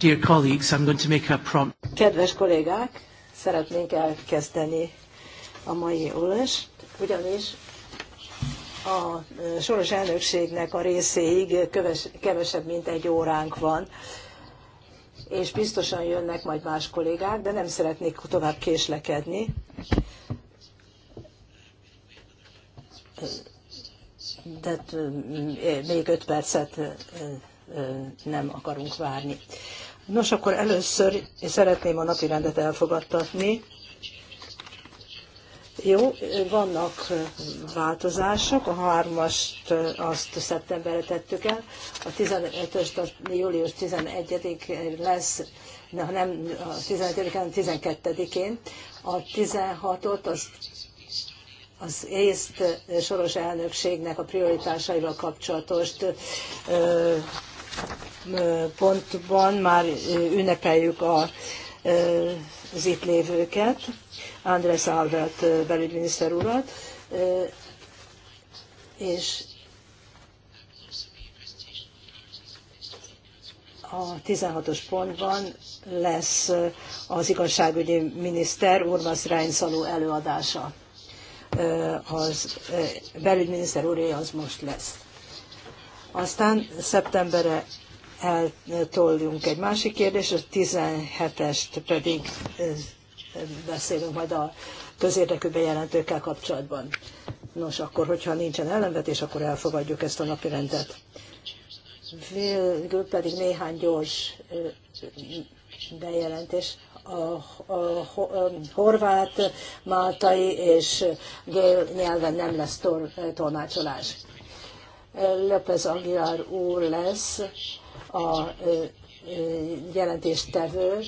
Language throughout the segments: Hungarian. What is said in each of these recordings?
Dear colleagues, I'm going to make a prompt. Kedves kollégák, szeretnénk elkezdeni a mai ülést, ugyanis a soros elnökségnek a részéig köves, kevesebb, mint egy óránk van, és biztosan jönnek majd más kollégák, de nem szeretnék tovább késlekedni. De még öt percet nem akarunk várni. Nos, akkor először én szeretném a napi rendet elfogadtatni. Jó, vannak változások, a hármast azt szeptemberre tettük el, a 15-ös, a július 11 lesz, de ha nem a 11-én, a 12-én, a 16-ot az, az észt soros elnökségnek a prioritásaival kapcsolatos pontban már ünnepeljük a, az itt lévőket, Andrés Albert belügyminiszter urat, és a 16-os pontban lesz az igazságügyi miniszter Urmas Reinszaló előadása. Az belügyminiszter úré az most lesz. Aztán szeptemberre eltoljunk egy másik kérdést, a 17-est pedig beszélünk majd a közérdekű bejelentőkkel kapcsolatban. Nos, akkor, hogyha nincsen ellenvetés, akkor elfogadjuk ezt a napi rendet. Végül pedig néhány gyors bejelentés. A, a, a, a horvát, máltai és gél nyelven nem lesz tol, tolmácsolás. López Aguilar úr lesz a jelentéstevő.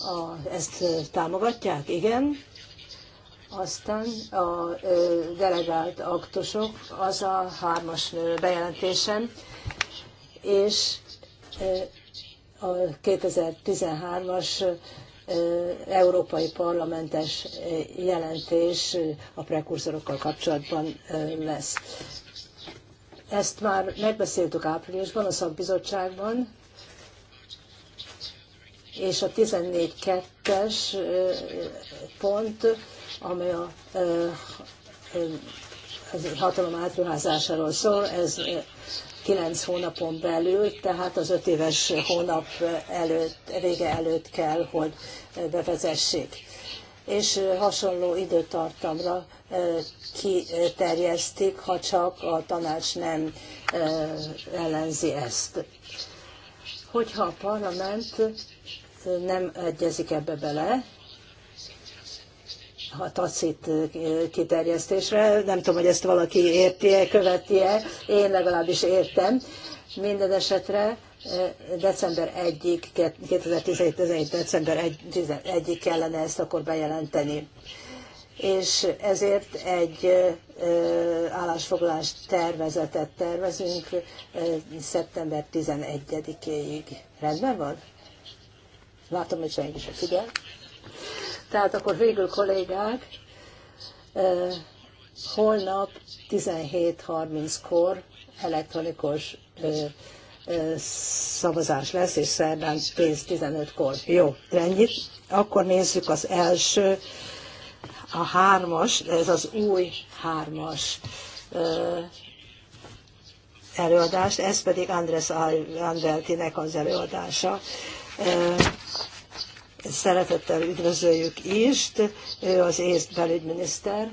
A, ezt támogatják? Igen. Aztán a delegált aktusok, az a hármas bejelentésem, és a 2013-as európai parlamentes jelentés a prekurzorokkal kapcsolatban lesz. Ezt már megbeszéltük áprilisban a szakbizottságban, és a 14.2-es pont, amely a hatalom átruházásáról szól, ez 9 hónapon belül, tehát az 5 éves hónap előtt, vége előtt kell, hogy bevezessék és hasonló időtartamra kiterjesztik, ha csak a tanács nem ellenzi ezt. Hogyha a parlament nem egyezik ebbe bele, a tacit kiterjesztésre, nem tudom, hogy ezt valaki érti-e, követi-e, én legalábbis értem, minden esetre december 1-ig, 2017 december 1-ig kellene ezt akkor bejelenteni. És ezért egy állásfoglalás tervezetet tervezünk szeptember 11-éig. Rendben van? Látom, hogy senki sem figyel. Tehát akkor végül kollégák, holnap 17.30-kor elektronikus szavazás lesz, és szerdán 10-15-kor. Jó, rendjét. Akkor nézzük az első, a hármas, ez az új hármas előadást, ez pedig Andres Andeltinek az előadása. Szeretettel üdvözöljük Ist, ő az észt belügyminiszter,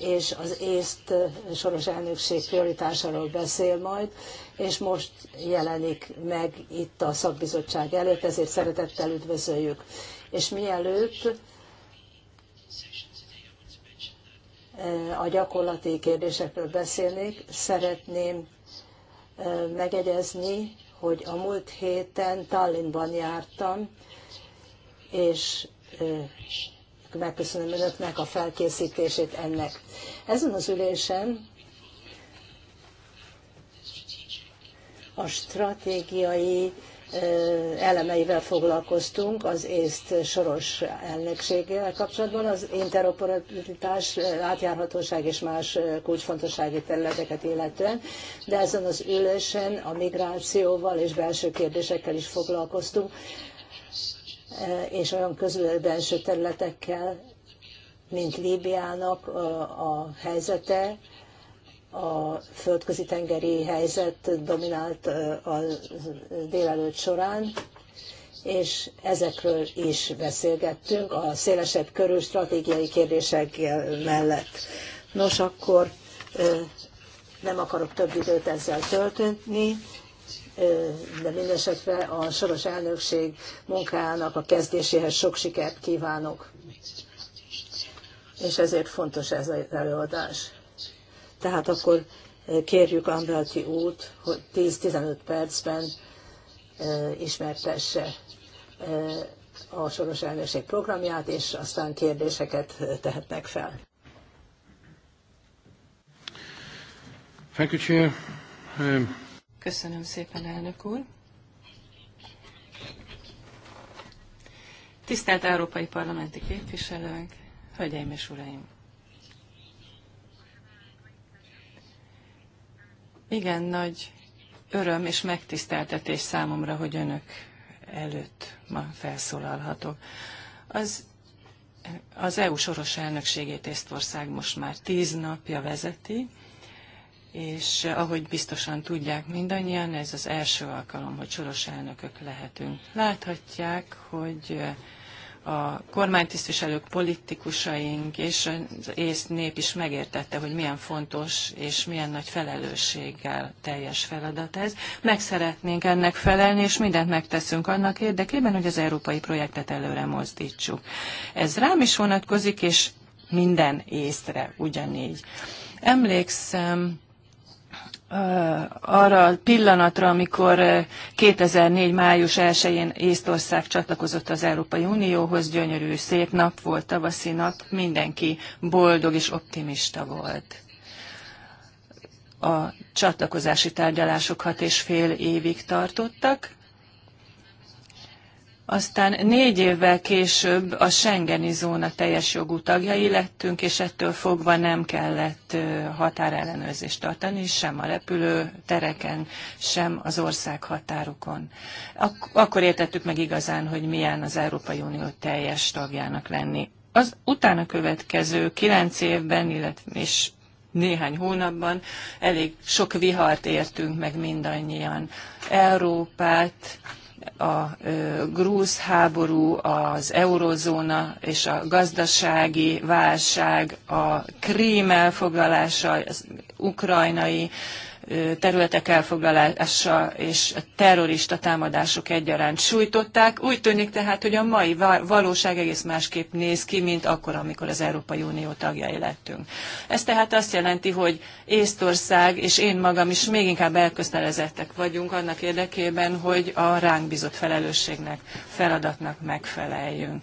és az észt soros elnökség prioritásáról beszél majd, és most jelenik meg itt a szakbizottság előtt, ezért szeretettel üdvözöljük. És mielőtt eh, a gyakorlati kérdésekről beszélnék, szeretném eh, megegyezni, hogy a múlt héten Tallinnban jártam, és eh, megköszönöm önöknek a felkészítését ennek. Ezen az ülésen a stratégiai elemeivel foglalkoztunk az észt soros elnökséggel kapcsolatban, az interoperabilitás, átjárhatóság és más kulcsfontossági területeket illetően, de ezen az ülésen a migrációval és belső kérdésekkel is foglalkoztunk, Eh, és olyan közül-belső területekkel, mint Líbiának eh, a helyzete, a földközi tengeri helyzet dominált eh, a délelőtt során, és ezekről is beszélgettünk a szélesebb körű stratégiai kérdések mellett. Nos, akkor nem akarok több időt ezzel tölteni, de mindesetre a soros elnökség munkájának a kezdéséhez sok sikert kívánok. És ezért fontos ez az előadás. Tehát akkor kérjük Ambráti út, hogy 10-15 percben ismertesse a soros elnökség programját, és aztán kérdéseket tehetnek fel. Thank you, Chair. Um... Köszönöm szépen, elnök úr. Tisztelt Európai Parlamenti képviselők, hölgyeim és uraim! Igen, nagy öröm és megtiszteltetés számomra, hogy önök előtt ma felszólalhatok. Az, az EU soros elnökségét Észtország most már tíz napja vezeti, és eh, ahogy biztosan tudják mindannyian, ez az első alkalom, hogy soros elnökök lehetünk. Láthatják, hogy eh, a kormánytisztviselők, politikusaink és az ész nép is megértette, hogy milyen fontos és milyen nagy felelősséggel teljes feladat ez. Meg szeretnénk ennek felelni, és mindent megteszünk annak érdekében, hogy az európai projektet előre mozdítsuk. Ez rám is vonatkozik, és minden észre ugyanígy. Emlékszem, arra a pillanatra, amikor 2004. május 1-én Észtország csatlakozott az Európai Unióhoz, gyönyörű, szép nap volt, tavaszi nap, mindenki boldog és optimista volt. A csatlakozási tárgyalások hat és fél évig tartottak, aztán négy évvel később a Schengeni zóna teljes jogú tagjai lettünk, és ettől fogva nem kellett határellenőrzést tartani, sem a repülőtereken, tereken, sem az ország határokon. Ak- akkor értettük meg igazán, hogy milyen az Európai Unió teljes tagjának lenni. Az utána következő kilenc évben, illetve és néhány hónapban elég sok vihart értünk meg mindannyian. Európát, a grúz háború, az eurozóna és a gazdasági válság, a krím elfoglalása, az ukrajnai területek elfoglalása és a terrorista támadások egyaránt sújtották. Úgy tűnik tehát, hogy a mai valóság egész másképp néz ki, mint akkor, amikor az Európai Unió tagjai lettünk. Ez tehát azt jelenti, hogy Észtország és én magam is még inkább elkötelezettek vagyunk annak érdekében, hogy a ránk bizott felelősségnek, feladatnak megfeleljünk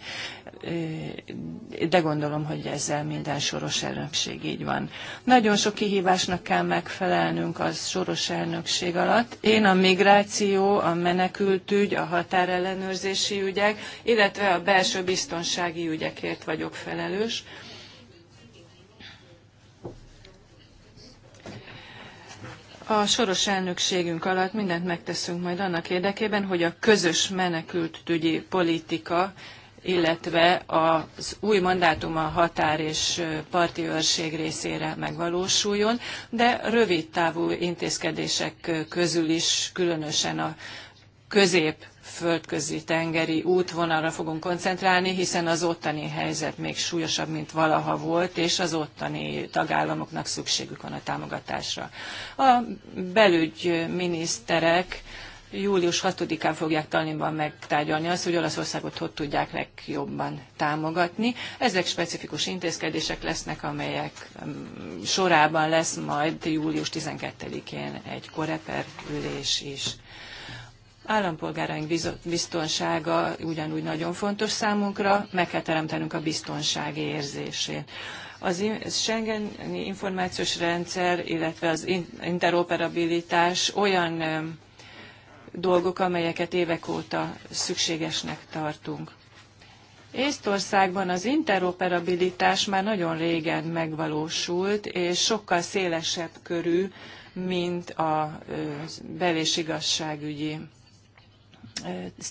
de gondolom, hogy ezzel minden soros elnökség így van. Nagyon sok kihívásnak kell megfelelnünk az soros elnökség alatt. Én a migráció, a menekültügy, a határellenőrzési ügyek, illetve a belső biztonsági ügyekért vagyok felelős. A soros elnökségünk alatt mindent megteszünk majd annak érdekében, hogy a közös menekültügyi politika illetve az új mandátum a határ és parti őrség részére megvalósuljon, de rövid távú intézkedések közül is különösen a közép földközi tengeri útvonalra fogunk koncentrálni, hiszen az ottani helyzet még súlyosabb, mint valaha volt, és az ottani tagállamoknak szükségük van a támogatásra. A belügyminiszterek július 6-án fogják Tallinnban megtárgyalni azt, hogy Olaszországot hogy tudják legjobban támogatni. Ezek specifikus intézkedések lesznek, amelyek mm, sorában lesz majd július 12-én egy koreper ülés is. Állampolgáraink biztonsága ugyanúgy nagyon fontos számunkra, meg kell teremtenünk a biztonsági érzését az Schengen információs rendszer, illetve az interoperabilitás olyan mm, dolgok, amelyeket évek óta szükségesnek tartunk. Észtországban az interoperabilitás már nagyon régen megvalósult, és sokkal szélesebb körű, mint a bel- igazságügyi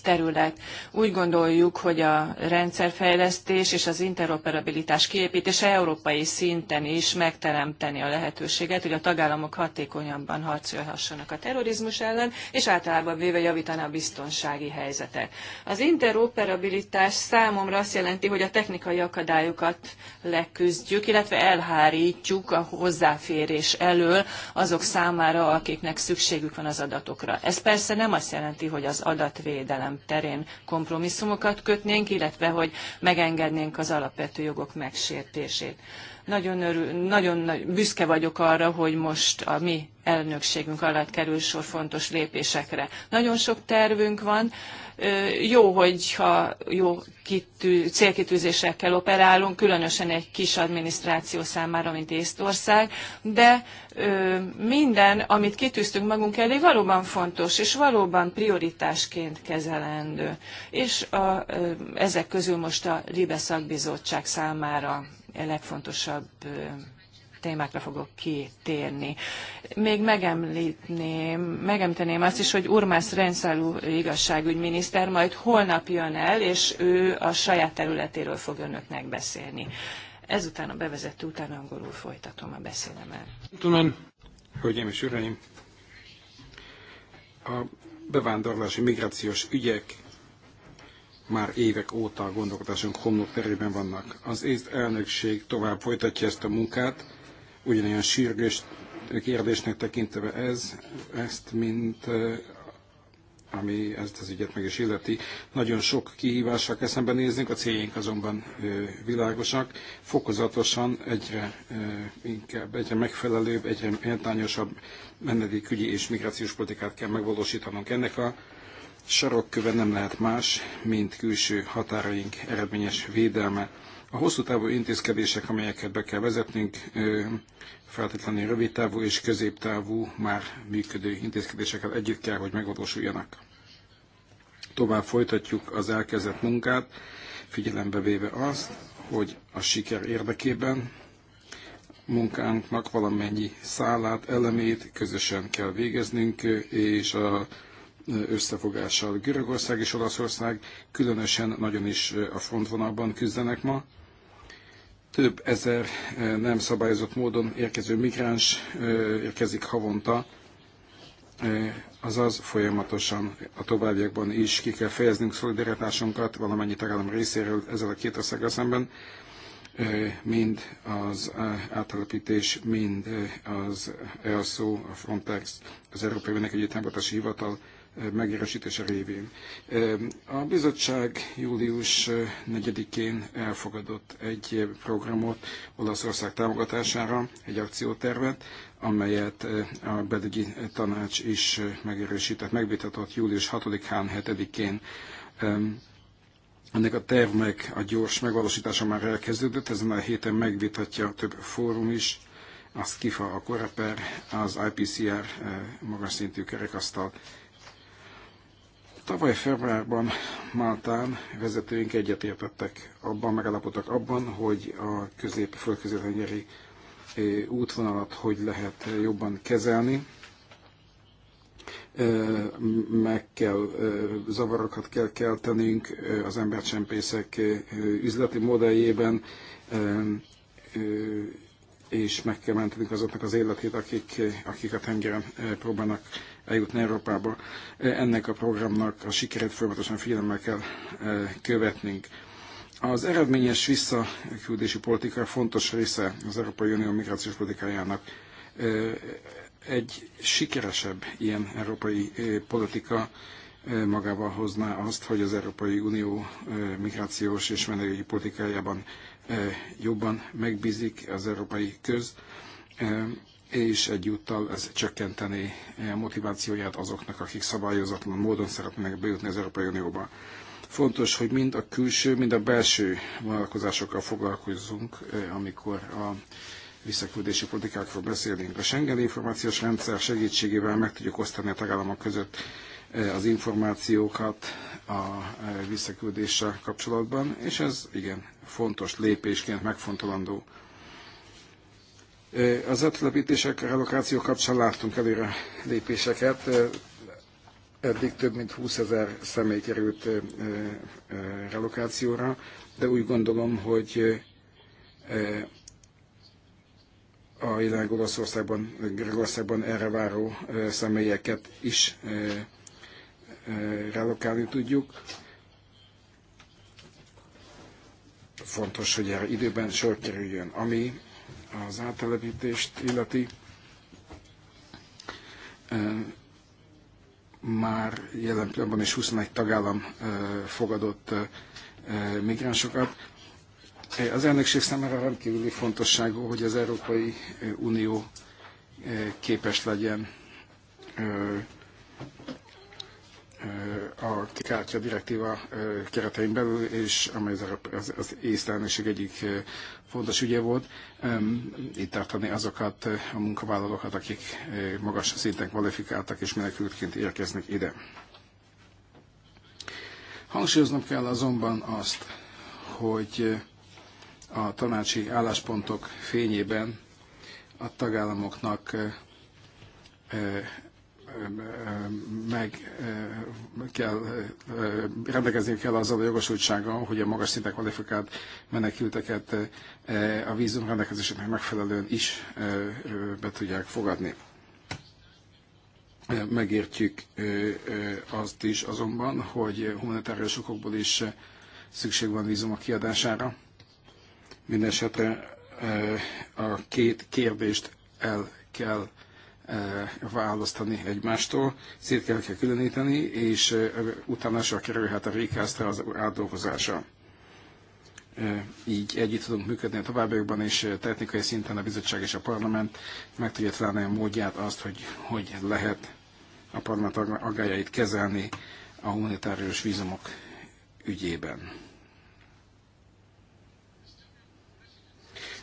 terület. Úgy gondoljuk, hogy a rendszerfejlesztés és az interoperabilitás kiépítése európai szinten is megteremteni a lehetőséget, hogy a tagállamok hatékonyabban harcolhassanak a terrorizmus ellen, és általában véve javítaná a biztonsági helyzetet. Az interoperabilitás számomra azt jelenti, hogy a technikai akadályokat leküzdjük, illetve elhárítjuk a hozzáférés elől azok számára, akiknek szükségük van az adatokra. Ez persze nem azt jelenti, hogy az adat adatvédelem terén kompromisszumokat kötnénk, illetve hogy megengednénk az alapvető jogok megsértését. Nagyon, örül, nagyon büszke vagyok arra, hogy most a mi elnökségünk alatt kerül sor fontos lépésekre. Nagyon sok tervünk van, jó, hogyha jó kitű, célkitűzésekkel operálunk, különösen egy kis adminisztráció számára, mint Észtország, de minden, amit kitűztünk magunk elé, valóban fontos, és valóban prioritásként kezelendő. És a, ezek közül most a Libe szakbizottság számára legfontosabb témákra fogok kitérni. Még megemlítném, megemteném azt is, hogy Urmász Renszálú igazságügyminiszter majd holnap jön el, és ő a saját területéről fog önöknek beszélni. Ezután a bevezető után angolul folytatom a beszélemet. Tudom, hölgyeim és uraim, a bevándorlási migrációs ügyek már évek óta a gondolkodásunk homlok terében vannak. Az észt elnökség tovább folytatja ezt a munkát, ugyanilyen sürgős kérdésnek tekintve ez, ezt, mint ami ezt az ügyet meg is illeti. Nagyon sok kihívással kell szembenéznünk, a céljaink azonban világosak. Fokozatosan egyre inkább, egyre megfelelőbb, egyre méltányosabb menedékügyi és migrációs politikát kell megvalósítanunk. Ennek a sarokköve nem lehet más, mint külső határaink eredményes védelme. A hosszú távú intézkedések, amelyeket be kell vezetnünk, feltétlenül rövid távú és középtávú már működő intézkedéseket együtt kell, hogy megvalósuljanak. Tovább folytatjuk az elkezdett munkát, figyelembe véve azt, hogy a siker érdekében munkánknak valamennyi szálát, elemét közösen kell végeznünk, és a összefogással Görögország és Olaszország különösen nagyon is a frontvonalban küzdenek ma több ezer nem szabályozott módon érkező migráns érkezik havonta, azaz folyamatosan a továbbiakban is ki kell fejeznünk szolidaritásunkat valamennyi tagállam részéről ezzel a két országgal szemben, mind az átelepítés, mind az ELSO, a Frontex, az Európai Önök Támogatási Hivatal megerősítése révén. A bizottság július 4-én elfogadott egy programot Olaszország támogatására, egy akciótervet, amelyet a belügyi tanács is megerősített, megvitatott július 6-án, 7-én. Ennek a tervnek a gyors megvalósítása már elkezdődött, ezen a héten megvitatja több fórum is, az KIFA, a Koreper, az IPCR magas szintű kerekasztal Tavaly februárban Máltán vezetőink egyetértettek abban, megállapodtak abban, hogy a közép földközi útvonalat hogy lehet jobban kezelni. Meg kell, zavarokat kell keltenünk az embercsempészek üzleti modelljében, és meg kell mentenünk azoknak az életét, akik, akik a tengeren próbálnak eljutni Európába. E, ennek a programnak a sikerét folyamatosan figyelemmel kell e, követnünk. Az eredményes visszaküldési politika fontos része az Európai Unió migrációs politikájának. E, egy sikeresebb ilyen európai politika magával hozná azt, hogy az Európai Unió migrációs és menekültügyi politikájában jobban megbízik az európai köz, és egyúttal ez csökkenteni motivációját azoknak, akik szabályozatlan módon szeretnének bejutni az Európai Unióba. Fontos, hogy mind a külső, mind a belső vállalkozásokkal foglalkozzunk, eh, amikor a visszaküldési politikákról beszélünk. A Schengen információs rendszer segítségével meg tudjuk osztani a tagállamok között eh, az információkat a eh, visszaküldéssel kapcsolatban, és ez igen fontos lépésként megfontolandó az ötlepítések, relokáció kapcsán láttunk előre lépéseket. Eddig több mint 20 ezer személy került relokációra, de úgy gondolom, hogy a jelenleg Olaszországban, Görögországban erre váró személyeket is relokálni tudjuk. Fontos, hogy erre időben sor kerüljön. Ami az áttelepítést illeti, már jelen pillanatban is 21 tagállam fogadott migránsokat. Az elnökség számára rendkívüli fontosságú, hogy az Európai Unió képes legyen a kártya direktíva keretein belül, és amely az, az egyik fontos ügye volt, itt tartani azokat a munkavállalókat, akik magas szinten kvalifikáltak és menekültként érkeznek ide. Hangsúlyoznom kell azonban azt, hogy a tanácsi álláspontok fényében a tagállamoknak meg kell, eh, rendelkezni kell azzal a jogosultsággal, hogy a magas szinten kvalifikált menekülteket eh, a vízum rendelkezéseknek megfelelően is eh, be tudják fogadni. Megértjük azt is azonban, hogy humanitárius okokból is szükség van vízumok kiadására. Mindenesetre a két kérdést el kell Eh, választani egymástól, szét kell, kell különíteni, és eh, utána se kerülhet a hát rékeztre az átdolgozása. Eh, így együtt tudunk működni a továbbiakban, és technikai szinten a bizottság és a parlament meg tudja találni a módját azt, hogy hogy lehet a parlament agájait kezelni a humanitárius vízumok ügyében.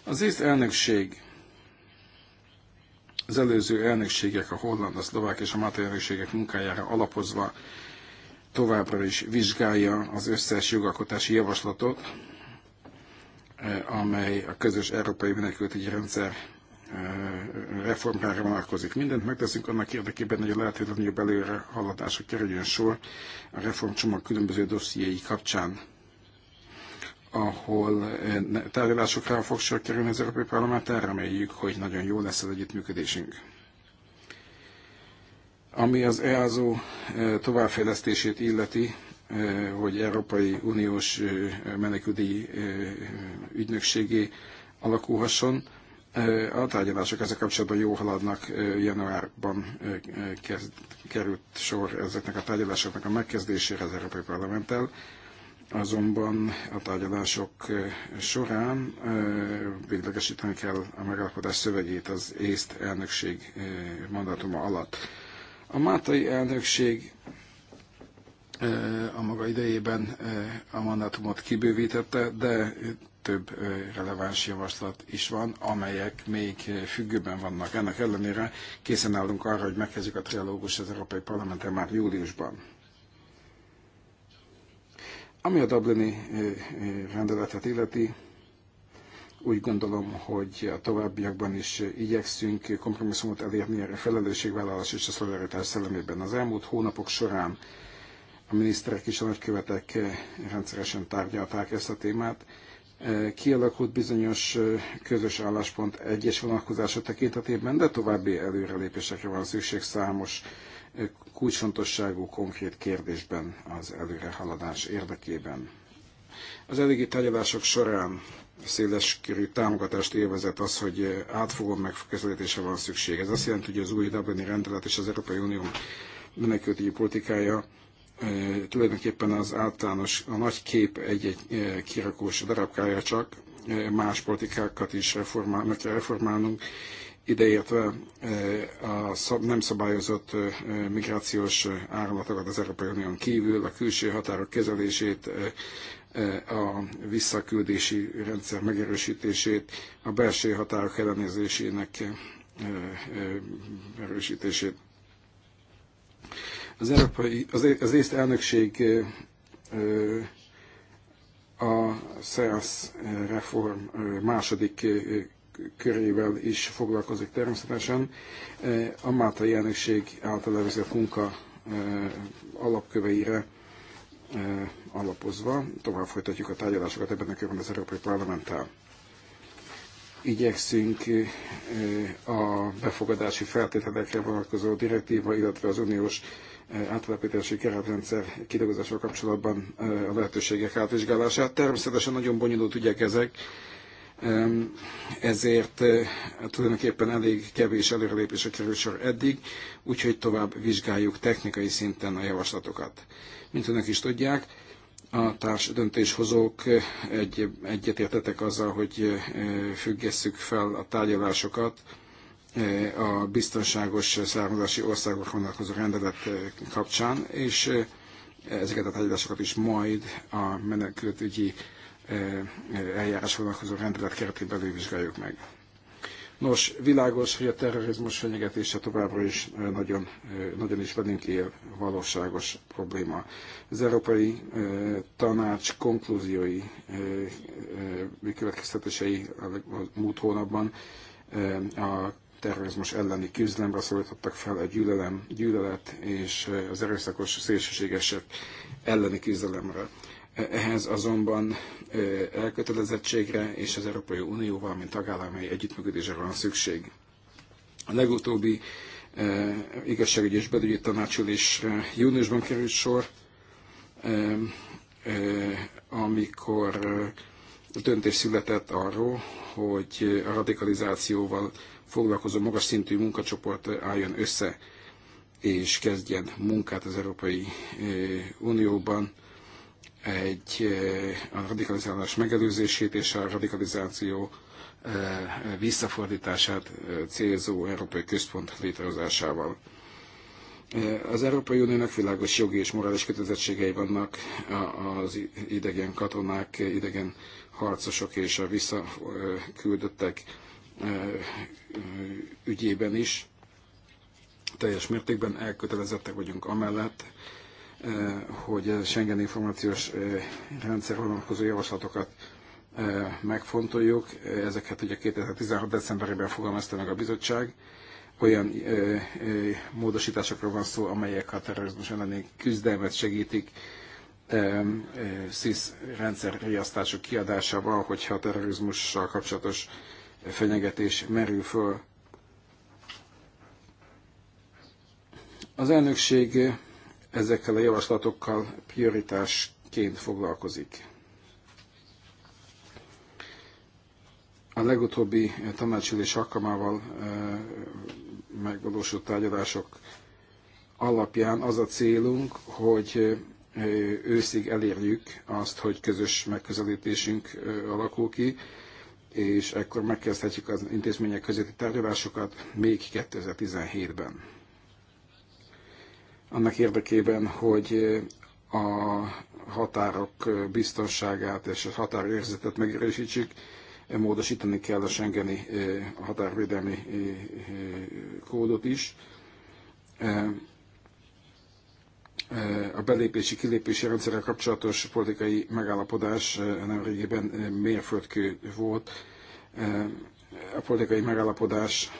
Az észt elnökség az előző elnökségek, a holland, a szlovák és a máltai elnökségek munkájára alapozva továbbra is vizsgálja az összes jogalkotási javaslatot, eh, amely a közös európai menekültügyi rendszer eh, reformjára vonatkozik. Mindent megteszünk annak érdekében, hogy a lehető legnagyobb előre haladásra kerüljön sor a reformcsomag különböző dossziéi kapcsán ahol eh, tárgyalásokra fog sor kerülni az Európai erre reméljük, hogy nagyon jó lesz az együttműködésünk. Ami az EASO eh, továbbfejlesztését illeti, eh, hogy Európai Uniós menekülti ügynökségé alakulhasson, a tárgyalások ezzel kapcsolatban jó haladnak, januárban került sor ezeknek a tárgyalásoknak a megkezdésére az Európai Parlamenttel azonban a tárgyalások eh, során eh, véglegesíteni kell a megállapodás szövegét az észt elnökség eh, mandátuma alatt. A Mátai elnökség a maga idejében a mandátumot kibővítette, de több releváns javaslat is van, amelyek még függőben vannak. Ennek ellenére készen állunk arra, hogy megkezdjük a trialógus az Európai Parlamenten már júliusban. Ami a Dublini eh, eh, rendeletet illeti, úgy gondolom, hogy a továbbiakban is igyekszünk kompromisszumot elérni erre felelősségvállalás és a szolidaritás szellemében. Az elmúlt hónapok során a miniszterek és a nagykövetek eh, rendszeresen tárgyalták ezt a témát. Kialakult bizonyos közös álláspont egyes vonatkozása tekintetében, de további előrelépésekre van szükség számos kulcsfontosságú konkrét kérdésben az előrehaladás érdekében. Az eddigi tárgyalások során széles körű támogatást élvezett az, hogy átfogó megközelítése van szükség. Ez azt jelenti, hogy az új Dublini rendelet és az Európai Unió menekültügyi politikája e, tulajdonképpen az általános, a nagy kép egy-egy e, kirakós darabkája csak, e, más politikákat is reformál, meg kell reformálnunk, ideértve eh, a nem szabályozott eh, migrációs eh, áramlatokat az Európai Unión kívül, a külső határok kezelését, a visszaküldési rendszer megerősítését, a belső határok ellenőrzésének erősítését. Az, európai, az, észt elnökség a SEASZ reform második körével is foglalkozik természetesen. E, a Mátai elnökség által elvezett munka e, alapköveire e, alapozva tovább folytatjuk a tárgyalásokat ebben a körben az Európai Parlamenttel. Igyekszünk a befogadási feltételekre vonatkozó direktíva, illetve az uniós átalapítási keretrendszer kidolgozásával kapcsolatban a lehetőségek átvizsgálását. Természetesen nagyon bonyolult ügyek ezek, ezért eh, tulajdonképpen elég kevés előrelépésre került sor eddig, úgyhogy tovább vizsgáljuk technikai szinten a javaslatokat. Mint önök is tudják, a társ döntéshozók eh, egy, egyetértetek azzal, hogy eh, függesszük fel a tárgyalásokat a biztonságos származási országok vonatkozó rendelet kapcsán, és ezeket a tárgyalásokat is majd a menekültügyi eljárás vonatkozó rendelet keretében vizsgáljuk meg. Nos, világos, hogy a terrorizmus fenyegetése továbbra is nagyon, nagyon is velünk él valóságos probléma. Az Európai Tanács konklúziói következtetései a múlt hónapban a terrorizmus elleni küzdelemre szólítottak fel a gyűlölet és az erőszakos szélsőségesek elleni küzdelemre. Ehhez azonban elkötelezettségre és az Európai unióval mint tagállamai együttműködésre van szükség. A legutóbbi igazságügyi és belügyi tanácsülésre júniusban került sor, amikor döntés született arról, hogy a radikalizációval foglalkozó magas szintű munkacsoport álljon össze, és kezdjen munkát az Európai Unióban egy eh, a radikalizálás megelőzését és a radikalizáció eh, visszafordítását eh, célzó Európai Központ létrehozásával. Az Európai Uniónak világos jogi és morális kötelezettségei vannak az idegen katonák, idegen harcosok és a visszaküldöttek ügyében is. Teljes mértékben elkötelezettek vagyunk amellett, Eh, hogy a Schengen információs eh, rendszer vonatkozó javaslatokat eh, megfontoljuk. Ezeket ugye 2016. decemberében fogalmazta meg a bizottság. Olyan ö, ö, módosításokról van szó, amelyek a terrorizmus elleni küzdelmet segítik, SZISZ rendszer riasztások kiadásával, hogyha a terrorizmussal kapcsolatos fenyegetés merül föl. Az elnökség ezekkel a javaslatokkal prioritásként foglalkozik. A legutóbbi tanácsülés alkalmával eh, megvalósult tárgyalások alapján az a célunk, hogy eh, őszig elérjük azt, hogy közös megközelítésünk eh, alakul ki, és ekkor megkezdhetjük az intézmények közötti tárgyalásokat még 2017-ben annak érdekében, hogy a határok biztonságát és a határőrzetet megerősítsük, módosítani kell a Schengeni eh, határvédelmi eh, eh, kódot is. A belépési-kilépési rendszerrel kapcsolatos politikai megállapodás nemrégiben mérföldkő volt. A politikai megállapodás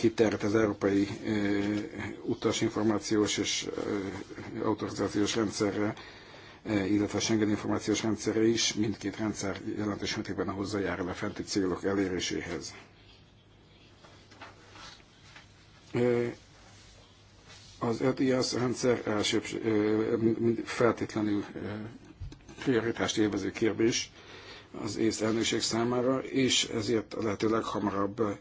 hitelt az Európai eh, Utasinformációs és eh, Autorizációs Rendszerre, eh, illetve a Schengen Információs Rendszerre is, mindkét rendszer jelentős mértékben hozzájárul a fenti célok eléréséhez. Az ETIAS rendszer első feltétlenül prioritást élvező kérdés az ész elnökség számára, és ezért a lehető leghamarabb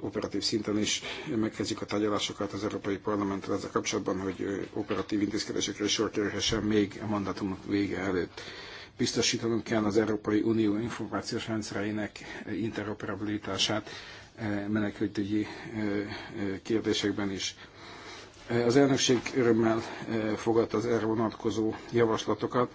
operatív szinten is megkezdjük a tárgyalásokat az Európai Parlamenttel ezzel kapcsolatban, hogy operatív intézkedésekre sor kerülhessen még a mandátum vége előtt. Biztosítanunk kell az Európai Unió információs rendszereinek interoperabilitását menekültügyi kérdésekben is. Az elnökség örömmel fogadta az erre vonatkozó javaslatokat,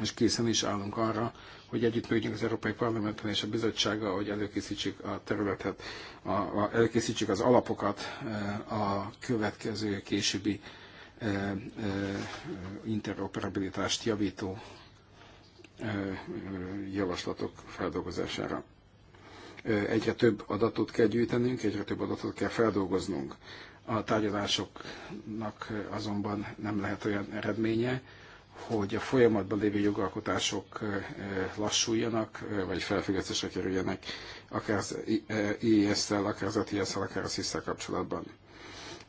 és készen is állunk arra, hogy együttműködjünk az Európai Parlamenten és a bizottsággal, hogy előkészítsük a területet, a, a, előkészítsük az alapokat eh, a következő későbbi e, e, interoperabilitást javító e, javaslatok feldolgozására. Egyre több adatot kell gyűjtenünk, egyre több adatot kell feldolgoznunk. A tárgyalásoknak azonban nem lehet olyan eredménye, hogy a folyamatban lévő jogalkotások lassuljanak, vagy felfüggesztésre kerüljenek, akár az IES-szel, akár az ATS-szel, akár a sis kapcsolatban.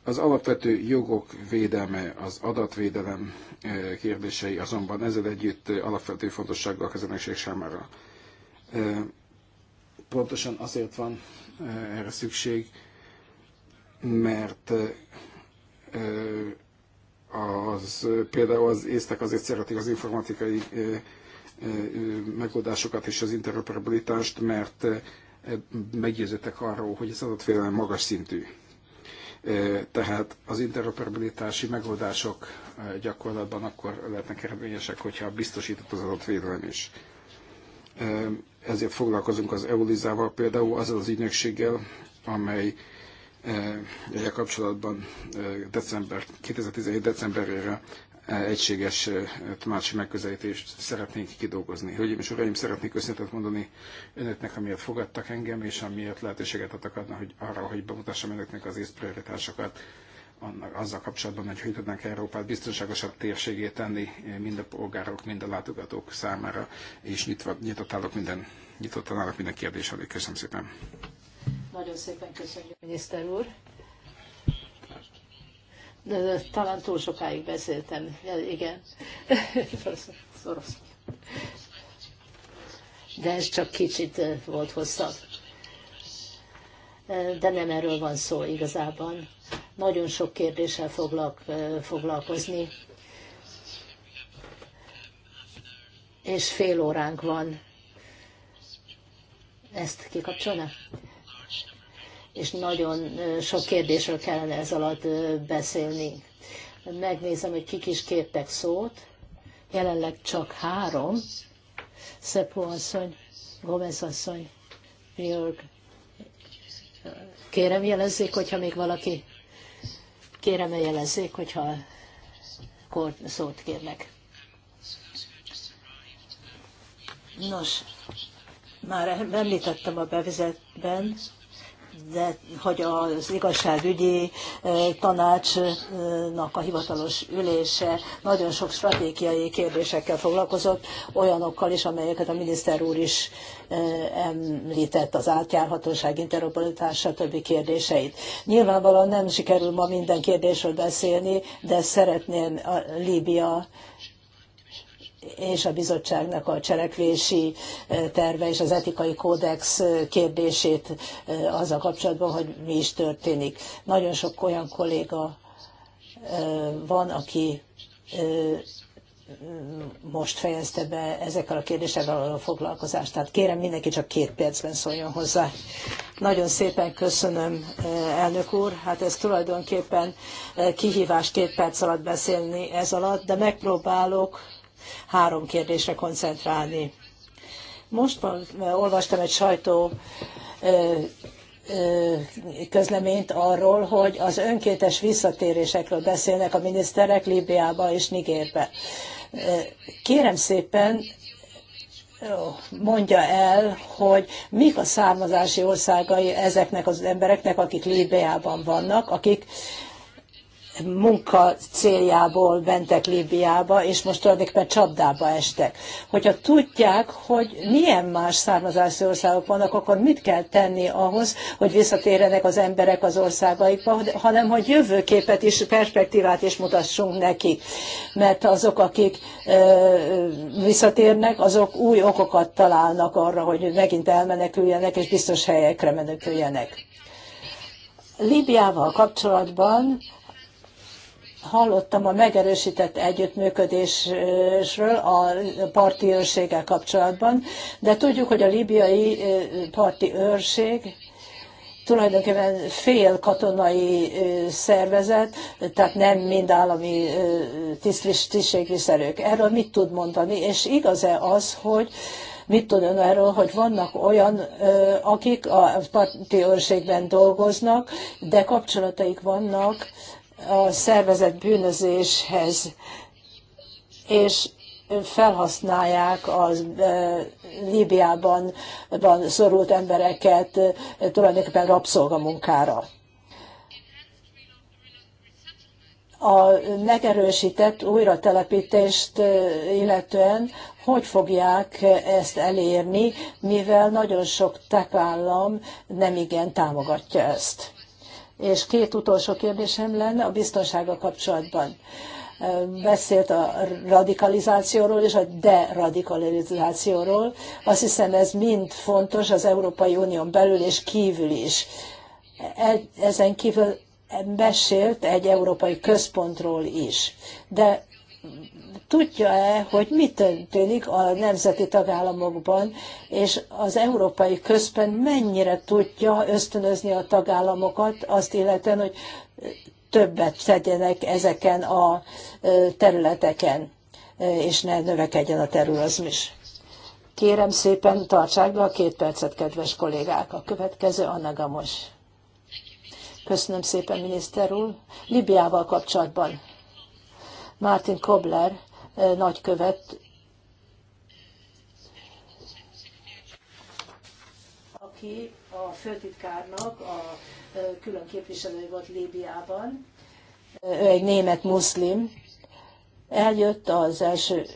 Az alapvető jogok védelme, az adatvédelem kérdései azonban ezzel együtt alapvető fontossággal a közönség számára. Pontosan azért van erre szükség, mert az, például az észtek azért szeretik az informatikai megoldásokat és az interoperabilitást, mert meggyőződtek arról, hogy az adatvédelem magas szintű. Tehát az interoperabilitási megoldások gyakorlatban akkor lehetnek eredményesek, hogyha biztosított az adatvédelem is. Ezért foglalkozunk az EULIZával például, azzal az ügynökséggel, amely E, ezzel kapcsolatban e, december, 2017. decemberére e, egységes tanácsi megközelítést szeretnénk kidolgozni. Hölgyeim és uraim, szeretnék köszönetet mondani önöknek, amiért fogadtak engem, és amiért lehetőséget adtak adna, hogy arra, hogy bemutassam önöknek az észprioritásokat annak, azzal kapcsolatban, hogy hogy tudnánk Európát biztonságosabb térségé tenni mind a polgárok, mind a látogatók számára, és nyitva, nyitott állok minden, nyitottan állok minden kérdés elé. Köszönöm szépen. Nagyon szépen köszönjük, miniszter úr. De, de, talán túl sokáig beszéltem. Ja, igen. De ez csak kicsit eh, volt hosszabb. Eh, de nem erről van szó igazában. Nagyon sok kérdéssel foglak eh, foglalkozni. És fél óránk van. Ezt kikapcsolna? és nagyon sok kérdésről kellene ez alatt beszélni. Megnézem, hogy kik is kértek szót. Jelenleg csak három. Szepó asszony, Gomez asszony, New York. Kérem jelezzék, hogyha még valaki... Kérem jelezzék, hogyha szót kérnek. Nos, már említettem a bevezetben, de hogy az igazságügyi eh, tanácsnak a hivatalos ülése nagyon sok stratégiai kérdésekkel foglalkozott, olyanokkal is, amelyeket a miniszter úr is eh, említett, az átjárhatóság, interoperabilitás, stb. kérdéseit. Nyilvánvalóan nem sikerül ma minden kérdésről beszélni, de szeretném a Líbia és a bizottságnak a cselekvési terve és az etikai kódex kérdését azzal kapcsolatban, hogy mi is történik. Nagyon sok olyan kolléga van, aki most fejezte be ezekkel a kérdésekkel a foglalkozást. Tehát kérem mindenki csak két percben szóljon hozzá. Nagyon szépen köszönöm, elnök úr. Hát ez tulajdonképpen kihívás két perc alatt beszélni ez alatt, de megpróbálok három kérdésre koncentrálni. Most olvastam egy sajtó közleményt arról, hogy az önkétes visszatérésekről beszélnek a miniszterek Líbiába és Nigérbe. Kérem szépen, mondja el, hogy mik a származási országai ezeknek az embereknek, akik Líbiában vannak, akik munka céljából mentek Líbiába, és most tulajdonképpen csapdába estek. Hogyha tudják, hogy milyen más származási országok vannak, akkor mit kell tenni ahhoz, hogy visszatérjenek az emberek az országaikba, hanem hogy jövőképet is, perspektívát is mutassunk nekik. Mert azok, akik visszatérnek, azok új okokat találnak arra, hogy megint elmeneküljenek, és biztos helyekre meneküljenek. Líbiával kapcsolatban hallottam a megerősített együttműködésről a parti őrséggel kapcsolatban, de tudjuk, hogy a libiai parti őrség tulajdonképpen fél katonai szervezet, tehát nem mind állami tisztségviselők. Erről mit tud mondani, és igaz-e az, hogy mit tud ön erről, hogy vannak olyan, akik a parti őrségben dolgoznak, de kapcsolataik vannak a szervezett bűnözéshez, és felhasználják az e, Líbiában szorult embereket e, tulajdonképpen rabszolgamunkára. A megerősített újratelepítést e, illetően hogy fogják ezt elérni, mivel nagyon sok tagállam nem igen támogatja ezt. És két utolsó kérdésem lenne a biztonsága kapcsolatban. Beszélt a radikalizációról és a deradikalizációról. Azt hiszem ez mind fontos az Európai Unión belül és kívül is. Ezen kívül beszélt egy európai központról is. De Tudja-e, hogy mi történik a nemzeti tagállamokban, és az európai közben mennyire tudja ösztönözni a tagállamokat azt illetően, hogy többet tegyenek ezeken a területeken, és ne növekedjen a terrorizmus. Kérem szépen, tartsák be a két percet, kedves kollégák. A következő Anna Gamos. Köszönöm szépen, miniszter úr. Libiával kapcsolatban. Martin Kobler nagykövet, aki a főtitkárnak a külön képviselő volt Líbiában. Ő egy német muszlim. Eljött az első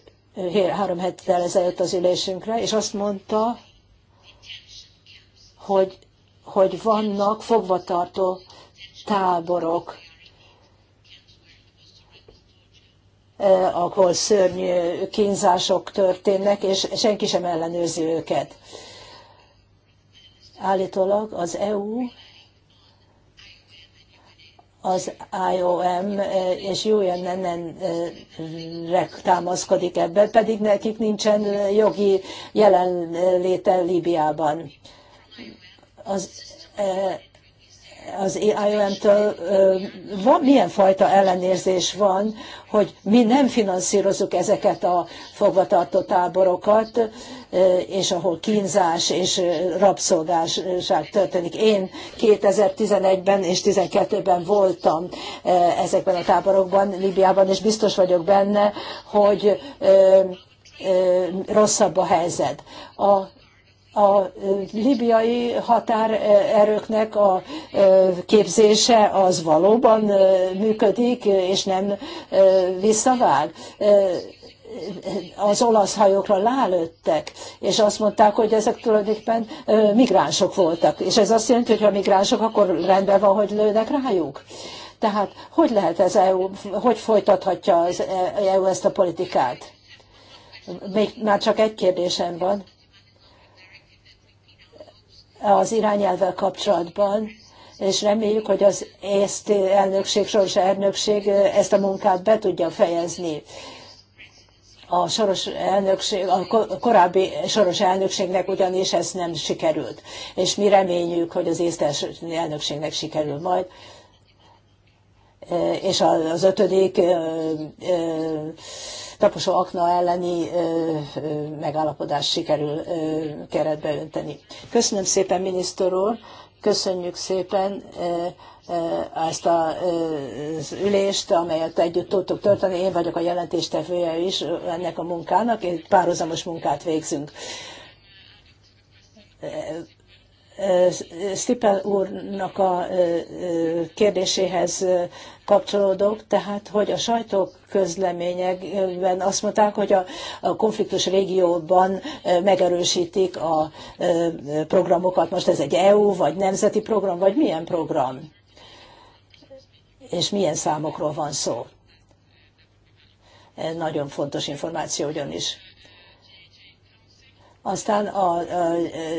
három héttel ezelőtt az ülésünkre, és azt mondta, hogy, hogy vannak fogvatartó táborok ahol szörnyű kínzások történnek, és senki sem ellenőrzi őket. Állítólag az EU az IOM és UNN támaszkodik ebben, pedig nekik nincsen jogi jelenléte Líbiában. Az az IOM-től van, milyen fajta ellenérzés van, hogy mi nem finanszírozunk ezeket a fogvatartó táborokat, és ahol kínzás és rabszolgásság történik. Én 2011-ben és 2012-ben voltam ezekben a táborokban, Libiában, és biztos vagyok benne, hogy rosszabb a helyzet. A a libiai határerőknek a képzése az valóban működik, és nem visszavág. Az olasz hajókra lálőttek, és azt mondták, hogy ezek tulajdonképpen migránsok voltak. És ez azt jelenti, hogy ha migránsok, akkor rendben van, hogy lőnek rájuk. Tehát hogy lehet ez EU, hogy folytathatja az EU ezt a politikát? Még már csak egy kérdésem van az irányelvvel kapcsolatban, és reméljük, hogy az észt elnökség, soros elnökség ezt a munkát be tudja fejezni. A, soros elnökség, a korábbi soros elnökségnek ugyanis ez nem sikerült, és mi reményük, hogy az észtes elnökségnek sikerül majd és az ötödik taposó akna elleni megállapodást sikerül keretbe önteni. Köszönöm szépen, miniszter úr! Köszönjük szépen ezt az ülést, amelyet együtt tudtuk tartani. Én vagyok a jelentéstevője is ennek a munkának, párhuzamos munkát végzünk Stipel úrnak a kérdéséhez kapcsolódok, tehát hogy a sajtók közleményekben azt mondták, hogy a, a konfliktus régióban megerősítik a programokat. Most ez egy EU, vagy nemzeti program, vagy milyen program? És milyen számokról van szó? Nagyon fontos információ ugyanis. Aztán a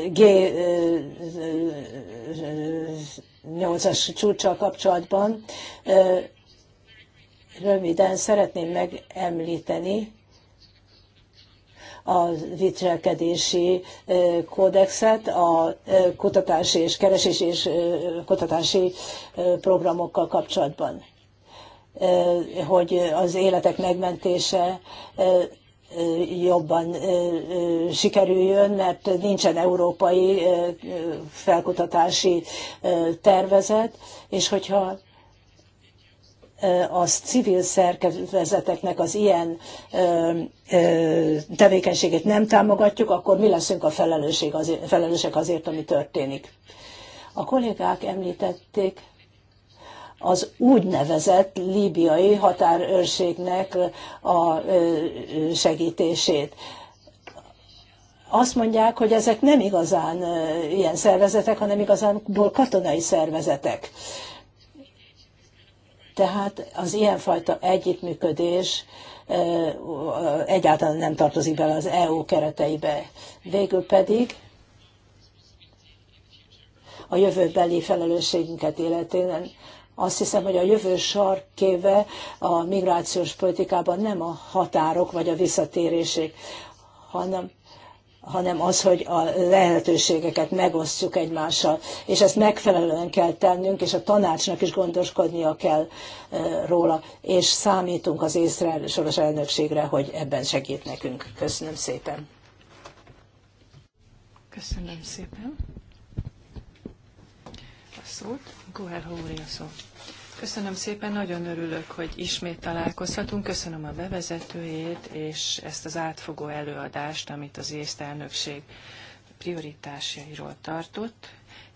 G8-as csúcsal kapcsolatban röviden szeretném megemlíteni a viselkedési kódexet, a kutatási és keresés és kutatási programokkal kapcsolatban hogy az életek megmentése jobban sikerüljön, mert nincsen európai felkutatási tervezet, és hogyha az civil szervezeteknek az ilyen tevékenységét nem támogatjuk, akkor mi leszünk a felelősség azért, felelősek azért, ami történik. A kollégák említették az úgynevezett líbiai határőrségnek a segítését. Azt mondják, hogy ezek nem igazán ilyen szervezetek, hanem igazán katonai szervezetek. Tehát az ilyenfajta együttműködés egyáltalán nem tartozik bele az EU kereteibe. Végül pedig a jövőbeli felelősségünket életében. Azt hiszem, hogy a jövő sarkéve a migrációs politikában nem a határok vagy a visszatérések, hanem hanem az, hogy a lehetőségeket megosztjuk egymással, és ezt megfelelően kell tennünk, és a tanácsnak is gondoskodnia kell róla, és számítunk az észre soros elnökségre, hogy ebben segít nekünk. Köszönöm szépen. Köszönöm szépen a szót úr, szó. Köszönöm szépen, nagyon örülök, hogy ismét találkozhatunk. Köszönöm a bevezetőjét és ezt az átfogó előadást, amit az észt elnökség prioritásairól tartott.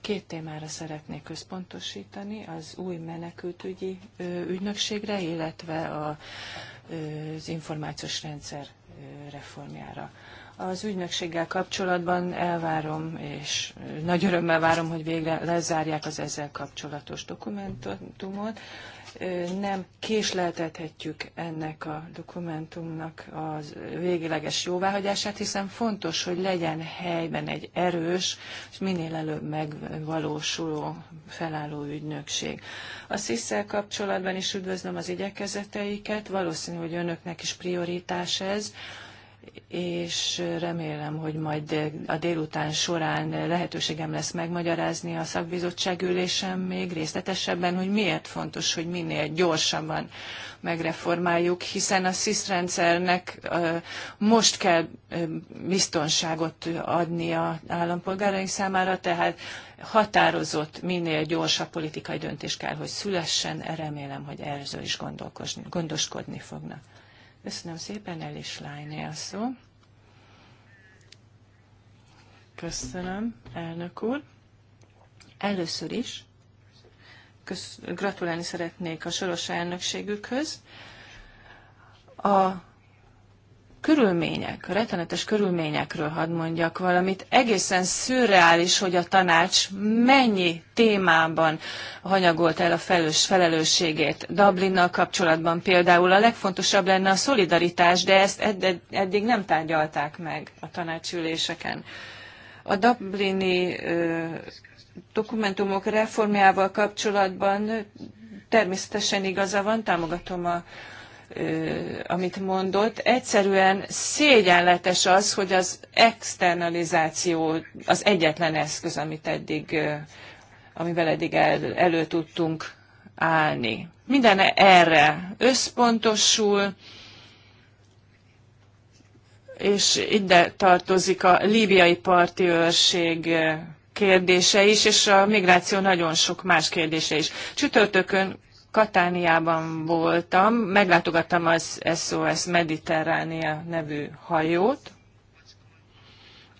Két témára szeretnék központosítani, az új menekültügyi ügynökségre, illetve a, az információs rendszer reformjára. Az ügynökséggel kapcsolatban elvárom, és nagy örömmel várom, hogy végre lezárják az ezzel kapcsolatos dokumentumot. Nem késleltethetjük ennek a dokumentumnak a végleges jóváhagyását, hiszen fontos, hogy legyen helyben egy erős, és minél előbb megvalósuló felálló ügynökség. A sis kapcsolatban is üdvözlöm az igyekezeteiket, valószínű, hogy önöknek is prioritás ez és remélem, hogy majd a délután során lehetőségem lesz megmagyarázni a szakbizottság ülésem még részletesebben, hogy miért fontos, hogy minél gyorsabban megreformáljuk, hiszen a SZISZ rendszernek most kell biztonságot adni a állampolgáraink számára, tehát határozott, minél gyorsabb politikai döntés kell, hogy szülessen, remélem, hogy erről is gondoskodni fognak. Köszönöm szépen, is Lájnél szó. Köszönöm, elnök úr. Először is kösz, gratulálni szeretnék a soros elnökségükhöz. A körülmények, rettenetes körülményekről hadd mondjak valamit. Egészen szürreális, hogy a tanács mennyi témában hanyagolt el a felős felelősségét. Dublinnal kapcsolatban például a legfontosabb lenne a szolidaritás, de ezt edd- eddig nem tárgyalták meg a tanácsüléseken. A Dublini ö, dokumentumok reformjával kapcsolatban természetesen igaza van, támogatom a amit mondott. Egyszerűen szégyenletes az, hogy az externalizáció az egyetlen eszköz, amit eddig, amivel eddig el, elő tudtunk állni. Minden erre összpontosul, és ide tartozik a líbiai parti őrség kérdése is, és a migráció nagyon sok más kérdése is. Csütörtökön Katániában voltam, meglátogattam az SOS Mediterránia nevű hajót,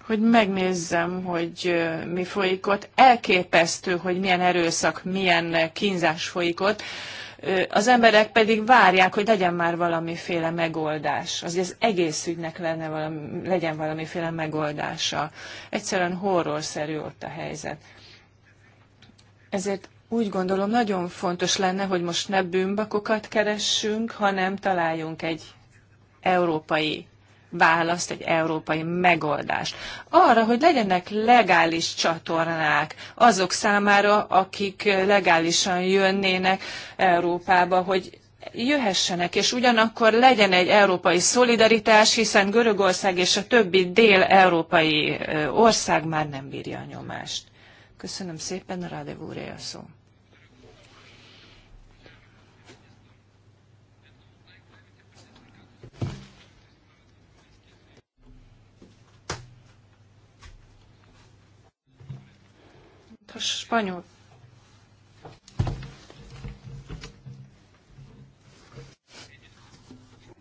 hogy megnézzem, hogy mi folyik ott. Elképesztő, hogy milyen erőszak, milyen kínzás folyik ott. Az emberek pedig várják, hogy legyen már valamiféle megoldás. Az, az egész ügynek lenne valami, legyen valamiféle megoldása. Egyszerűen horrorszerű ott a helyzet. Ezért úgy gondolom nagyon fontos lenne, hogy most ne bűnbakokat keressünk, hanem találjunk egy európai választ, egy európai megoldást. Arra, hogy legyenek legális csatornák azok számára, akik legálisan jönnének Európába, hogy jöhessenek, és ugyanakkor legyen egy európai szolidaritás, hiszen Görögország és a többi dél-európai ország már nem bírja a nyomást. Köszönöm szépen, a úr a szó. spanyol.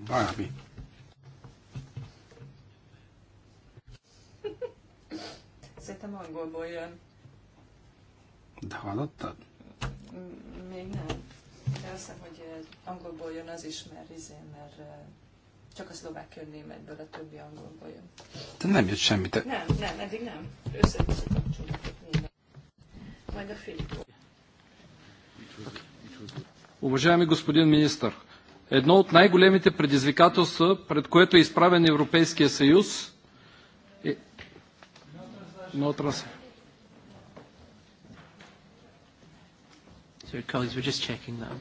Bármi. Szerintem angolból jön. De hallottad? Még nem. De azt hiszem, hogy eh, angolból jön az is, mert izén, mert eh, csak a szlovák jön németből, a többi angolból jön. De nem jött semmit. Nem, nem, eddig nem. össze a kapcsolódott minden majd a Filipó. Уважаеми господин министр, едно от най-големите предизвикателства, пред което е изправен Европейския съюз, е... No transfer. So, colleagues, we're just checking that.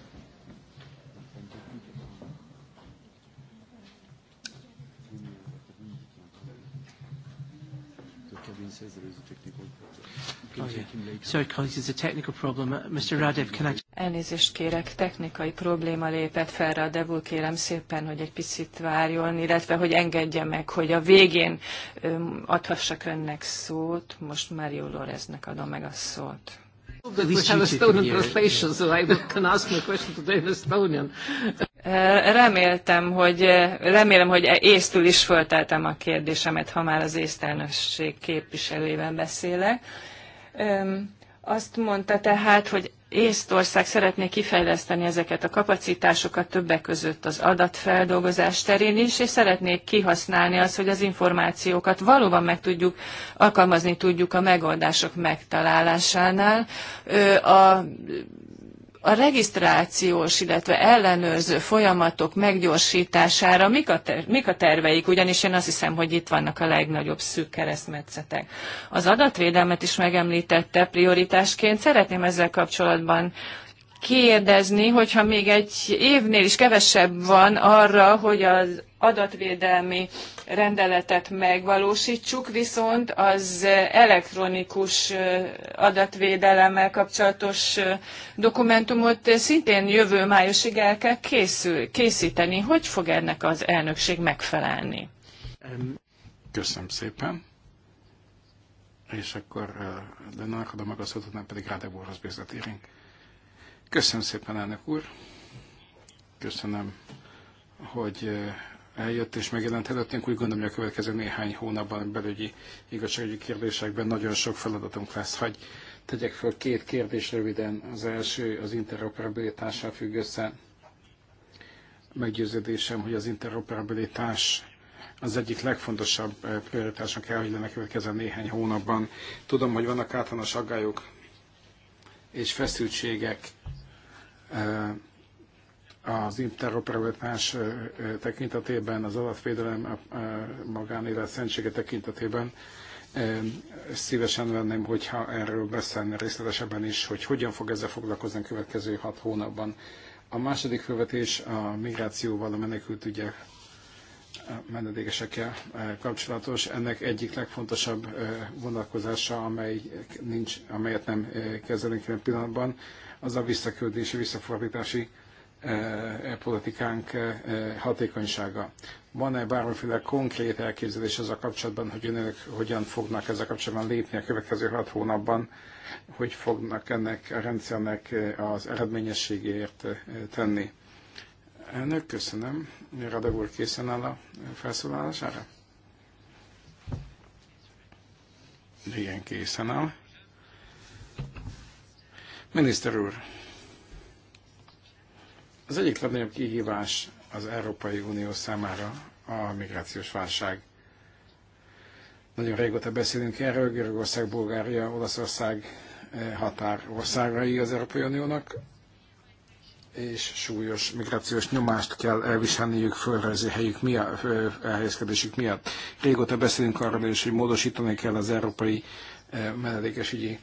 Oh, uh, Elnézést kérek, technikai probléma lépett fel Radev úr, kérem szépen, hogy egy picit várjon, illetve hogy engedje meg, hogy a végén adhassak önnek szót. Most Mario Loreznek adom meg a szót. Reméltem, hogy, remélem, hogy e- észtül is fölteltem a kérdésemet, ha már az észtelnösség képviselőjében beszélek. Azt mondta tehát, hogy Észtország szeretné kifejleszteni ezeket a kapacitásokat többek között az adatfeldolgozás terén is, és szeretnék kihasználni azt, hogy az információkat valóban meg tudjuk, alkalmazni tudjuk a megoldások megtalálásánál. A a regisztrációs, illetve ellenőrző folyamatok meggyorsítására mik a, ter- mik a terveik, ugyanis én azt hiszem, hogy itt vannak a legnagyobb szűk keresztmetszetek. Az adatvédelmet is megemlítette prioritásként. Szeretném ezzel kapcsolatban kérdezni, hogyha még egy évnél is kevesebb van arra, hogy az adatvédelmi rendeletet megvalósítsuk, viszont az elektronikus adatvédelemmel kapcsolatos dokumentumot szintén jövő májusig el kell készül, készíteni. Hogy fog ennek az elnökség megfelelni? Köszönöm szépen. És akkor Lenárka, de a szót, nem pedig Rádeborhoz bízat érünk. Köszönöm szépen, elnök úr. Köszönöm, hogy eh, eljött és megjelent előttünk. Úgy gondolom, hogy a következő néhány hónapban belügyi igazságügyi kérdésekben nagyon sok feladatunk lesz. Hagy tegyek föl két kérdés röviden. Az első az interoperabilitással függ össze. Meggyőződésem, hogy az interoperabilitás az egyik legfontosabb eh, prioritásnak kell, hogy lenne következő néhány hónapban. Tudom, hogy vannak általános aggályok és feszültségek az interoperabilitás tekintetében, az adatvédelem, a magánélet szentsége tekintetében szívesen venném, hogyha erről beszélne részletesebben is, hogy hogyan fog ezzel foglalkozni a következő hat hónapban. A második követés a migrációval, a menekültügyel menedékesekkel eh, kapcsolatos. Ennek egyik legfontosabb eh, vonatkozása, amely nincs, amelyet nem eh, kezelünk ilyen pillanatban, az a visszaküldési, visszafordítási politikánk hatékonysága. Van-e bármiféle konkrét elképzelés a kapcsolatban, hogy önök hogyan fognak ezzel kapcsolatban lépni a következő hat hónapban, hogy fognak ennek a rendszernek az eredményességéért tenni? Elnök, köszönöm. Radev úr készen áll a felszólalására? Igen, készen áll. Miniszter úr, az egyik legnagyobb kihívás az Európai Unió számára a migrációs válság. Nagyon régóta beszélünk erről, Görögország, Bulgária, Olaszország eh, határországai az Európai Uniónak és súlyos migrációs nyomást kell elviselniük földrajzi helyük miatt, elhelyezkedésük miatt. Régóta beszélünk arról is, hogy módosítani kell az európai menedékesügyi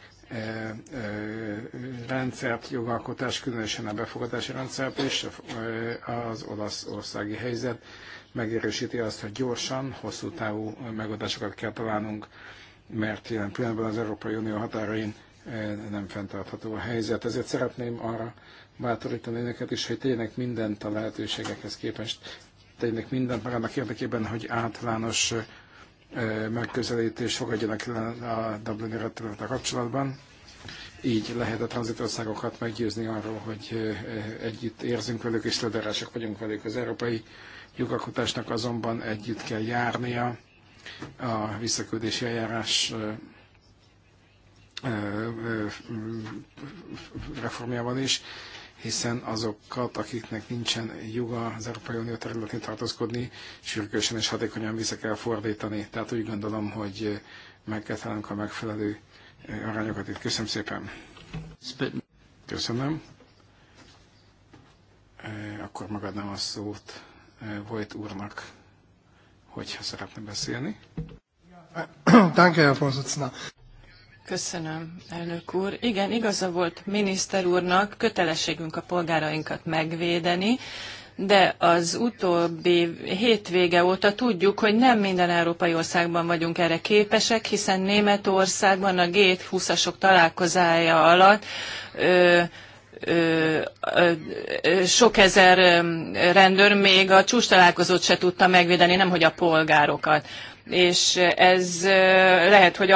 rendszert, jogalkotás, különösen a befogadási rendszert, és az olaszországi helyzet megerősíti azt, hogy gyorsan, hosszú távú megoldásokat kell találnunk, mert jelen pillanatban az Európai Unió határain nem fenntartható a helyzet. Ezért szeretném arra bátorítani önöket is, hogy tegyenek mindent a lehetőségekhez képest, tegyenek mindent meg annak érdekében, hogy általános megközelítés fogadjanak a Dublini a kapcsolatban. Így lehet a tranzitországokat meggyőzni arról, hogy együtt érzünk velük és szolidárisak vagyunk velük. Az európai jogalkotásnak azonban együtt kell járnia a visszaküldési eljárás reformjával is hiszen azokat, akiknek nincsen joga az Európai Unió területén tartózkodni, sürgősen és hatékonyan vissza kell fordítani. Tehát úgy gondolom, hogy meg kell találnunk a megfelelő eh, arányokat itt. Köszönöm szépen. Köszönöm. Eh, akkor megadnám a szót eh, Vojt úrnak, hogyha szeretne beszélni. Danke, Herr Vorsitzender. Köszönöm, elnök úr. Igen, igaza volt miniszter úrnak, kötelességünk a polgárainkat megvédeni, de az utóbbi hétvége óta tudjuk, hogy nem minden európai országban vagyunk erre képesek, hiszen Németországban a G20-asok találkozája alatt ö, ö, ö, sok ezer rendőr még a csúcs találkozót se tudta megvédeni, nemhogy a polgárokat és ez lehet, hogy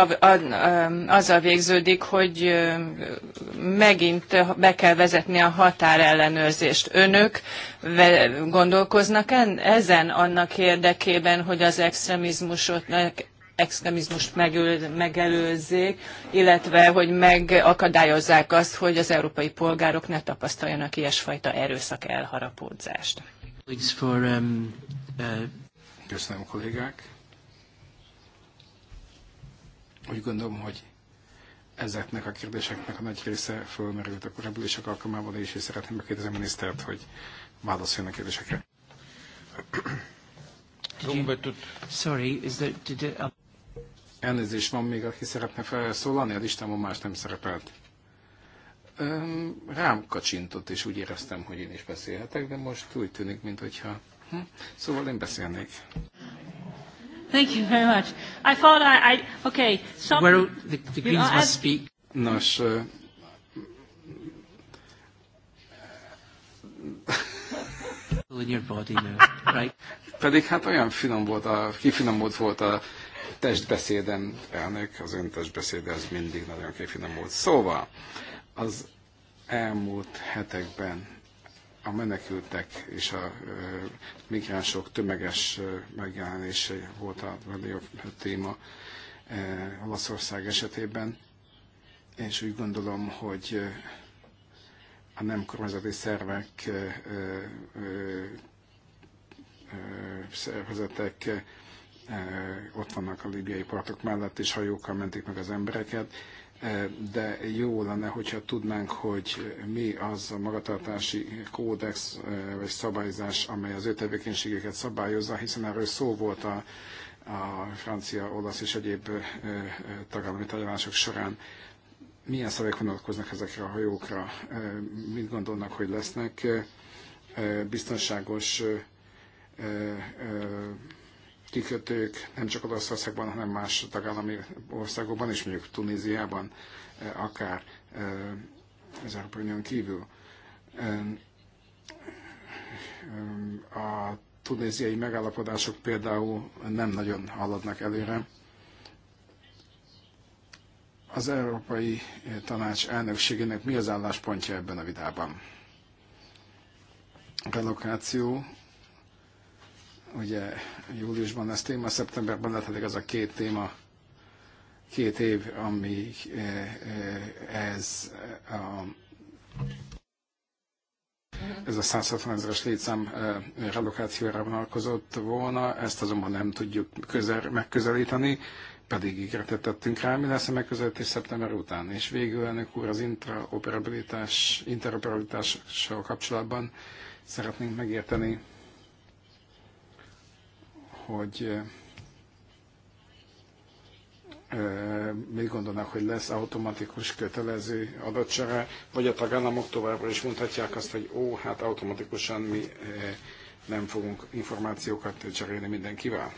azzal végződik, hogy megint be kell vezetni a határellenőrzést. Önök gondolkoznak ezen annak érdekében, hogy az extremizmusot extremizmust megelőzzék, illetve hogy megakadályozzák azt, hogy az európai polgárok ne tapasztaljanak ilyesfajta erőszak elharapódzást. Um, uh, Köszönöm kollégák! Úgy gondolom, hogy ezeknek a kérdéseknek a nagy része fölmerült a korábbiak alkalmával, és, és szeretném megkérdezni a minisztert, hogy válaszoljon a kérdésekre. Sorry, is did it, uh, Elnézést van még, aki szeretne felszólalni, a listámon más nem szerepelt. Rám kacsintott, és úgy éreztem, hogy én is beszélhetek, de most úgy tűnik, mintha... Hm? Szóval én beszélnék. Thank you very much. I thought I, I okay. Some, Where the, the Greens you know, must speak. Nos, uh, in your body now, right? Pedig hát olyan finom volt, a, kifinomult volt a testbeszédem, elnök, az ön testbeszéde az mindig nagyon kifinomult. Szóval, az elmúlt hetekben a menekültek és a migránsok tömeges megjelenése volt a legjobb téma Olaszország esetében, és úgy gondolom, hogy a nem kormányzati szervek, szervezetek ott vannak a libiai partok mellett, és hajókkal mentik meg az embereket de jó lenne, hogyha tudnánk, hogy mi az a magatartási kódex vagy szabályzás, amely az ő tevékenységeket szabályozza, hiszen erről szó volt a, a francia, olasz és egyéb tagállami tárgyalások során. Milyen szabályok vonatkoznak ezekre a hajókra? Mit gondolnak, hogy lesznek biztonságos kikötők nem csak Olaszországban, hanem más tagállami országokban, és mondjuk Tunéziában, eh, akár eh, az Európai Unión kívül. A tunéziai megállapodások például nem nagyon haladnak előre. Az Európai Tanács elnökségének mi az álláspontja ebben a vitában? Relokáció Ugye júliusban lesz téma, szeptemberben lehet, hogy az a két téma, két év, ami eh, eh, ez a ez a 160 ezeres létszám eh, relokációra vonalkozott volna, ezt azonban nem tudjuk közel, megközelíteni, pedig ígéretet tettünk rá, mi lesz a megközelítés szeptember után. És végül ennek úr az interoperabilitás, interoperabilitással kapcsolatban szeretnénk megérteni, hogy mit gondolnak, hogy lesz automatikus kötelező adatcsere, vagy a tagállamok továbbra is mondhatják azt, hogy ó, hát automatikusan mi nem fogunk információkat cserélni mindenkivel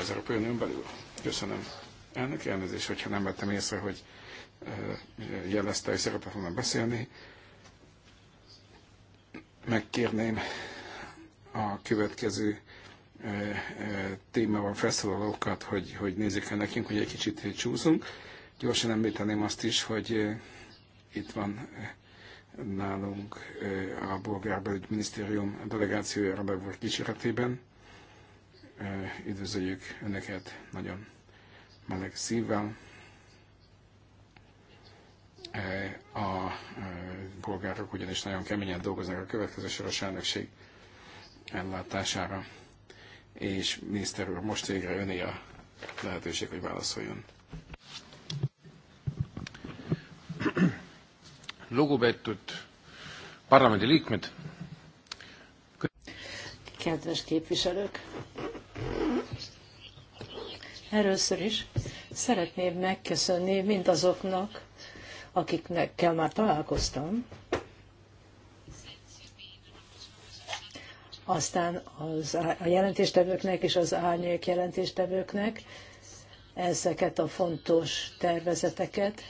az Európai Unión belül. Köszönöm. Elnök elnézést, hogyha nem vettem észre, hogy jelezte, hogy szeretett volna beszélni. Megkérném a következő témával felszólalókat, hogy, hogy nézzék el nekünk, hogy egy kicsit csúszunk. Gyorsan említeném azt is, hogy itt van nálunk a Bolgár Belügyminisztérium delegációja a Borg kísérletében. Üdvözöljük Önöket nagyon meleg szívvel. A bolgárok ugyanis nagyon keményen dolgoznak a következő soros elnökség ellátására és miniszter úr, most végre öné a lehetőség, hogy válaszoljon. Lugupeetud parlamenti liikmed. Kedves képviselők! Először is szeretném megköszönni mindazoknak, akiknek kell már találkoztam, aztán az, a jelentéstevőknek és az árnyék jelentéstevőknek ezeket a fontos tervezeteket.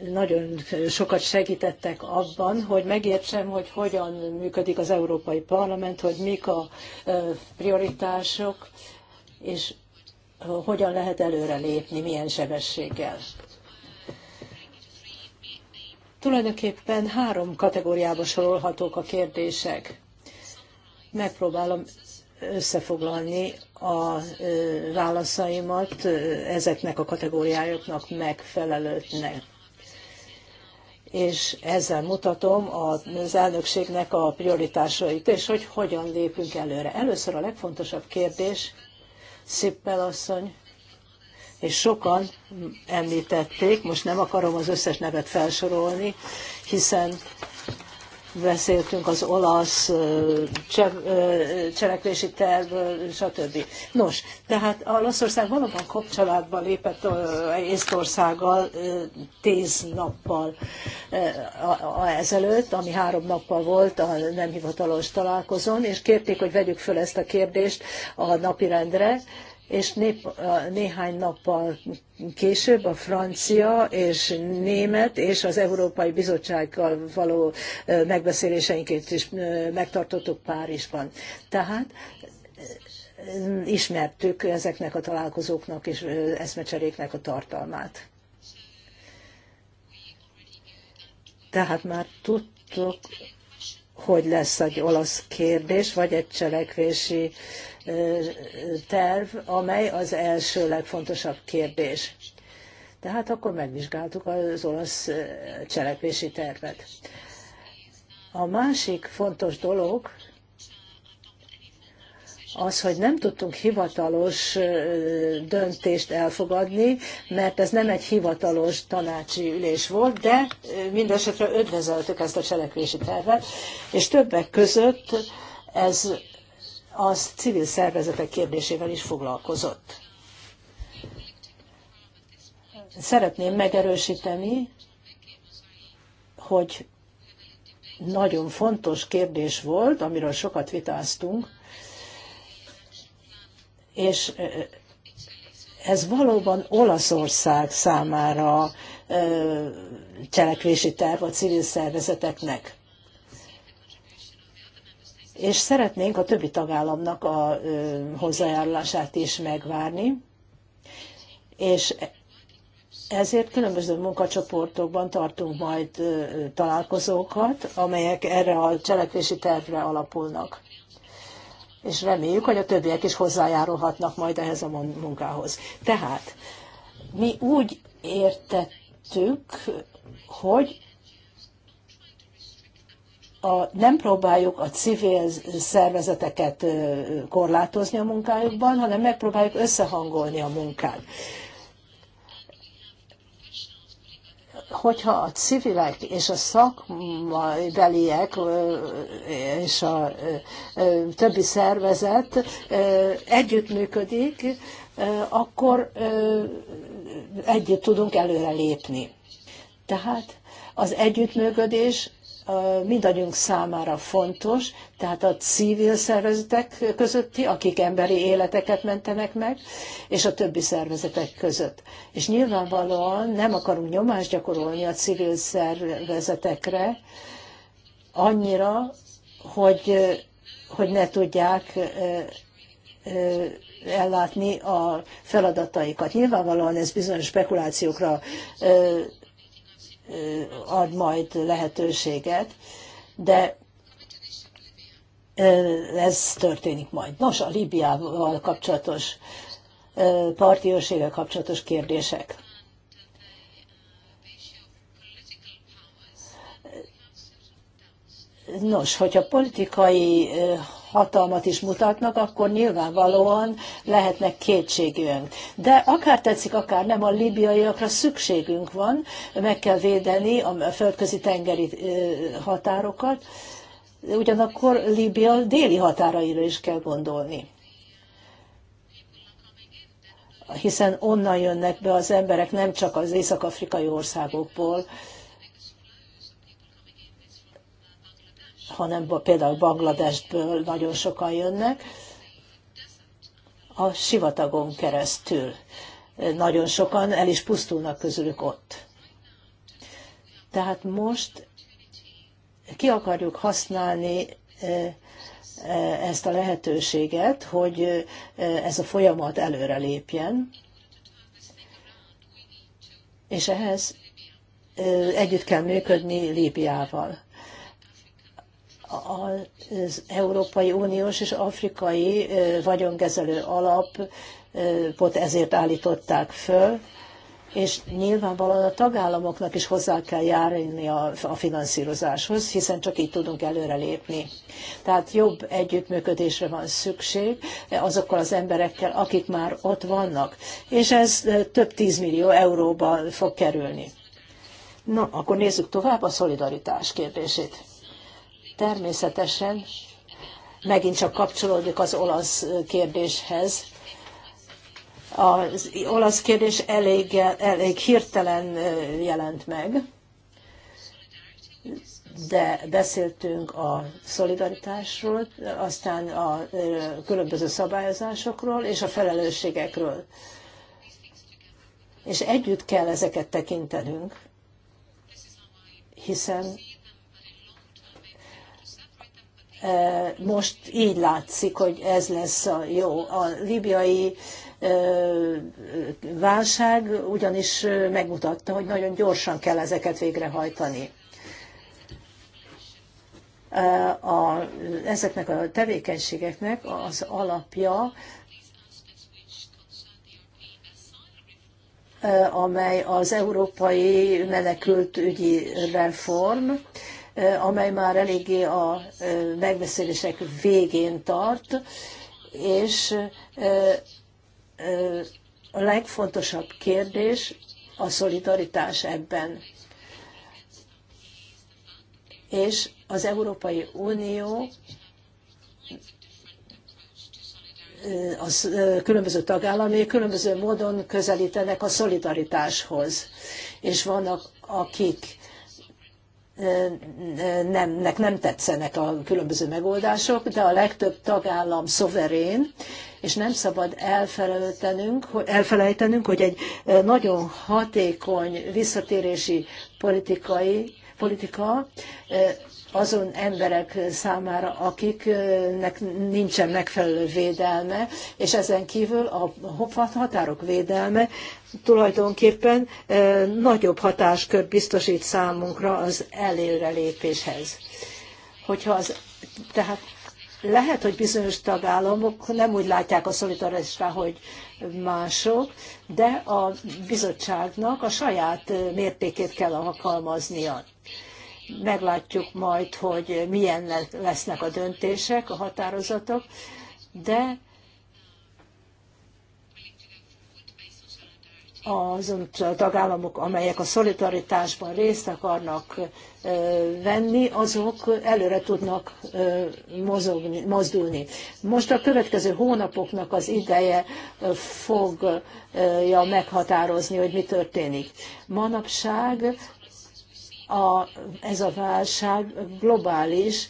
Nagyon sokat segítettek abban, hogy megértsem, hogy hogyan működik az Európai Parlament, hogy mik a prioritások, és hogyan lehet előrelépni, milyen sebességgel. Tulajdonképpen három kategóriába sorolhatók a kérdések. Megpróbálom összefoglalni a válaszaimat ezeknek a kategóriáknak megfelelőtnek. És ezzel mutatom az elnökségnek a prioritásait, és hogy hogyan lépünk előre. Először a legfontosabb kérdés, Szippel asszony, és sokan említették, most nem akarom az összes nevet felsorolni, hiszen beszéltünk az olasz cselekvési terv, stb. Nos, tehát Olaszország valóban kapcsolatba lépett Észtországgal tíz nappal ezelőtt, ami három nappal volt a nem hivatalos találkozón, és kérték, hogy vegyük föl ezt a kérdést a napirendre, és nép, néhány nappal később a francia és német és az Európai Bizottsággal való megbeszéléseinket is megtartottuk Párizsban. Tehát ismertük ezeknek a találkozóknak és eszmecseréknek a tartalmát. Tehát már tudtuk, hogy lesz egy olasz kérdés, vagy egy cselekvési terv, amely az első legfontosabb kérdés. Tehát akkor megvizsgáltuk az olasz cselekvési tervet. A másik fontos dolog az, hogy nem tudtunk hivatalos döntést elfogadni, mert ez nem egy hivatalos tanácsi ülés volt, de mindesetre ödvezeltük ezt a cselekvési tervet, és többek között ez az civil szervezetek kérdésével is foglalkozott. Szeretném megerősíteni, hogy nagyon fontos kérdés volt, amiről sokat vitáztunk, és ez valóban Olaszország számára cselekvési terv a civil szervezeteknek és szeretnénk a többi tagállamnak a hozzájárulását is megvárni, és ezért különböző munkacsoportokban tartunk majd találkozókat, amelyek erre a cselekvési tervre alapulnak. És reméljük, hogy a többiek is hozzájárulhatnak majd ehhez a munkához. Tehát mi úgy értettük, hogy a, nem próbáljuk a civil szervezeteket korlátozni a munkájukban, hanem megpróbáljuk összehangolni a munkát. Hogyha a civilek és a szakmai beliek és a többi szervezet együttműködik, akkor együtt tudunk előrelépni. Tehát az együttműködés mindannyiunk számára fontos, tehát a civil szervezetek közötti, akik emberi életeket mentenek meg, és a többi szervezetek között. És nyilvánvalóan nem akarunk nyomást gyakorolni a civil szervezetekre annyira, hogy, hogy ne tudják ellátni a feladataikat. Nyilvánvalóan ez bizonyos spekulációkra ad majd lehetőséget, de ez történik majd. Nos, a Libiával kapcsolatos parti kapcsolatos kérdések. Nos, hogyha politikai hatalmat is mutatnak, akkor nyilvánvalóan lehetnek kétségűen. De akár tetszik, akár nem, a libiaiakra szükségünk van, meg kell védeni a földközi tengeri határokat, ugyanakkor Líbia déli határaira is kell gondolni hiszen onnan jönnek be az emberek, nem csak az észak-afrikai országokból, hanem például Bangladesből nagyon sokan jönnek, a sivatagon keresztül. Nagyon sokan el is pusztulnak közülük ott. Tehát most ki akarjuk használni e, e, ezt a lehetőséget, hogy e, ez a folyamat előre lépjen, és ehhez együtt kell működni Líbiával az Európai Uniós és Afrikai Vagyonkezelő Alapot ezért állították föl, és nyilvánvalóan a tagállamoknak is hozzá kell járni a, a finanszírozáshoz, hiszen csak így tudunk előrelépni. Tehát jobb együttműködésre van szükség azokkal az emberekkel, akik már ott vannak, és ez több tízmillió euróba fog kerülni. Na, akkor nézzük tovább a szolidaritás kérdését természetesen megint csak kapcsolódik az olasz kérdéshez. Az olasz kérdés elég, elég hirtelen jelent meg, de beszéltünk a szolidaritásról, aztán a különböző szabályozásokról és a felelősségekről. És együtt kell ezeket tekintenünk, hiszen most így látszik, hogy ez lesz a jó. A libiai válság ugyanis megmutatta, hogy nagyon gyorsan kell ezeket végrehajtani. A, ezeknek a tevékenységeknek az alapja amely az európai menekültügyi reform, amely már eléggé a megbeszélések végén tart, és a legfontosabb kérdés a szolidaritás ebben. És az Európai Unió az különböző tagállami különböző módon közelítenek a szolidaritáshoz. És vannak, akik nek nem tetszenek a különböző megoldások, de a legtöbb tagállam szoverén, és nem szabad elfelejtenünk, elfelejtenünk hogy egy nagyon hatékony visszatérési politikai, politika azon emberek számára, akiknek nincsen megfelelő védelme, és ezen kívül a határok védelme tulajdonképpen nagyobb hatáskör biztosít számunkra az előrelépéshez. Hogyha az, tehát lehet, hogy bizonyos tagállamok nem úgy látják a szolidaritásra, hogy mások, de a bizottságnak a saját mértékét kell alkalmaznia. Meglátjuk majd, hogy milyen lesznek a döntések, a határozatok, de azon tagállamok, amelyek a szolidaritásban részt akarnak venni, azok előre tudnak mozogni, mozdulni. Most a következő hónapoknak az ideje fogja meghatározni, hogy mi történik. Manapság a, ez a válság globális,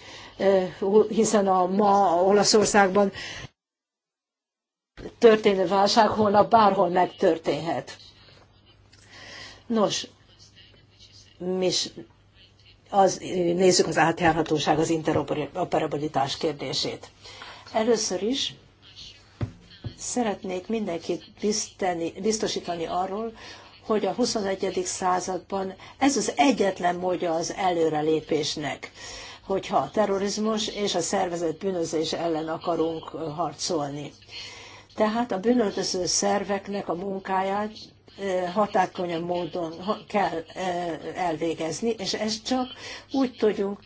hiszen a ma Olaszországban történő válság holnap bárhol megtörténhet. Nos, mi az, nézzük az átjárhatóság, az interoperabilitás kérdését. Először is szeretnék mindenkit bizteni, biztosítani arról, hogy a 21. században ez az egyetlen módja az előrelépésnek, hogyha a terrorizmus és a szervezet bűnözés ellen akarunk harcolni. Tehát a bűnöldöző szerveknek a munkáját hatákony módon kell elvégezni, és ezt csak úgy tudjuk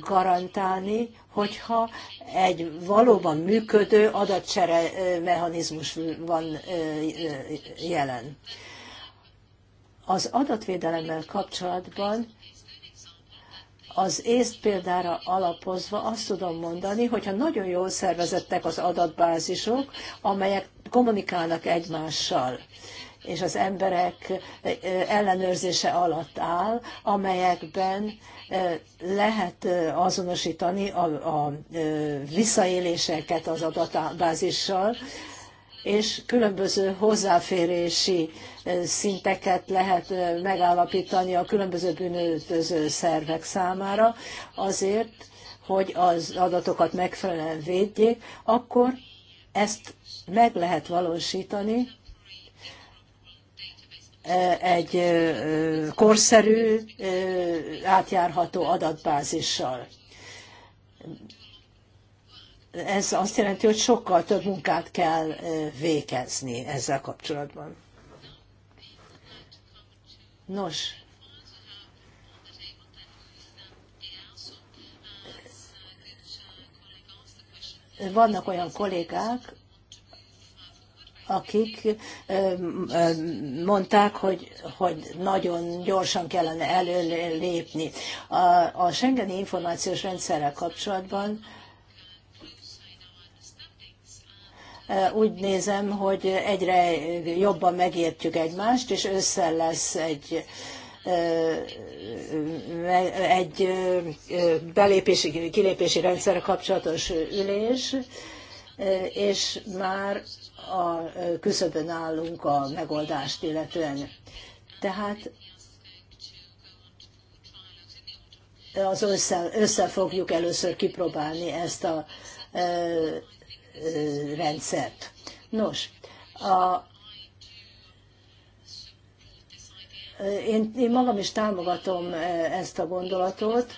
garantálni, hogyha egy valóban működő adatcsere mechanizmus van jelen. Az adatvédelemmel kapcsolatban az észt példára alapozva azt tudom mondani, hogyha nagyon jól szervezettek az adatbázisok, amelyek kommunikálnak egymással és az emberek eh, ellenőrzése alatt áll, amelyekben eh, lehet eh, azonosítani a, a visszaéléseket az adatbázissal, és különböző hozzáférési eh, szinteket lehet eh, megállapítani a különböző bűnöltöző szervek számára azért, hogy az adatokat megfelelően védjék, akkor ezt meg lehet valósítani eh, egy korszerű, átjárható adatbázissal ez azt jelenti, hogy sokkal több munkát kell végezni ezzel kapcsolatban. Nos, vannak olyan kollégák, akik mondták, hogy, hogy nagyon gyorsan kellene előlépni. A, a Schengeni információs rendszerrel kapcsolatban Eh, úgy nézem, hogy egyre jobban megértjük egymást, és össze lesz egy eh, egy eh, belépési, kilépési rendszer kapcsolatos ülés, és már a küszöbön állunk a megoldást illetően. Tehát az össze, össze fogjuk először kipróbálni ezt a rendszert. Nos, a, én, én magam is támogatom ezt a gondolatot,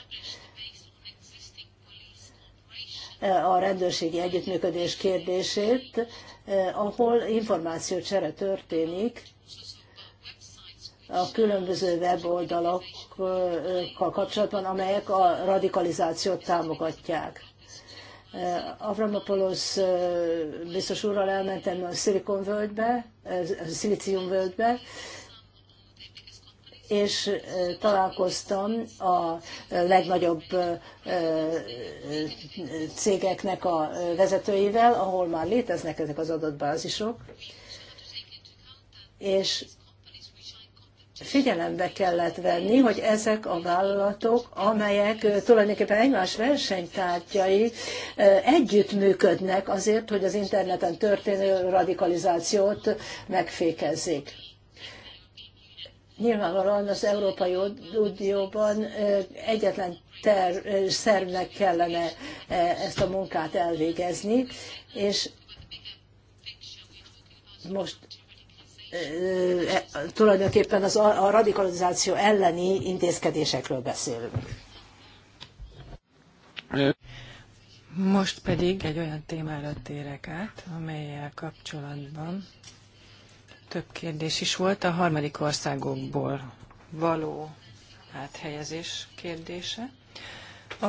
a rendőrségi együttműködés kérdését, ahol információcsere történik a különböző weboldalakkal kapcsolatban, amelyek a radikalizációt támogatják. Eh, Avramopoulos eh, biztos úrral elmentem a szilikonvölgybe, a szilíciumvölgybe, és eh, találkoztam a legnagyobb cégeknek a vezetőivel, ahol már léteznek ezek az adatbázisok, és figyelembe kellett venni, hogy ezek a vállalatok, amelyek tulajdonképpen egymás versenytárgyai együttműködnek azért, hogy az interneten történő radikalizációt megfékezzék. Nyilvánvalóan az Európai Unióban egyetlen ter, szervnek kellene ezt a munkát elvégezni, és most E, tulajdonképpen az, a radikalizáció elleni intézkedésekről beszélünk. Most pedig egy olyan témára térek át, amelyel kapcsolatban több kérdés is volt. A harmadik országokból való áthelyezés kérdése. A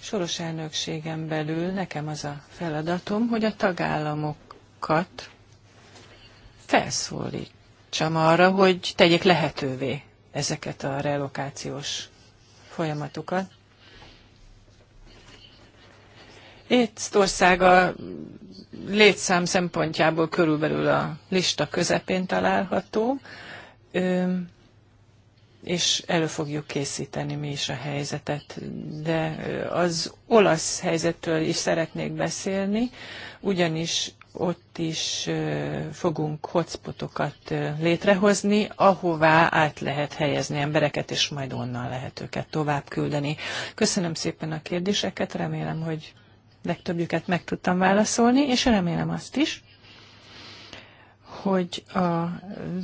soros elnökségen belül nekem az a feladatom, hogy a tagállamokat felszólítsam arra, hogy tegyék lehetővé ezeket a relokációs Itt ország a létszám szempontjából körülbelül a lista közepén található, és elő fogjuk készíteni mi is a helyzetet. De az olasz helyzetről is szeretnék beszélni, ugyanis ott is fogunk hotspotokat létrehozni, ahová át lehet helyezni embereket, és majd onnan lehet őket tovább küldeni. Köszönöm szépen a kérdéseket, remélem, hogy legtöbbjüket meg tudtam válaszolni, és remélem azt is, hogy a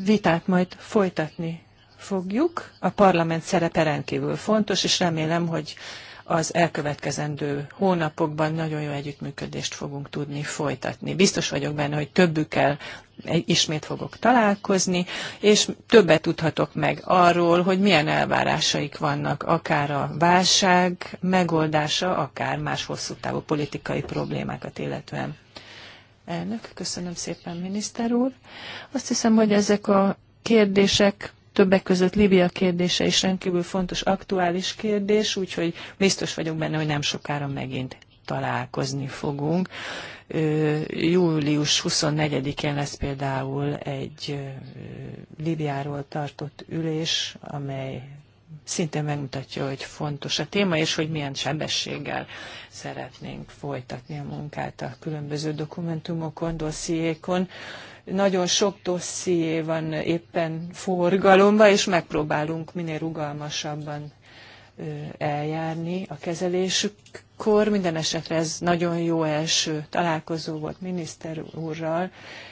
vitát majd folytatni fogjuk. A parlament szerepe rendkívül fontos, és remélem, hogy az elkövetkezendő hónapokban nagyon jó együttműködést fogunk tudni folytatni. Biztos vagyok benne, hogy többükkel ismét fogok találkozni, és többet tudhatok meg arról, hogy milyen elvárásaik vannak akár a válság megoldása, akár más hosszú távú politikai problémákat illetően. Elnök, köszönöm szépen, miniszter úr. Azt hiszem, hogy ezek a kérdések Többek között Libia kérdése is rendkívül fontos, aktuális kérdés, úgyhogy biztos vagyok benne, hogy nem sokára megint találkozni fogunk. Július 24-én lesz például egy Libiáról tartott ülés, amely szintén megmutatja, hogy fontos a téma, és hogy milyen sebességgel szeretnénk folytatni a munkát a különböző dokumentumokon, dossziékon nagyon sok dosszié van éppen forgalomba, és megpróbálunk minél rugalmasabban eljárni a kezelésükkor. Minden esetre ez nagyon jó első találkozó volt miniszter úrral,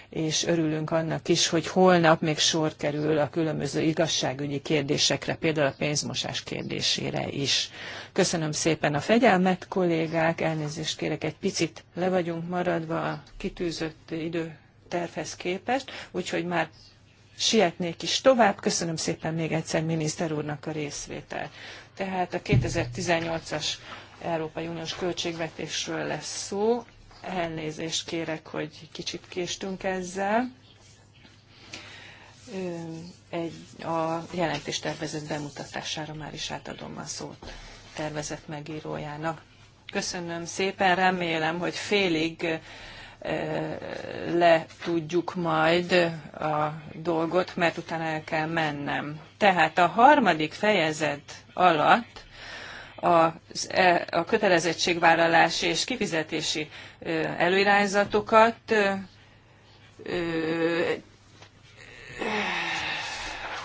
és örülünk annak is, hogy holnap még sor kerül a különböző igazságügyi kérdésekre, például a pénzmosás kérdésére is. Köszönöm szépen a fegyelmet, kollégák, elnézést kérek, egy picit le vagyunk maradva a kitűzött idő tervhez képest, úgyhogy már sietnék is tovább. Köszönöm szépen még egyszer miniszter úrnak a részvétel. Tehát a 2018-as Európai Uniós költségvetésről lesz szó. Elnézést kérek, hogy kicsit késtünk ezzel. Egy, a jelentéstervezet bemutatására már is átadom a szót tervezet megírójának. Köszönöm szépen, remélem, hogy félig le tudjuk majd a dolgot, mert utána el kell mennem. Tehát a harmadik fejezet alatt e, a kötelezettségvállalási és kifizetési előirányzatokat Uh,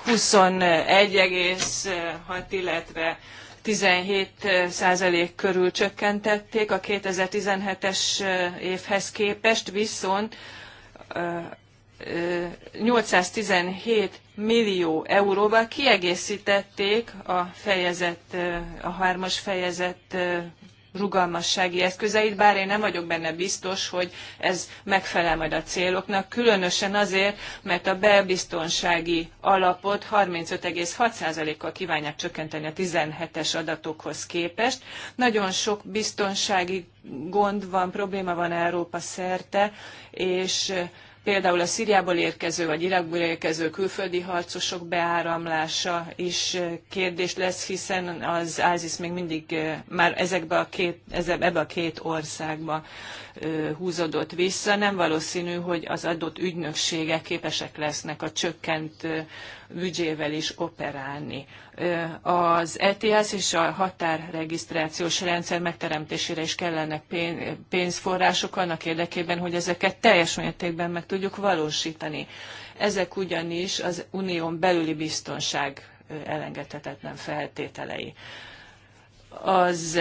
21,6, illetve 17% körül csökkentették a 2017-es évhez képest, viszont 817 millió euróval kiegészítették a fejezet, a hármas fejezet rugalmassági eszközeit, bár én nem vagyok benne biztos, hogy ez megfelel majd a céloknak, különösen azért, mert a belbiztonsági alapot 35,6%-kal kívánják csökkenteni a 17-es adatokhoz képest. Nagyon sok biztonsági gond van, probléma van Európa szerte, és például a Szíriából érkező vagy Irakból érkező külföldi harcosok beáramlása is kérdés lesz, hiszen az ISIS még mindig már ezekbe a két, ebbe a két országba húzódott vissza. Nem valószínű, hogy az adott ügynökségek képesek lesznek a csökkent büdzsével is operálni. Az ETS és a határregisztrációs rendszer megteremtésére is kellene pénzforrások annak érdekében, hogy ezeket teljes mértékben meg tudjuk valósítani. Ezek ugyanis az unión belüli biztonság elengedhetetlen feltételei az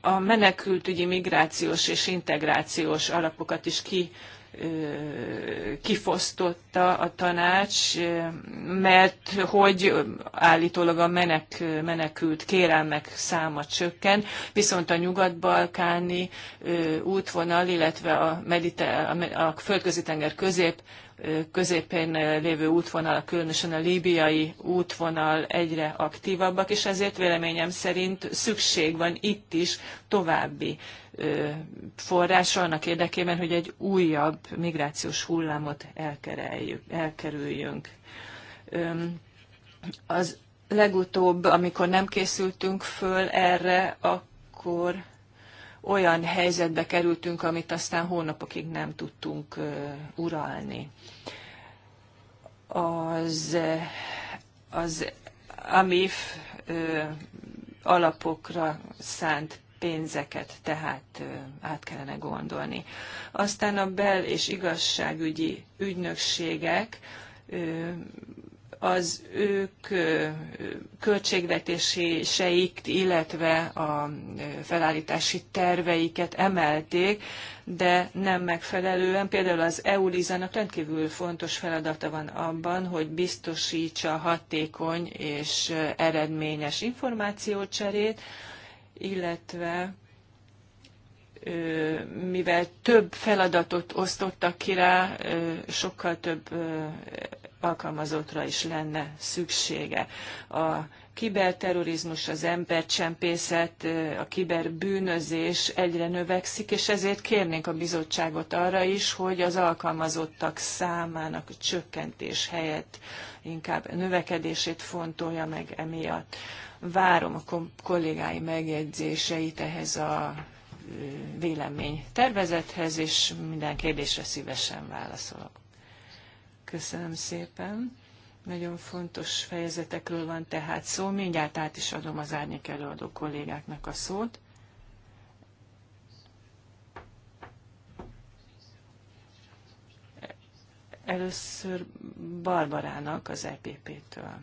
a menekültügyi, migrációs és integrációs alapokat is ki kifosztotta a tanács, mert hogy állítólag a menek, menekült kérelmek száma csökken, viszont a nyugat-balkáni útvonal, illetve a, medite, a földközi-tenger közép középén lévő útvonal, különösen a líbiai útvonal egyre aktívabbak, és ezért véleményem szerint szükség van itt is további forrásra annak érdekében, hogy egy újabb migrációs hullámot elkerüljünk. Az legutóbb, amikor nem készültünk föl erre, akkor olyan helyzetbe kerültünk, amit aztán hónapokig nem tudtunk uralni. Az, az AMIF alapokra szánt pénzeket tehát át kellene gondolni. Aztán a bel- és igazságügyi ügynökségek az ők költségvetéseik, illetve a felállítási terveiket emelték, de nem megfelelően. Például az eu nak rendkívül fontos feladata van abban, hogy biztosítsa hatékony és eredményes információcserét, illetve mivel több feladatot osztottak ki rá, sokkal több alkalmazottra is lenne szüksége. A kiberterrorizmus, az embercsempészet, a kiberbűnözés egyre növekszik, és ezért kérnénk a bizottságot arra is, hogy az alkalmazottak számának csökkentés helyett inkább növekedését fontolja meg emiatt. Várom a kollégái megjegyzéseit ehhez a vélemény tervezethez, és minden kérdésre szívesen válaszolok. Köszönöm szépen. Nagyon fontos fejezetekről van tehát szó. Mindjárt át is adom az árnyék előadó kollégáknak a szót. Először Barbarának az EPP-től.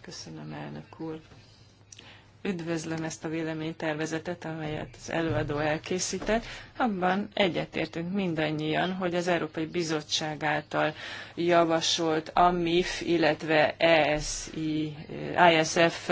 Köszönöm, elnök úr. Üdvözlöm ezt a véleménytervezetet, amelyet az előadó elkészített. Abban egyetértünk mindannyian, hogy az Európai Bizottság által javasolt AMIF, illetve ESI, ISF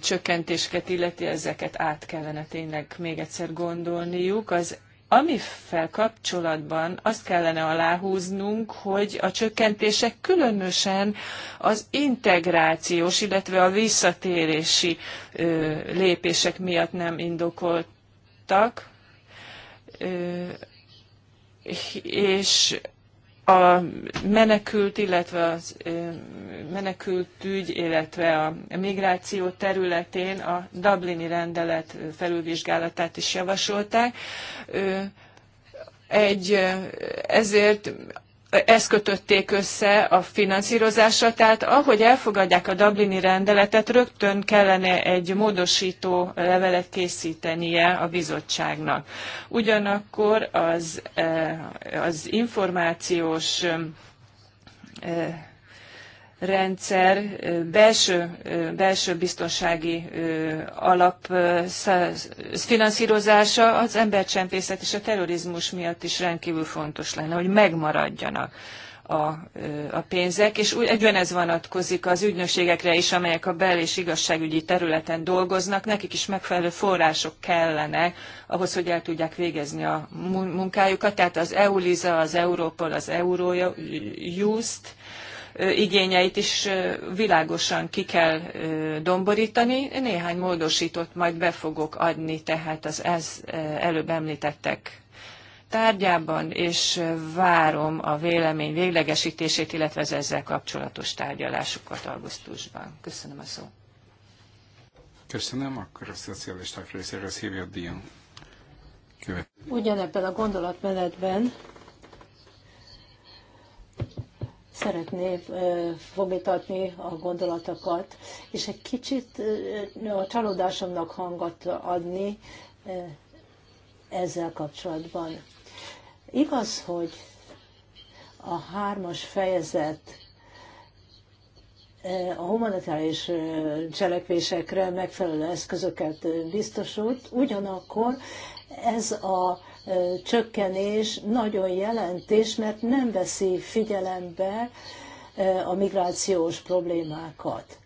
csökkentéseket illeti, ezeket át kellene tényleg még egyszer gondolniuk. Az ami felkapcsolatban azt kellene aláhúznunk, hogy a csökkentések különösen az integrációs, illetve a visszatérési ö, lépések miatt nem indokoltak, ö, és a menekült, illetve menekült ügy, illetve a migráció területén a Dublini rendelet felülvizsgálatát is javasolták. Egy, ezért ezt kötötték össze a finanszírozással, tehát ahogy elfogadják a Dublini rendeletet, rögtön kellene egy módosító levelet készítenie a bizottságnak. Ugyanakkor az, eh, az információs eh, rendszer belső, belső biztonsági alap az embercsempészet és a terrorizmus miatt is rendkívül fontos lenne, hogy megmaradjanak a, a pénzek, és úgy, ugyanez vonatkozik az ügynökségekre is, amelyek a bel- és igazságügyi területen dolgoznak, nekik is megfelelő források kellene ahhoz, hogy el tudják végezni a munkájukat, tehát az EULISA, az Europol, az Eurojust, igényeit is világosan ki kell domborítani. Néhány módosítót majd be fogok adni, tehát az ez előbb említettek tárgyában, és várom a vélemény véglegesítését, illetve az ezzel kapcsolatos tárgyalásukat augusztusban. Köszönöm a szót. Köszönöm, akkor a szocialisták részéről Szilvia Dion követ. Ugyanebben a gondolatmenetben szeretné fogítatni a gondolatokat, és egy kicsit a csalódásomnak hangot adni ezzel kapcsolatban. Igaz, hogy a hármas fejezet a humanitárius cselekvésekre megfelelő eszközöket biztosult, ugyanakkor ez a csökkenés nagyon jelentés, mert nem veszi figyelembe a migrációs problémákat.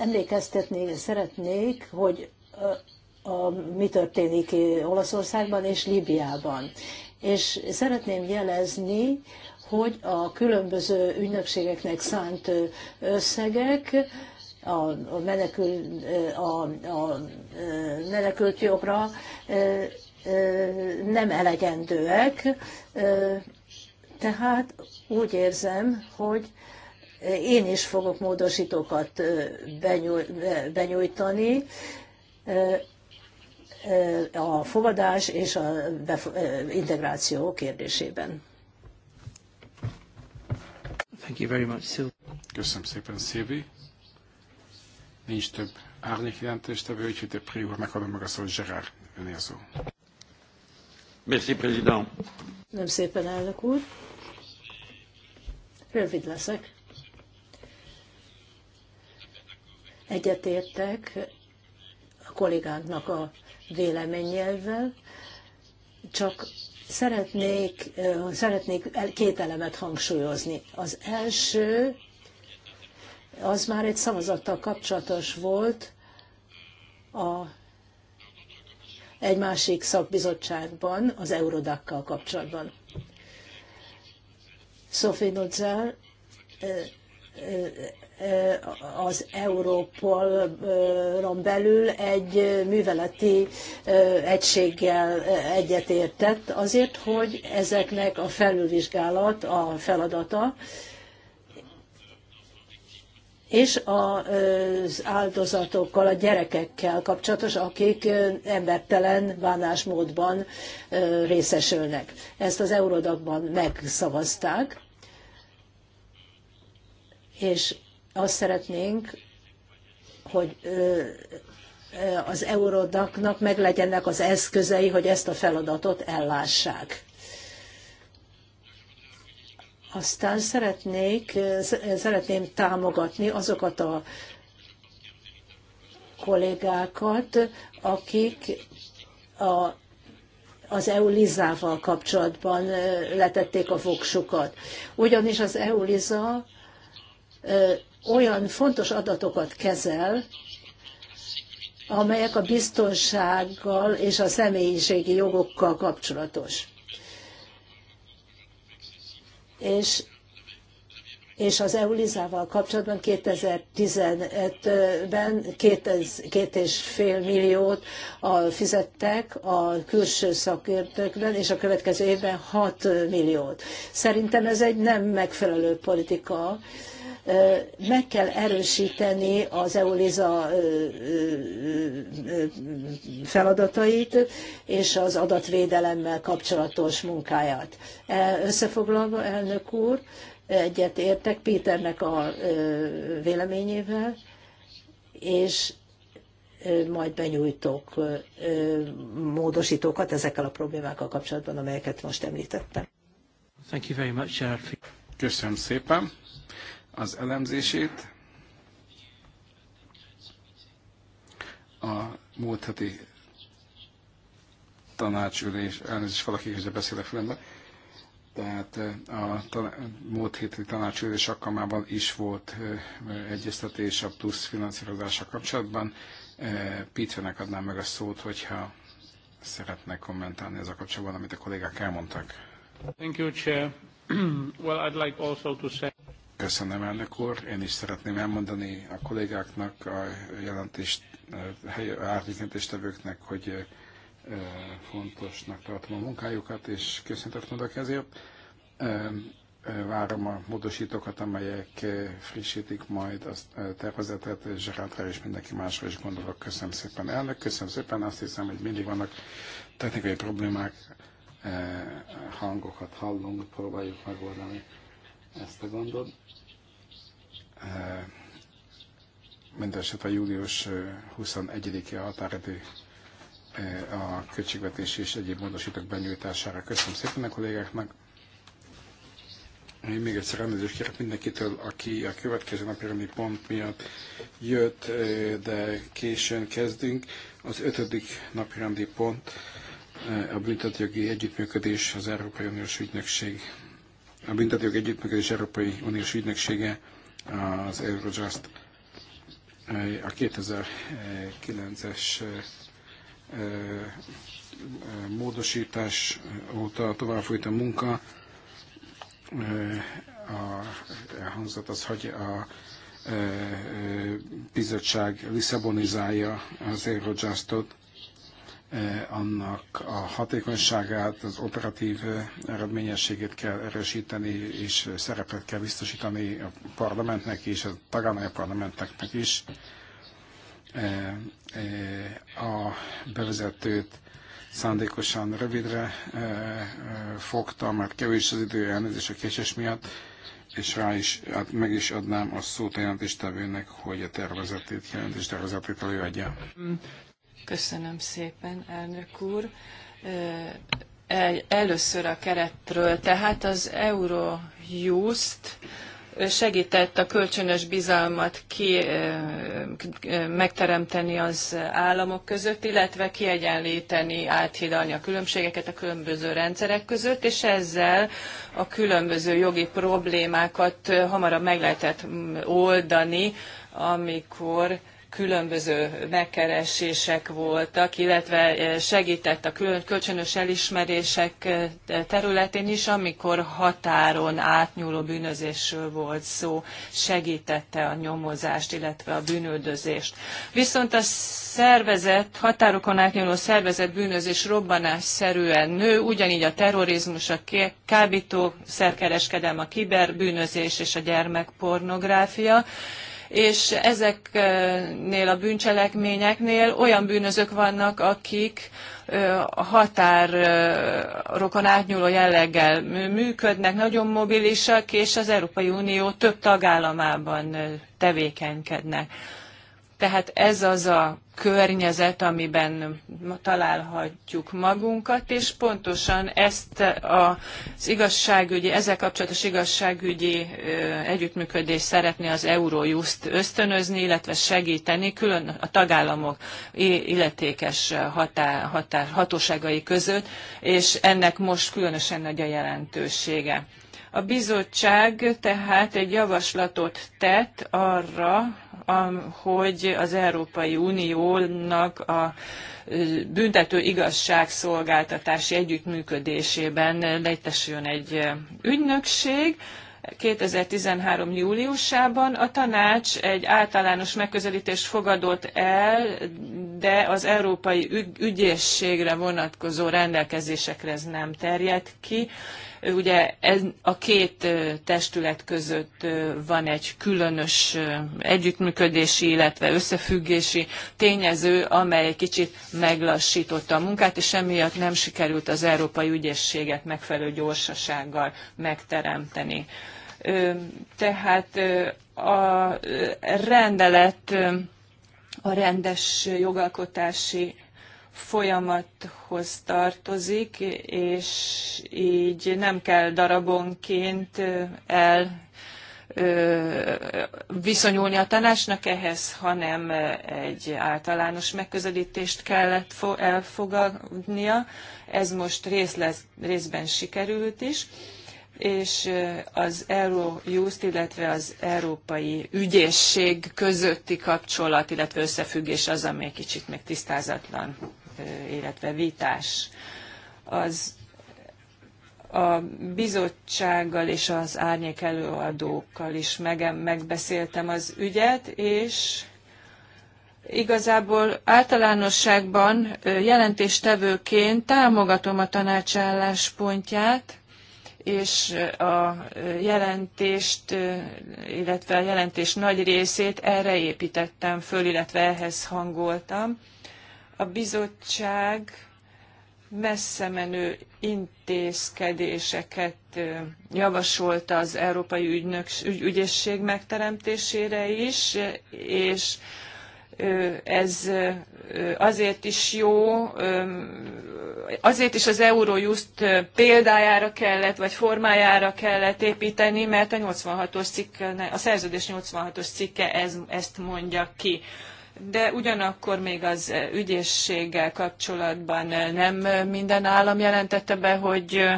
Emlékeztetni szeretnék, hogy a, a, mi történik Olaszországban és Líbiában. És szeretném jelezni, hogy a különböző ügynökségeknek szánt összegek a, a, menekül, a, a menekült jogra nem elegendőek, tehát úgy érzem, hogy én is fogok módosítókat benyújtani, a fogadás és a integráció kérdésében. Thank you very much, Sylvie. Köszönöm szépen, Szilvi. Nincs több árnyék jelentéstevő, úgyhogy a Priúr, meghallom meg a szót, Gerard, önél szó. Nem szépen, elnök úr. Rövid leszek. Egyetértek a kollégánknak a véleményével, csak szeretnék, szeretnék két elemet hangsúlyozni. Az első, az már egy szavazattal kapcsolatos volt a egy másik szakbizottságban az Eurodakkal kapcsolatban. Sophie Nozzel, az Európolon belül egy műveleti egységgel egyetértett azért, hogy ezeknek a felülvizsgálat a feladata, és az áldozatokkal, a gyerekekkel kapcsolatos, akik embertelen bánásmódban részesülnek. Ezt az Eurodagban megszavazták, és azt szeretnénk, hogy az Eurodaknak meglegyenek az eszközei, hogy ezt a feladatot ellássák. Aztán szeretnék, szeretném támogatni azokat a kollégákat, akik a, az EU-lizával kapcsolatban letették a voksukat. Ugyanis az EU-liza olyan fontos adatokat kezel, amelyek a biztonsággal és a személyiségi jogokkal kapcsolatos és és az EULIZával kapcsolatban 2015-ben két és fél milliót a, fizettek a külső szakértőkben, és a következő évben 6 milliót. Szerintem ez egy nem megfelelő politika, meg kell erősíteni az EULISA feladatait és az adatvédelemmel kapcsolatos munkáját. E, összefoglalva, elnök úr, egyet értek Péternek a véleményével, és majd benyújtok módosítókat ezekkel a problémákkal kapcsolatban, amelyeket most említettem. Thank you very much, Köszönöm szépen az elemzését. A múlt heti tanácsülés, elnézést valaki hogy beszélek fülembe, tehát eh, a múlt héti tanácsülés alkalmában is volt eh, egyeztetés a plusz finanszírozása kapcsolatban. Eh, Pitvenek adnám meg a szót, hogyha szeretne kommentálni ez a kapcsolatban, amit a kollégák elmondtak. Thank you, Chair. well, I'd like also to say... Köszönöm, elnök úr. Én is szeretném elmondani a kollégáknak, a jelentést, árnyékentéstevőknek, hogy fontosnak tartom a munkájukat, és köszöntök mondok ezért. Várom a módosítókat, amelyek frissítik majd a tervezetet, és Zserádra és mindenki másra is gondolok. Köszönöm szépen, elnök, köszönöm szépen. Azt hiszem, hogy mindig vannak technikai problémák, hangokat hallunk, próbáljuk megoldani ezt a gondot. Eh, mindenesetre július 21-e eh, határidő eh, a költségvetési és egyéb módosítók benyújtására. Köszönöm szépen a kollégáknak. Én még egyszer elnézést kérek mindenkitől, aki a következő napi pont miatt jött, de későn kezdünk. Az ötödik napi pont a büntetőjogi együttműködés az Európai Uniós Ügynökség. A büntetőjogi együttműködés Európai Uniós Ügynöksége az Eurojust eh, a 2009-es eh, eh, módosítás óta tovább folyt a munka. A hangzat az, hogy a bizottság visszabonizálja az Eurojustot, Eh, annak a hatékonyságát, az operatív eh, eredményességét kell erősíteni, és szerepet kell biztosítani a parlamentnek és a tagállami parlamenteknek is. Eh, a bevezetőt szándékosan rövidre fogta, mert kevés az idő elnézés a késés miatt, és rá is, hát meg is adnám a szót a jelentéstevőnek, hogy a tervezetét, jelentéstervezetét előadja. Köszönöm szépen, elnök úr. Először a keretről, tehát az Eurojust segített a kölcsönös bizalmat ki, megteremteni az államok között, illetve kiegyenlíteni, áthidalni a különbségeket a különböző rendszerek között, és ezzel a különböző jogi problémákat hamarabb meg lehetett mm, oldani, amikor különböző megkeresések voltak, illetve eh, segített a kölcsönös elismerések eh, területén is, amikor határon átnyúló bűnözésről volt szó, segítette a nyomozást, illetve a bűnöldözést. Viszont a szervezet, határokon átnyúló szervezet bűnözés robbanásszerűen nő, ugyanígy a terrorizmus, a kábítószerkereskedelem, a kiberbűnözés és a gyermekpornográfia és ezeknél a bűncselekményeknél olyan bűnözők vannak, akik a határokon átnyúló jelleggel működnek, nagyon mobilisak, és az Európai Unió több tagállamában tevékenykednek. Tehát ez az a környezet, amiben találhatjuk magunkat, és pontosan ezt az igazságügyi, ezzel kapcsolatos igazságügyi együttműködést szeretné az Eurojust ösztönözni, illetve segíteni, külön a tagállamok illetékes határ, határ, hatóságai között, és ennek most különösen nagy a jelentősége. A bizottság tehát egy javaslatot tett arra, hogy az Európai Uniónak a büntető igazságszolgáltatási együttműködésében létesüljön egy ügynökség, 2013. júliusában a tanács egy általános megközelítést fogadott el, de az európai ügyészségre vonatkozó rendelkezésekre ez nem terjed ki. Ugye ez, a két testület között van egy különös együttműködési, illetve összefüggési tényező, amely egy kicsit meglassította a munkát, és emiatt nem sikerült az európai ügyességet megfelelő gyorsasággal megteremteni. Tehát a rendelet a rendes jogalkotási folyamathoz tartozik, és így nem kell darabonként el viszonyulni a tanácsnak ehhez, hanem egy általános megközelítést kellett elfogadnia. Ez most rész lesz, részben sikerült is és az Eurojust, illetve az Európai Ügyészség közötti kapcsolat, illetve összefüggés az, ami egy kicsit még tisztázatlan. Eh, illetve vitás. Az a bizottsággal és az árnyék előadókkal is meg, megbeszéltem az ügyet, és igazából általánosságban jelentéstevőként támogatom a tanács és a jelentést, illetve a jelentés nagy részét erre építettem föl, illetve ehhez hangoltam a bizottság messze menő intézkedéseket javasolta az Európai Ügynöks, Ügyészség megteremtésére is, és ez azért is jó, azért is az Eurojust példájára kellett, vagy formájára kellett építeni, mert a, 86-os cikke, a szerződés 86-os cikke ez, ezt mondja ki de ugyanakkor még az eh, ügyészséggel kapcsolatban eh, nem eh, minden állam jelentette be, hogy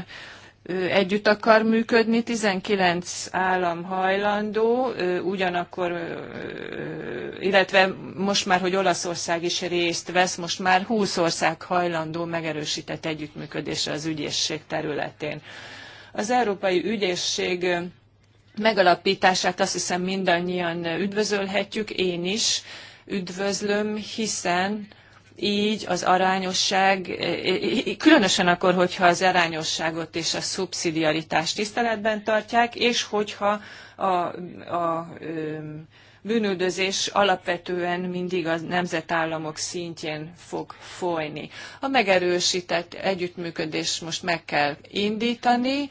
együtt akar működni, 19 állam hajlandó, ugyanakkor, illetve most már, hogy Olaszország is részt vesz, most már 20 ország hajlandó megerősített együttműködésre az ügyészség területén. Az Európai Ügyészség megalapítását azt hiszem mindannyian üdvözölhetjük, én is, üdvözlöm, hiszen így az arányosság, különösen akkor, hogyha az arányosságot és a szubszidiaritást tiszteletben tartják, és hogyha a, a bűnüldözés alapvetően mindig a nemzetállamok szintjén fog folyni. A megerősített együttműködést most meg kell indítani,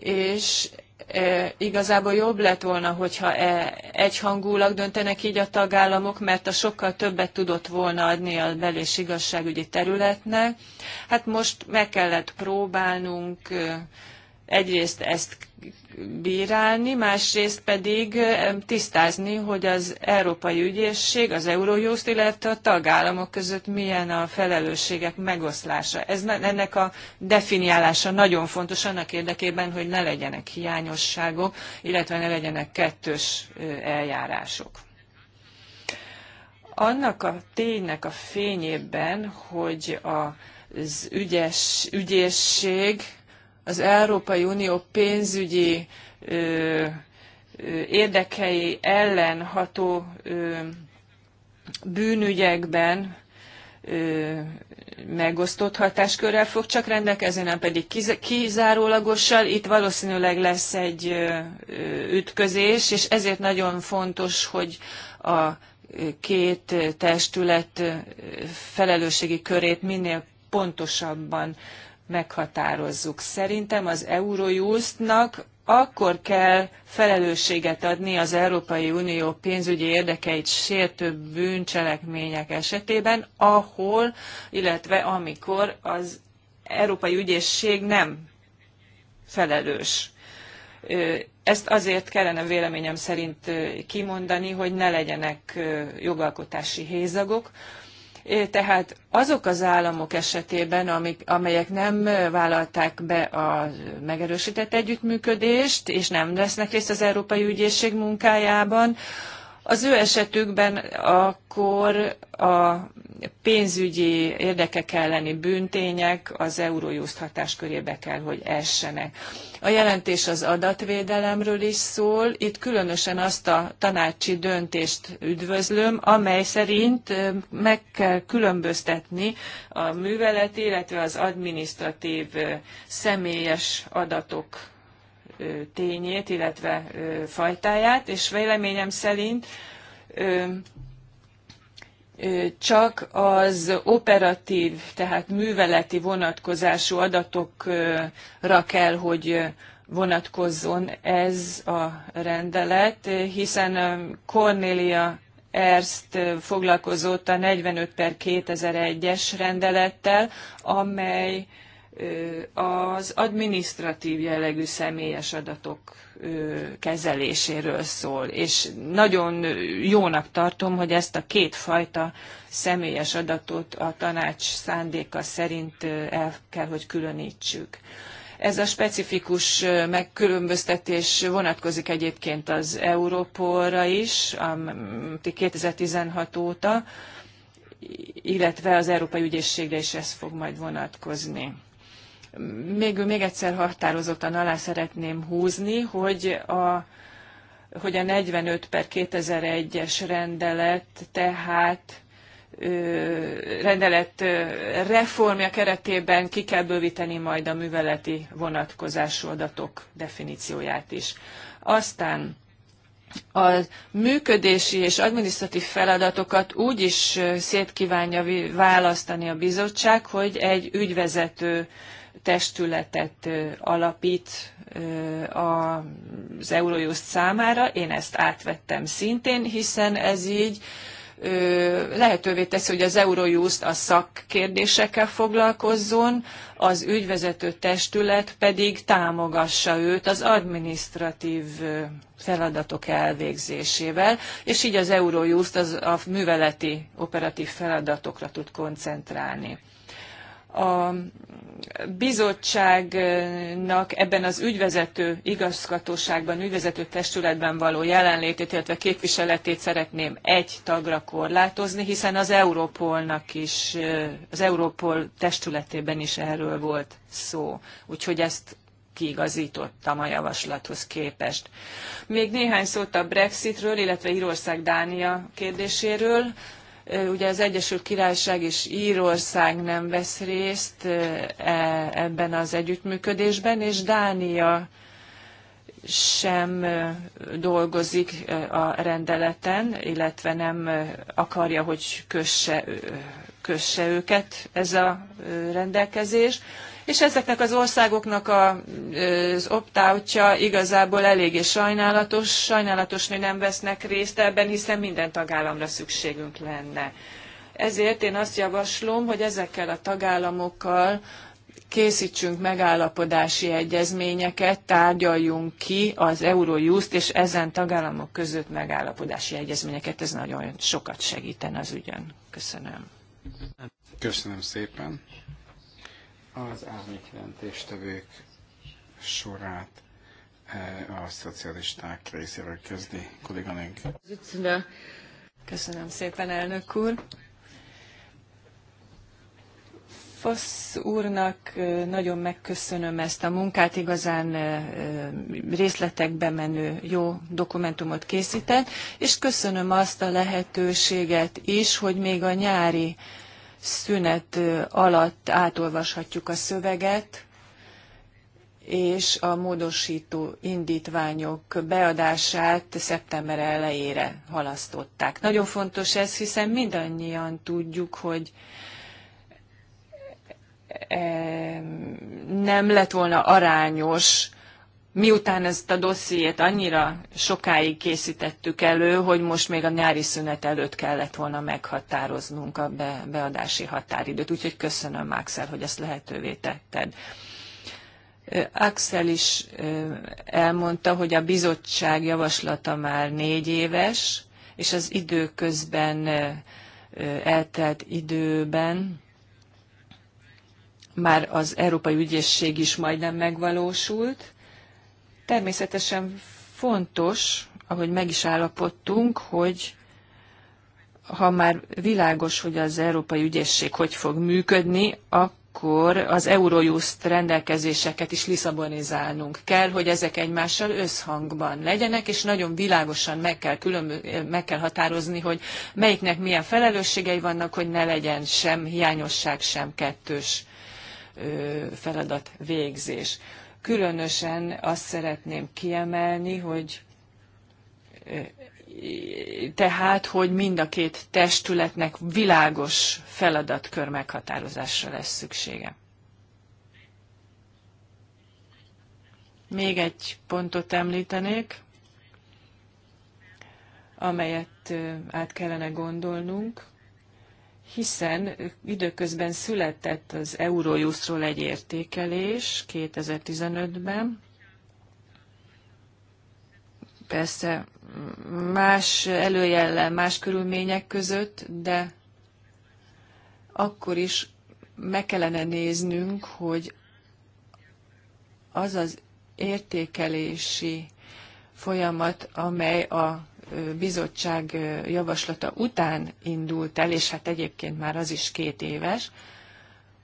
és E, igazából jobb lett volna, hogyha e, egyhangulag döntenek így a tagállamok, mert a sokkal többet tudott volna adni a bel- és igazságügyi területnek. Hát most meg kellett próbálnunk e, egyrészt ezt bírálni, másrészt pedig tisztázni, hogy az Európai Ügyészség, az Eurojust, illetve a tagállamok között milyen a felelősségek megoszlása. Ez, ennek a definiálása nagyon fontos annak érdekében, hogy ne legyenek hiányosságok, illetve ne legyenek kettős eljárások annak a ténynek a fényében, hogy az ügyes, ügyészség az Európai Unió pénzügyi érdekei ellen ható bűnügyekben megosztott hatáskörrel fog csak rendelkezni, nem pedig kizárólagossal. Itt valószínűleg lesz egy ütközés, és ezért nagyon fontos, hogy a két testület felelősségi körét minél pontosabban meghatározzuk. Szerintem az Eurojustnak akkor kell felelősséget adni az Európai Unió pénzügyi érdekeit sértő bűncselekmények esetében, ahol, illetve amikor az Európai Ügyészség nem felelős. Ezt azért kellene véleményem szerint kimondani, hogy ne legyenek jogalkotási hézagok, tehát azok az államok esetében, amik, amelyek nem vállalták be a megerősített együttműködést, és nem vesznek részt az Európai Ügyészség munkájában, az ő esetükben akkor a pénzügyi érdekek elleni bűntények az Eurojust hatáskörébe kell, hogy essenek. A jelentés az adatvédelemről is szól. Itt különösen azt a tanácsi döntést üdvözlöm, amely szerint meg kell különböztetni a műveleti, illetve az administratív személyes adatok tényét, illetve fajtáját, és véleményem szerint csak az operatív, tehát műveleti vonatkozású adatokra kell, hogy vonatkozzon ez a rendelet, hiszen Cornelia Erst foglalkozott a 45 per 2001-es rendelettel, amely az adminisztratív jellegű személyes adatok kezeléséről szól, és nagyon jónak tartom, hogy ezt a két fajta személyes adatot a tanács szándéka szerint el kell, hogy különítsük. Ez a specifikus megkülönböztetés vonatkozik egyébként az Európolra is, 2016 óta, illetve az Európai Ügyészségre is ez fog majd vonatkozni még, még egyszer határozottan alá szeretném húzni, hogy a, hogy a 45 per 2001-es rendelet tehát rendelet reformja keretében ki kell bővíteni majd a műveleti vonatkozású adatok definícióját is. Aztán a működési és adminisztratív feladatokat úgy is szét kívánja választani a bizottság, hogy egy ügyvezető testületet alapít az Eurojust számára. Én ezt átvettem szintén, hiszen ez így lehetővé teszi, hogy az Eurojust a szakkérdésekkel foglalkozzon, az ügyvezető testület pedig támogassa őt az administratív feladatok elvégzésével, és így az Eurojust az a műveleti operatív feladatokra tud koncentrálni a bizottságnak ebben az ügyvezető igazgatóságban, ügyvezető testületben való jelenlétét, illetve képviseletét szeretném egy tagra korlátozni, hiszen az Európolnak is, az Európol testületében is erről volt szó. Úgyhogy ezt kiigazítottam a javaslathoz képest. Még néhány szót a Brexitről, illetve Írország-Dánia kérdéséről. Ugye az Egyesült Királyság és Írország nem vesz részt e, ebben az együttműködésben, és Dánia sem dolgozik a rendeleten, illetve nem akarja, hogy kösse, kösse őket ez a rendelkezés és ezeknek az országoknak a, az opt-outja igazából eléggé sajnálatos, sajnálatos, hogy nem vesznek részt ebben, hiszen minden tagállamra szükségünk lenne. Ezért én azt javaslom, hogy ezekkel a tagállamokkal készítsünk megállapodási egyezményeket, tárgyaljunk ki az Eurojust és ezen tagállamok között megállapodási egyezményeket. Ez nagyon sokat segíten az ügyön. Köszönöm. Köszönöm szépen az árnyék jelentéstevők sorát eh, a szocialisták részéről kezdi kolléganőnk. Köszönöm szépen, elnök úr! Fasz úrnak eh, nagyon megköszönöm ezt a munkát, igazán eh, részletekbe menő jó dokumentumot készített, és köszönöm azt a lehetőséget is, hogy még a nyári szünet alatt átolvashatjuk a szöveget, és a módosító indítványok beadását szeptember elejére halasztották. Nagyon fontos ez, hiszen mindannyian tudjuk, hogy nem lett volna arányos miután ezt a dossziét annyira sokáig készítettük elő, hogy most még a nyári szünet előtt kellett volna meghatároznunk a be, beadási határidőt. Úgyhogy köszönöm, Axel, hogy ezt lehetővé tetted. Axel is elmondta, hogy a bizottság javaslata már négy éves, és az időközben eltelt időben már az Európai Ügyészség is majdnem megvalósult, Természetesen fontos, ahogy meg is állapodtunk, hogy ha már világos, hogy az Európai ügyesség hogy fog működni, akkor az Eurojust rendelkezéseket is liszabonizálnunk kell, hogy ezek egymással összhangban legyenek, és nagyon világosan meg kell, különbö- meg kell határozni, hogy melyiknek milyen felelősségei vannak, hogy ne legyen sem hiányosság, sem kettős feladat végzés. Különösen azt szeretném kiemelni, hogy tehát, hogy mind a két testületnek világos feladatkör meghatározásra lesz szüksége. Még egy pontot említenék, amelyet át kellene gondolnunk hiszen időközben született az Eurojustról egy értékelés 2015-ben. Persze más előjellel, más körülmények között, de akkor is meg kellene néznünk, hogy az az értékelési folyamat, amely a bizottság javaslata után indult el, és hát egyébként már az is két éves,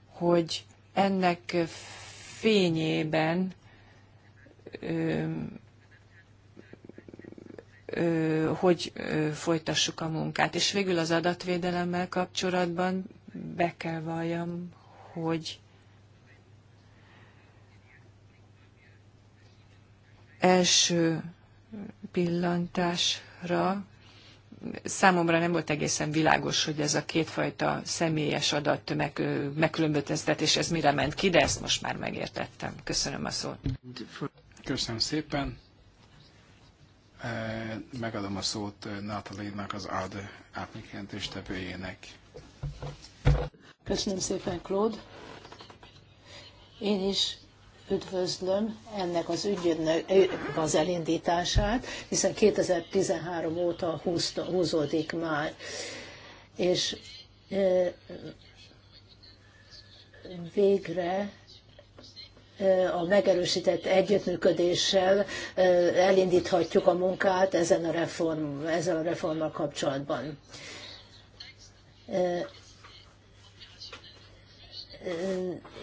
hogy ennek fényében hogy folytassuk a munkát. És végül az adatvédelemmel kapcsolatban be kell valljam, hogy első pillantásra számomra nem volt egészen világos, hogy ez a kétfajta személyes adat meg, megkülönböztetés, ez mire ment ki, de ezt most már megértettem. Köszönöm a szót. Köszönöm szépen. E, megadom a szót e, Natalie-nak, az AD átmikentés tevőjének. Köszönöm szépen, Claude. Én is üdvözlöm ennek az ügyönnek az elindítását, hiszen 2013 óta húzódik már. És végre a megerősített együttműködéssel elindíthatjuk a munkát ezen a reform, ezzel a reformmal kapcsolatban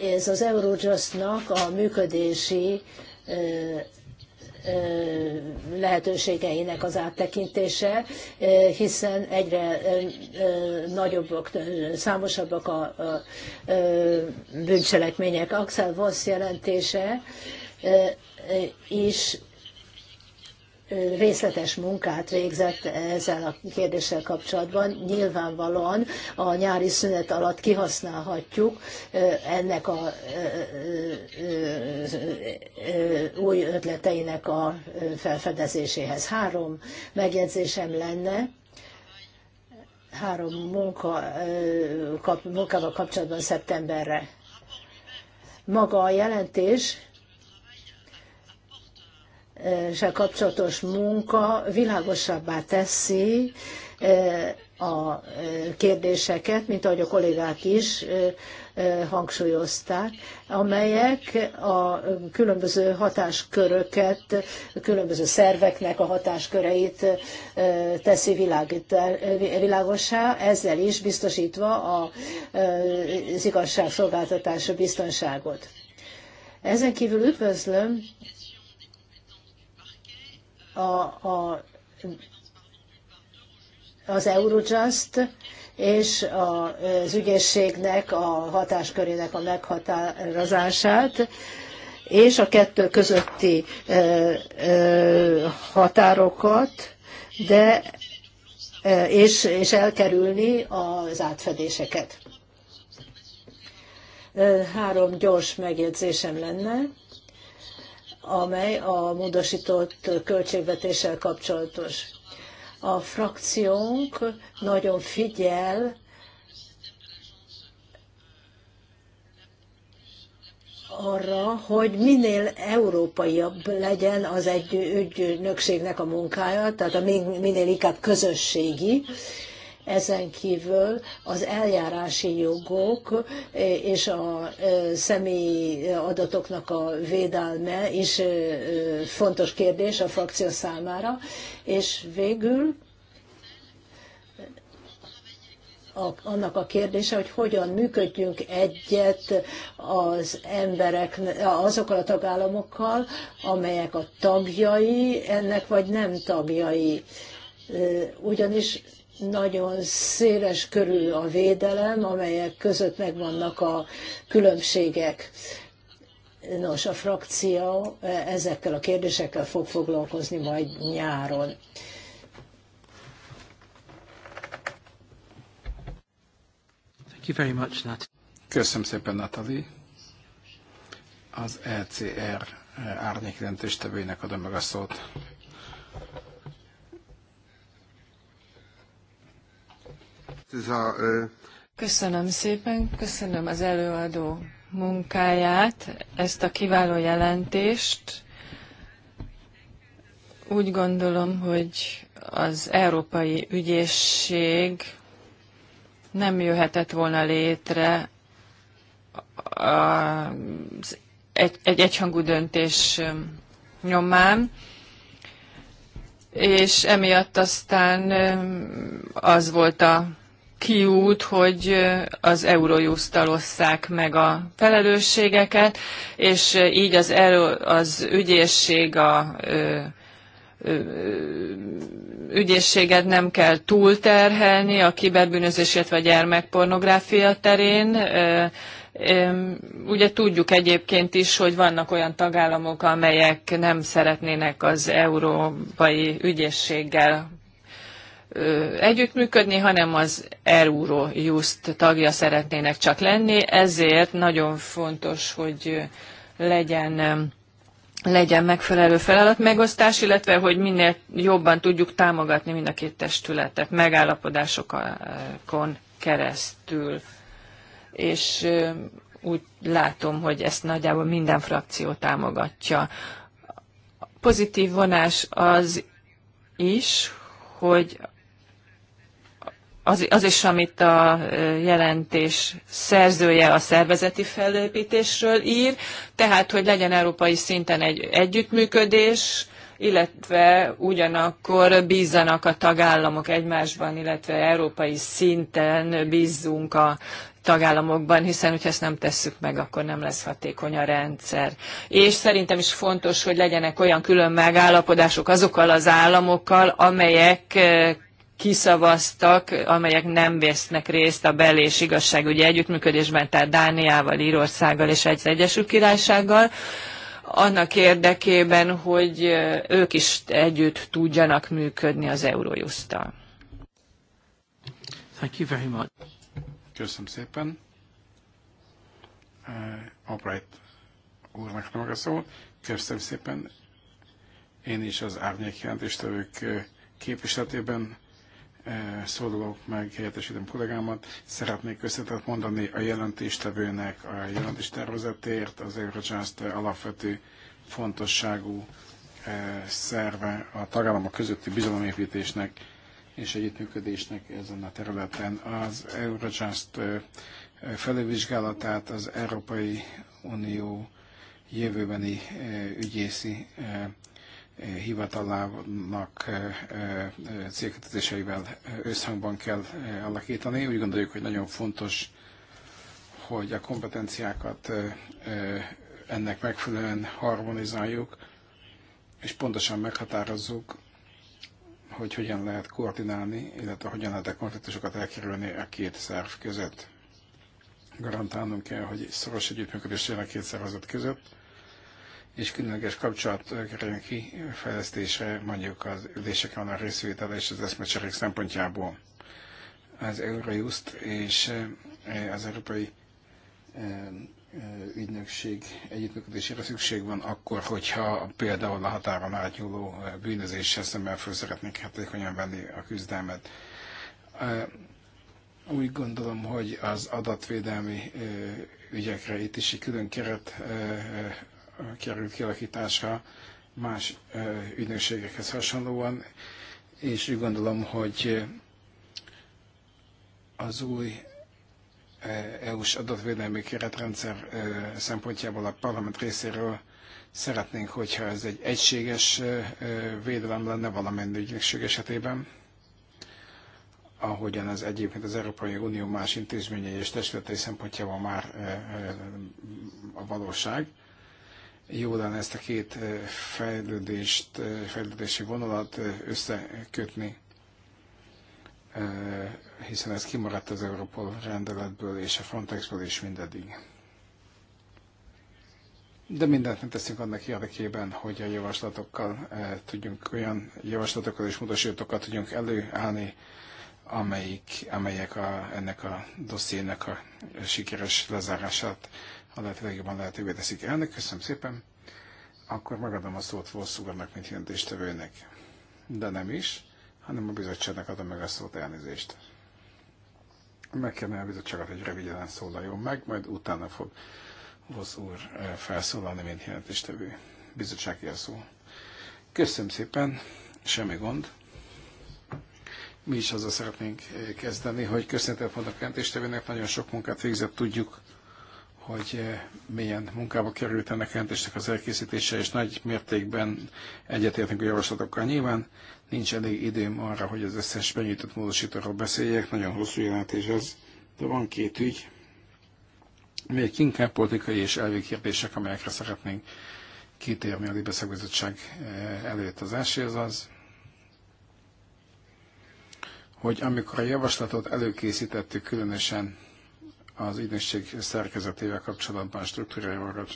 ez az Eurojustnak a működési lehetőségeinek az áttekintése, hiszen egyre nagyobbak, számosabbak a bűncselekmények. Axel Voss jelentése is részletes munkát végzett ezzel a kérdéssel kapcsolatban. Nyilvánvalóan a nyári szünet alatt kihasználhatjuk ennek a új ötleteinek a felfedezéséhez. Három megjegyzésem lenne három munka, munkával kapcsolatban szeptemberre. Maga a jelentés kapcsolatos munka világosabbá teszi e, a e, kérdéseket, mint ahogy a kollégák is e, hangsúlyozták, amelyek a különböző hatásköröket, a különböző szerveknek a hatásköreit teszi világosá, ezzel is biztosítva az igazságszolgáltatás biztonságot. Ezen kívül üdvözlöm a, a, az Eurojust és az ügyészségnek a hatáskörének a meghatározását, és a kettő közötti határokat, de és, és elkerülni az átfedéseket. Három gyors megjegyzésem lenne amely a módosított költségvetéssel kapcsolatos. A frakciónk nagyon figyel arra, hogy minél európaiabb legyen az egy ügynökségnek a munkája, tehát a minél inkább közösségi, ezen kívül az eljárási jogok és a személyi adatoknak a védelme is fontos kérdés a frakció számára, és végül annak a kérdése, hogy hogyan működjünk egyet az emberek, azokkal a tagállamokkal, amelyek a tagjai ennek, vagy nem tagjai. Ugyanis nagyon széles körül a védelem, amelyek között megvannak a különbségek. Nos, a frakció ezekkel a kérdésekkel fog foglalkozni majd nyáron. Thank you very much, Köszönöm szépen, Natalie. Az ECR árnyék jelentéstevőjének adom meg a szót. Köszönöm szépen, köszönöm az előadó munkáját, ezt a kiváló jelentést. Úgy gondolom, hogy az Európai Ügyészség nem jöhetett volna létre az egy, egy egyhangú döntés nyomán, és emiatt aztán az volt a kiút, hogy az eurojust osszák meg a felelősségeket, és így az, az ügyészség a ügyészséget nem kell túlterhelni a kiberbűnözés, illetve a gyermekpornográfia terén. Ugye tudjuk egyébként is, hogy vannak olyan tagállamok, amelyek nem szeretnének az európai ügyészséggel együttműködni, hanem az Eurojust tagja szeretnének csak lenni, ezért nagyon fontos, hogy legyen legyen megfelelő feladatmegosztás, illetve hogy minél jobban tudjuk támogatni mind a két testületet megállapodásokon keresztül. És úgy látom, hogy ezt nagyjából minden frakció támogatja. Pozitív vonás az is, hogy az, az is, amit a jelentés szerzője a szervezeti felépítésről ír, tehát, hogy legyen európai szinten egy együttműködés, illetve ugyanakkor bízzanak a tagállamok egymásban, illetve európai szinten bízzunk a tagállamokban, hiszen hogyha ezt nem tesszük meg, akkor nem lesz hatékony a rendszer. És szerintem is fontos, hogy legyenek olyan külön megállapodások azokkal az államokkal, amelyek kiszavaztak, amelyek nem vesznek részt a bel- és igazságügyi együttműködésben, tehát Dániával, Írországgal és egy Egyesült Királysággal, annak érdekében, hogy ők is együtt tudjanak működni az eurojust Thank you very much. Köszönöm szépen. Uh, Albright úrnak maga szó. Köszönöm szépen. Én is az árnyék jelentéstevők eh, képviseletében Eh, szólalok meg, helyettesítem kollégámat. Szeretnék köszönetet mondani a jelentéstevőnek a jelentés tervezetért, az Eurojust alapvető fontosságú eh, szerve a tagállamok közötti bizalomépítésnek és együttműködésnek ezen a területen. Az Eurojust eh, felülvizsgálatát az Európai Unió jövőbeni ügyészi hivatalának eh, eh, célkötetéseivel összhangban kell eh, alakítani. Úgy gondoljuk, hogy nagyon fontos, hogy a kompetenciákat ennek megfelelően harmonizáljuk, és pontosan meghatározzuk, hogy hogyan lehet koordinálni, illetve hogyan lehet a konfliktusokat elkerülni a két szerv között. Garantálnunk kell, hogy szoros együttműködés jön a két szervezet között, és különleges kapcsolat kerüljön kifejlesztésre, mondjuk az üléseken a részvétel és az eszmecserék szempontjából. Az Eurojust és eh, az Európai eh, ügynökség együttműködésére szükség van akkor, hogyha például a határon átnyúló eh, bűnözéssel szemben föl szeretnék hatékonyan venni a küzdelmet. Úgy gondolom, hogy az adatvédelmi ügyekre itt is egy külön keret került kialakításra más ügynökségekhez hasonlóan, és úgy gondolom, hogy az új EU-s adatvédelmi keretrendszer szempontjából a parlament részéről szeretnénk, hogyha ez egy egységes védelem lenne valamennyi ügynökség esetében, ahogyan az egyébként az Európai Unió más intézményei és testületei szempontjából már a valóság jó ezt a két eh, fejlődést, eh, fejlődési vonalat eh, összekötni, hiszen ez kimaradt az Europol rendeletből és a Frontexből is mindeddig. De mindent nem teszünk annak érdekében, hogy a javaslatokkal tudjunk olyan javaslatokkal és módosítókkal tudjunk előállni, amelyik, amelyek a, ennek a dossziének a sikeres lezárását a lehető legjobban lehetővé teszik. Elnök, köszönöm szépen. Akkor megadom a szót Volszúgarnak, mint jelentéstevőnek. De nem is, hanem a bizottságnak adom meg a szót elnézést. Megkérném a bizottságot, hogy röviden szólaljon meg, majd utána fog Vossz úr eh, felszólalni, mint jelentéstevő. Bizottság a szó. Köszönöm szépen, semmi gond mi is azzal szeretnénk eh, kezdeni, hogy köszönetet mondok jelentéstevőnek, nagyon sok munkát végzett, tudjuk, hogy eh, milyen munkába került ennek jelentésnek az elkészítése, és nagy mértékben egyetértünk a javaslatokkal. Nyilván nincs elég időm arra, hogy az összes benyújtott módosítóról beszéljek, nagyon hosszú jelentés ez, de van két ügy, még inkább politikai és elvi kérdések, amelyekre szeretnénk kitérni a Libeszakbizottság eh, előtt. Az első az az, hogy amikor a javaslatot előkészítettük, különösen az ügynökség szerkezetével kapcsolatban, struktúrájával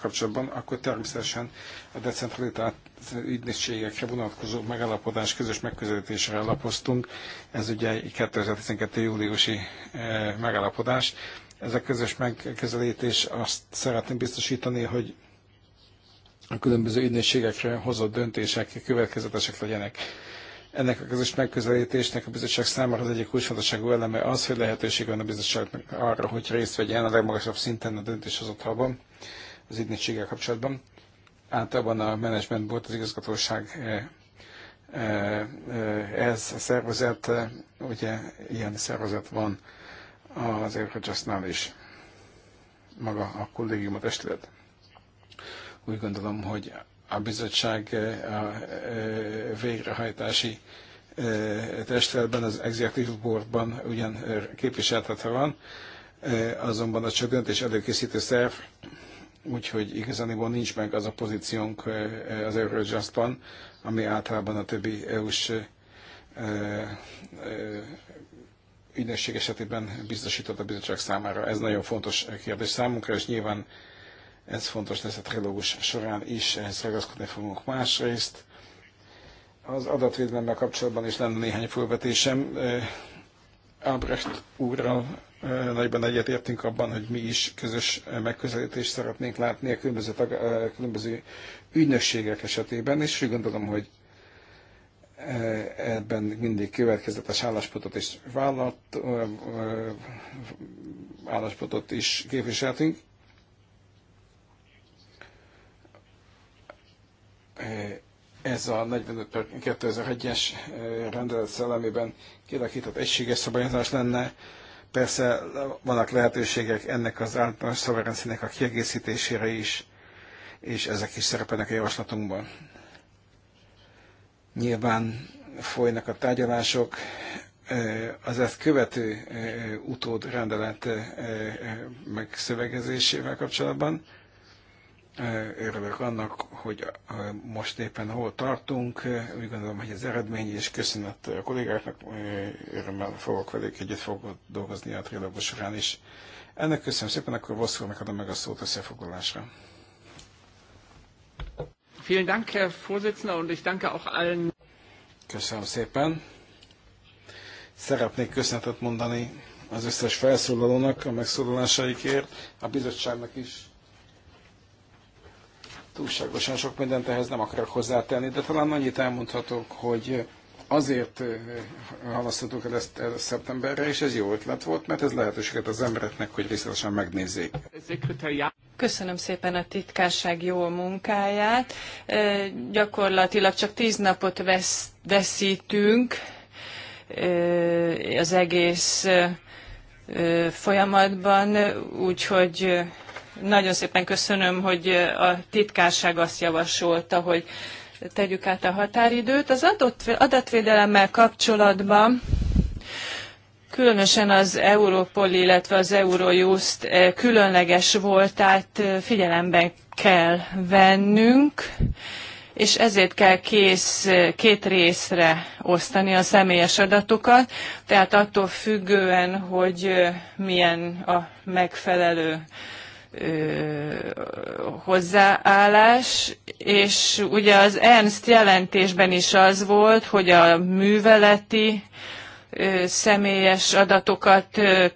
kapcsolatban, akkor természetesen a decentralizált ügynökségekre vonatkozó megállapodás közös megközelítésre alapoztunk. Ez ugye 2012. júliusi eh, megállapodás. Ez a közös megközelítés azt szeretném biztosítani, hogy a különböző ügynökségekre hozott döntések következetesek legyenek ennek a közös megközelítésnek a bizottság számára az egyik kulcsfontosságú eleme az, hogy lehetőség van a bizottságnak arra, hogy részt vegyen a legmagasabb szinten a döntéshozatalban, az ügynökséggel kapcsolatban. Általában a menedzsment volt az igazgatóság eh, eh, eh, ez a szervezet, ugye ilyen szervezet van az Eurojustnál is, maga a kollégium a testület. Úgy gondolom, hogy a bizottság eh, a eh, végrehajtási eh, testületben, az Executive Boardban ugyan képviseltetve van, azonban a csak döntés előkészítő szerv, úgyhogy igazániból nincs meg az a pozíciónk az Eurojustban, ami általában a többi EU-s ügynökség esetében biztosított a bizottság számára. Ez nagyon fontos kérdés számunkra, és nyilván ez fontos lesz a trilógus során is, ehhez ragaszkodni fogunk másrészt. Az adatvédelemmel kapcsolatban is lenne néhány felvetésem. Eh, Albrecht úrral eh, nagyban egyetértünk abban, hogy mi is közös megközelítést szeretnénk látni a különböző, tag, a eh, különböző ügynökségek esetében, és úgy gondolom, hogy ebben mindig következetes álláspontot és vállalt, álláspontot is képviseltünk. ez a 45 2001-es eh, rendelet szellemében kialakított egységes szabályozás lenne. Persze vannak lehetőségek ennek az általános szabályrendszernek a kiegészítésére is, és ezek is szerepelnek a javaslatunkban. Nyilván folynak a tárgyalások, eh, az ezt követő eh, utódrendelet megszövegezésével kapcsolatban. Örülök annak, hogy most éppen hol tartunk. Úgy gondolom, hogy az eredmény, és köszönet a kollégáknak, örömmel fogok velük együtt fogok dolgozni a trilógus során is. Ennek köszönöm szépen, akkor Vosszornak adom meg a szót összefoglalásra. Vielen Dank, Herr Vorsitzender, und ich danke auch allen. Köszönöm szépen. Szeretnék köszönetet mondani az összes felszólalónak a megszólalásaikért, a bizottságnak is túlságosan sok mindent ehhez nem akarok hozzátenni, de talán annyit elmondhatok, hogy azért eh, halasztottuk el ezt, a szeptemberre, és ez jó ötlet volt, mert ez lehetőséget az embereknek, hogy részletesen megnézzék. Köszönöm szépen a titkárság jó munkáját. E, gyakorlatilag csak tíz napot vesz, veszítünk e, az egész e, folyamatban, úgyhogy nagyon szépen köszönöm, hogy eh, a titkárság azt javasolta, hogy tegyük át a határidőt. Az adott, adatvédelemmel kapcsolatban különösen az Europol, illetve az Eurojust eh, különleges voltát eh, figyelemben kell vennünk, és ezért kell kész, két részre osztani a személyes adatokat, tehát attól függően, hogy milyen a megfelelő hozzáállás, és ugye az ENSZT jelentésben is az volt, hogy a műveleti személyes adatokat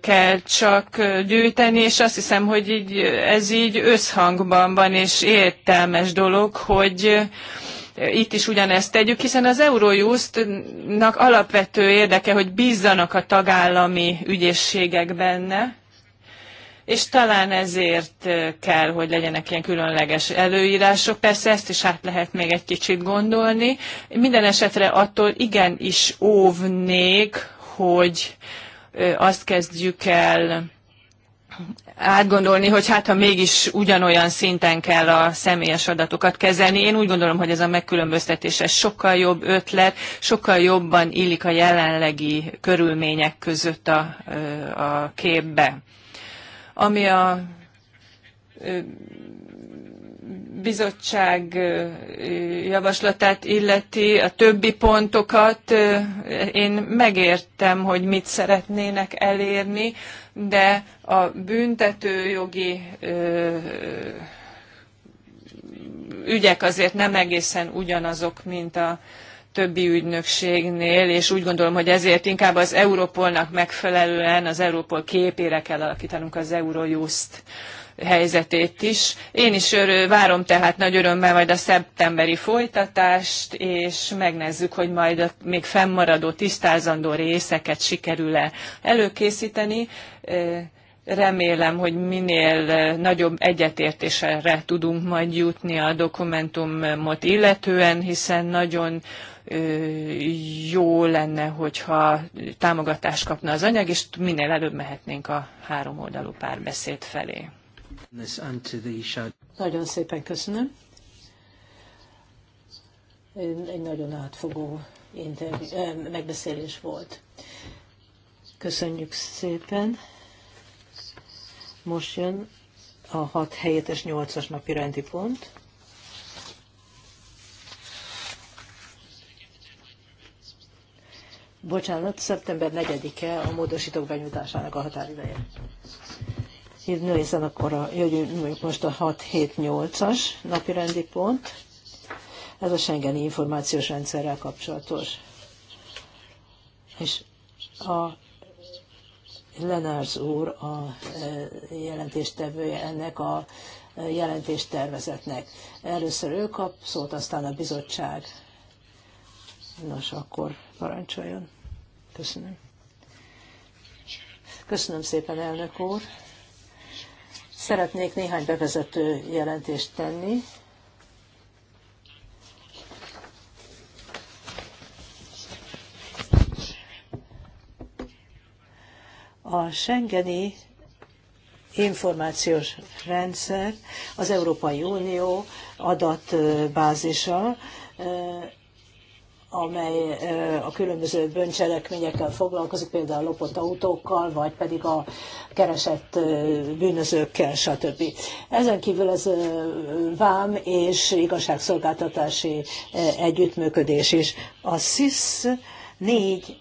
kell csak gyűjteni, és azt hiszem, hogy így, ez így összhangban van, és értelmes dolog, hogy itt is ugyanezt tegyük, hiszen az Eurojust-nak alapvető érdeke, hogy bízzanak a tagállami ügyészségek benne, és talán ezért kell, hogy legyenek ilyen különleges előírások. Persze ezt is át lehet még egy kicsit gondolni. Minden esetre attól igenis óvnék, hogy azt kezdjük el átgondolni, hogy hát ha mégis ugyanolyan szinten kell a személyes adatokat kezelni. Én úgy gondolom, hogy ez a megkülönböztetés ez sokkal jobb ötlet, sokkal jobban illik a jelenlegi körülmények között a, a képbe. Ami a bizottság javaslatát illeti, a többi pontokat én megértem, hogy mit szeretnének elérni, de a büntetőjogi ügyek azért nem egészen ugyanazok, mint a többi ügynökségnél, és úgy gondolom, hogy ezért inkább az Europolnak megfelelően az Europol képére kell alakítanunk az Eurojust helyzetét is. Én is örül, várom tehát nagy örömmel majd a szeptemberi folytatást, és megnézzük, hogy majd a még fennmaradó, tisztázandó részeket sikerül-e előkészíteni. Remélem, hogy minél nagyobb egyetértésre tudunk majd jutni a dokumentumot illetően, hiszen nagyon jó lenne, hogyha támogatást kapna az anyag, és minél előbb mehetnénk a háromoldalú párbeszéd felé. Nagyon szépen köszönöm. Egy nagyon átfogó interjú, megbeszélés volt. Köszönjük szépen. Most jön a 6 helyettes 8-as napi rendi pont. bocsánat, szeptember 4-e a módosítók benyújtásának a határideje. Hiszen akkor a, jöjjünk most a 6-7-8-as napi rendi pont. Ez a Schengeni információs rendszerrel kapcsolatos. És a Lenárz úr a e, jelentéstevője ennek a e, jelentéstervezetnek. Először ő kap szót, aztán a bizottság Nos, akkor parancsoljon. Köszönöm. Köszönöm szépen, elnök úr. Szeretnék néhány bevezető jelentést tenni. A Schengeni információs rendszer az Európai Unió adatbázisa amely a különböző bűncselekményekkel foglalkozik, például lopott autókkal, vagy pedig a keresett bűnözőkkel, stb. Ezen kívül ez vám és igazságszolgáltatási együttműködés is. A SIS 4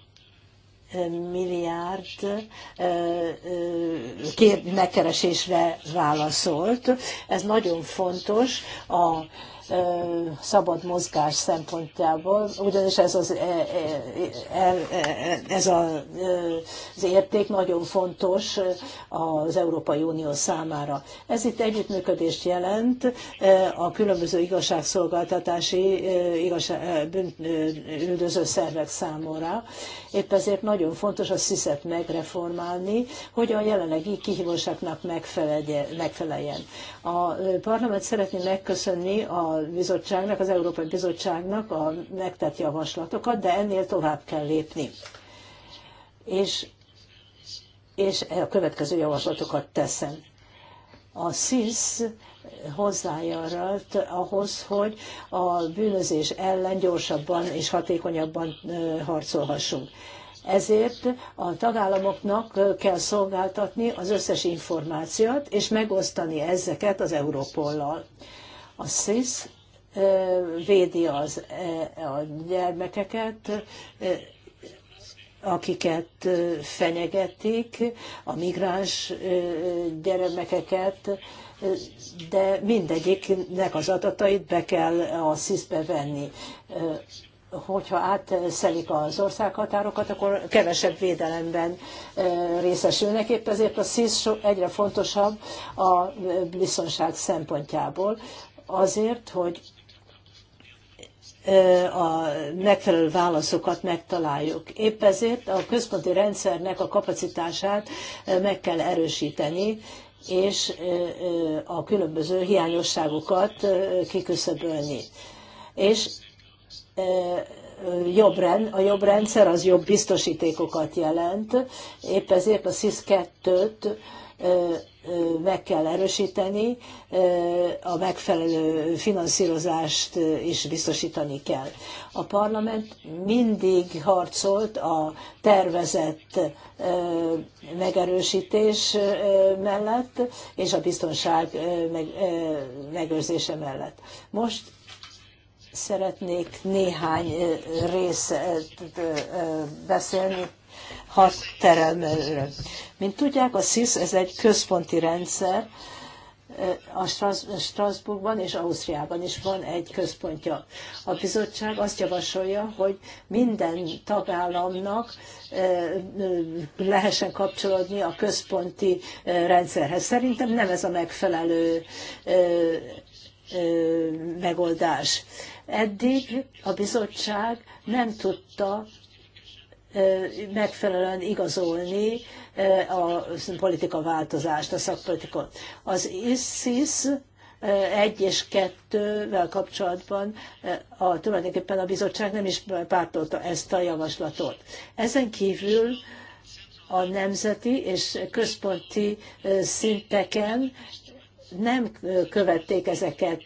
milliárd megkeresésre válaszolt. Ez nagyon fontos. A szabad mozgás szempontjából, ugyanis ez az, e, e, e, ez az érték nagyon fontos az Európai Unió számára. Ez itt együttműködést jelent a különböző igazságszolgáltatási igazság, üldöző szervek számára. Épp ezért nagyon fontos a sziszet megreformálni, hogy a jelenlegi kihívásoknak megfeleljen. A parlament szeretné megköszönni a a bizottságnak, az Európai Bizottságnak a megtett javaslatokat, de ennél tovább kell lépni. És, és a következő javaslatokat teszem. A SIS hozzájárult ahhoz, hogy a bűnözés ellen gyorsabban és hatékonyabban harcolhassunk. Ezért a tagállamoknak kell szolgáltatni az összes információt, és megosztani ezeket az Európollal. A SZISZ védi az, a gyermekeket, akiket fenyegetik, a migráns gyermekeket, de mindegyiknek az adatait be kell a SZISZ-be venni. Hogyha átszelik az országhatárokat, akkor kevesebb védelemben részesülnek. Épp ezért a SZISZ egyre fontosabb a biztonság szempontjából azért, hogy a megfelelő válaszokat megtaláljuk. Épp ezért a központi rendszernek a kapacitását meg kell erősíteni, és a különböző hiányosságokat kiküszöbölni. És jobb rend, a jobb rendszer az jobb biztosítékokat jelent, épp ezért a sis 2-t meg kell erősíteni, a megfelelő finanszírozást is biztosítani kell. A parlament mindig harcolt a tervezett megerősítés mellett és a biztonság megőrzése mellett. Most szeretnék néhány részt beszélni hat termelőről. Mint tudják, a SIS ez egy központi rendszer, eh, a Strasbourgban és Ausztriában is van egy központja. A bizottság azt javasolja, hogy minden tagállamnak eh, eh, lehessen kapcsolódni a központi rendszerhez. Szerintem nem ez a megfelelő megoldás. Eddig a bizottság nem tudta megfelelően igazolni a politika változást, a szakpolitikot. Az ISIS egy és kettővel kapcsolatban a, tulajdonképpen a bizottság nem is pártolta ezt a javaslatot. Ezen kívül a nemzeti és központi szinteken nem követték ezeket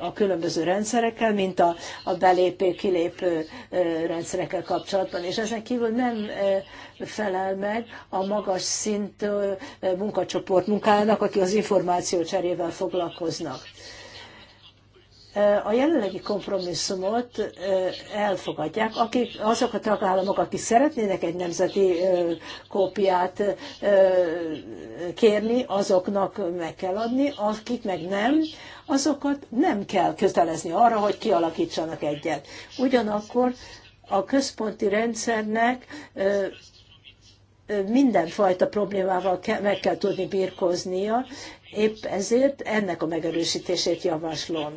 a különböző rendszerekkel, mint a, a belépő-kilépő rendszerekkel kapcsolatban, és ezen kívül nem felel meg a magas szintű munkacsoport munkájának, aki az információ cserével foglalkoznak a jelenlegi kompromisszumot elfogadják, akik, azok a tagállamok, akik szeretnének egy nemzeti kópiát kérni, azoknak meg kell adni, akik meg nem, azokat nem kell kötelezni arra, hogy kialakítsanak egyet. Ugyanakkor a központi rendszernek mindenfajta problémával meg kell tudni birkóznia, épp ezért ennek a megerősítését javaslom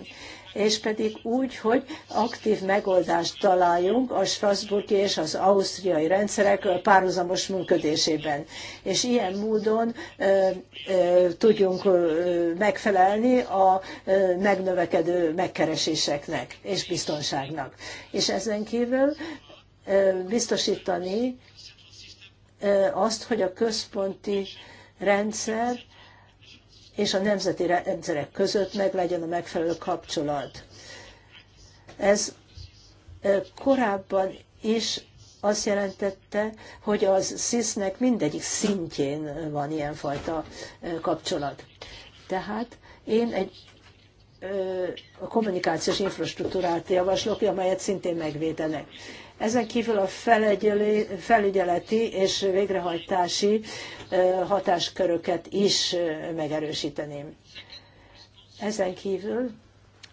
és pedig úgy, hogy aktív megoldást találjunk a Strasburgi és az ausztriai rendszerek párhuzamos működésében. És ilyen módon ö, ö, tudjunk ö, megfelelni a ö, megnövekedő megkereséseknek és biztonságnak. És ezen kívül ö, biztosítani ö, azt, hogy a központi rendszer és a nemzeti rendszerek között meg legyen a megfelelő kapcsolat. Ez korábban is azt jelentette, hogy az SZISZ-nek mindegyik szintjén van ilyenfajta kapcsolat. Tehát én egy a kommunikációs infrastruktúrát javaslok, amelyet szintén megvédenek. Ezen kívül a felügyeleti és végrehajtási hatásköröket is megerősíteném. Ezen kívül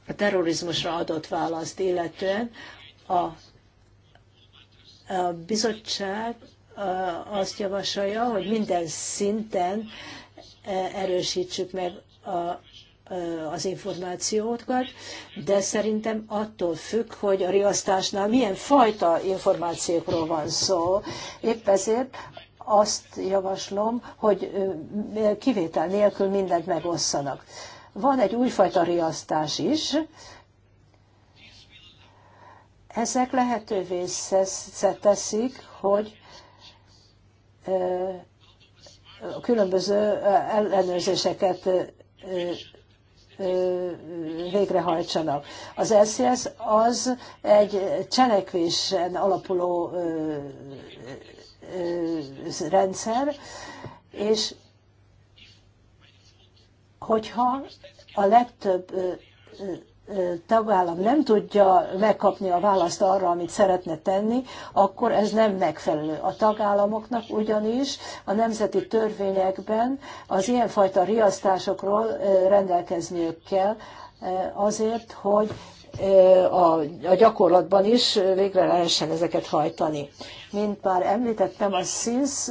a terrorizmusra adott választ illetően a, a bizottság azt javasolja, hogy minden szinten erősítsük meg a, az információkat, de szerintem attól függ, hogy a riasztásnál milyen fajta információkról van szó. Épp ezért azt javaslom, hogy kivétel nélkül mindent megosszanak. Van egy újfajta riasztás is, ezek lehetővé teszik, hogy különböző ellenőrzéseket végrehajtsanak. Az SZSZ az egy cselekvésen alapuló rendszer, és hogyha a legtöbb tagállam nem tudja megkapni a választ arra, amit szeretne tenni, akkor ez nem megfelelő. A tagállamoknak ugyanis a nemzeti törvényekben az ilyenfajta riasztásokról rendelkezniük kell azért, hogy a, gyakorlatban is végre lehessen ezeket hajtani. Mint már említettem, a SINS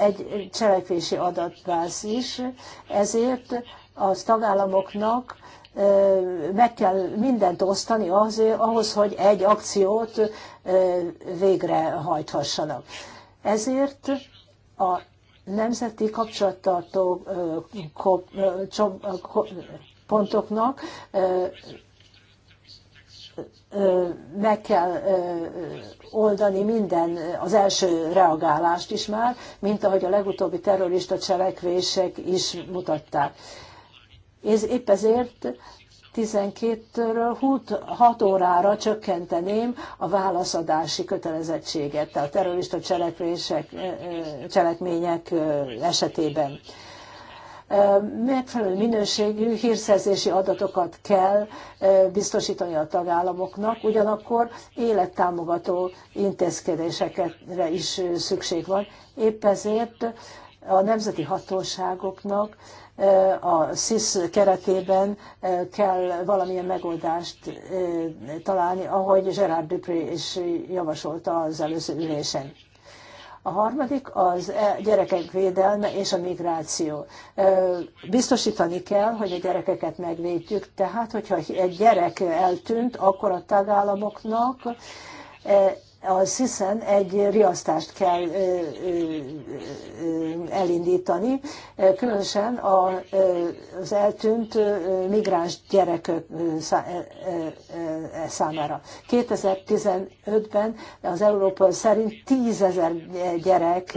egy cselekvési adatbázis, ezért az tagállamoknak meg kell mindent osztani azért, ahhoz, hogy egy akciót végrehajthassanak. Ezért a nemzeti kapcsolattartó pontoknak meg kell oldani minden, az első reagálást is már, mint ahogy a legutóbbi terrorista cselekvések is mutatták. Ez épp ezért 12-ről 6 órára csökkenteném a válaszadási kötelezettséget a terrorista cselekvések, cselekmények esetében. Megfelelő minőségű hírszerzési adatokat kell biztosítani a tagállamoknak, ugyanakkor élettámogató intézkedésekre is szükség van. Épp ezért a nemzeti hatóságoknak a SZISZ keretében kell valamilyen megoldást találni, ahogy Gerard Dupré is javasolta az előző ülésen. A harmadik az e, gyerekek védelme és a migráció. Biztosítani kell, hogy a gyerekeket megvédjük, tehát hogyha egy gyerek eltűnt, akkor a tagállamoknak az hiszen egy riasztást kell elindítani, különösen az eltűnt migráns gyerekek számára. 2015-ben az Európa szerint tízezer gyerek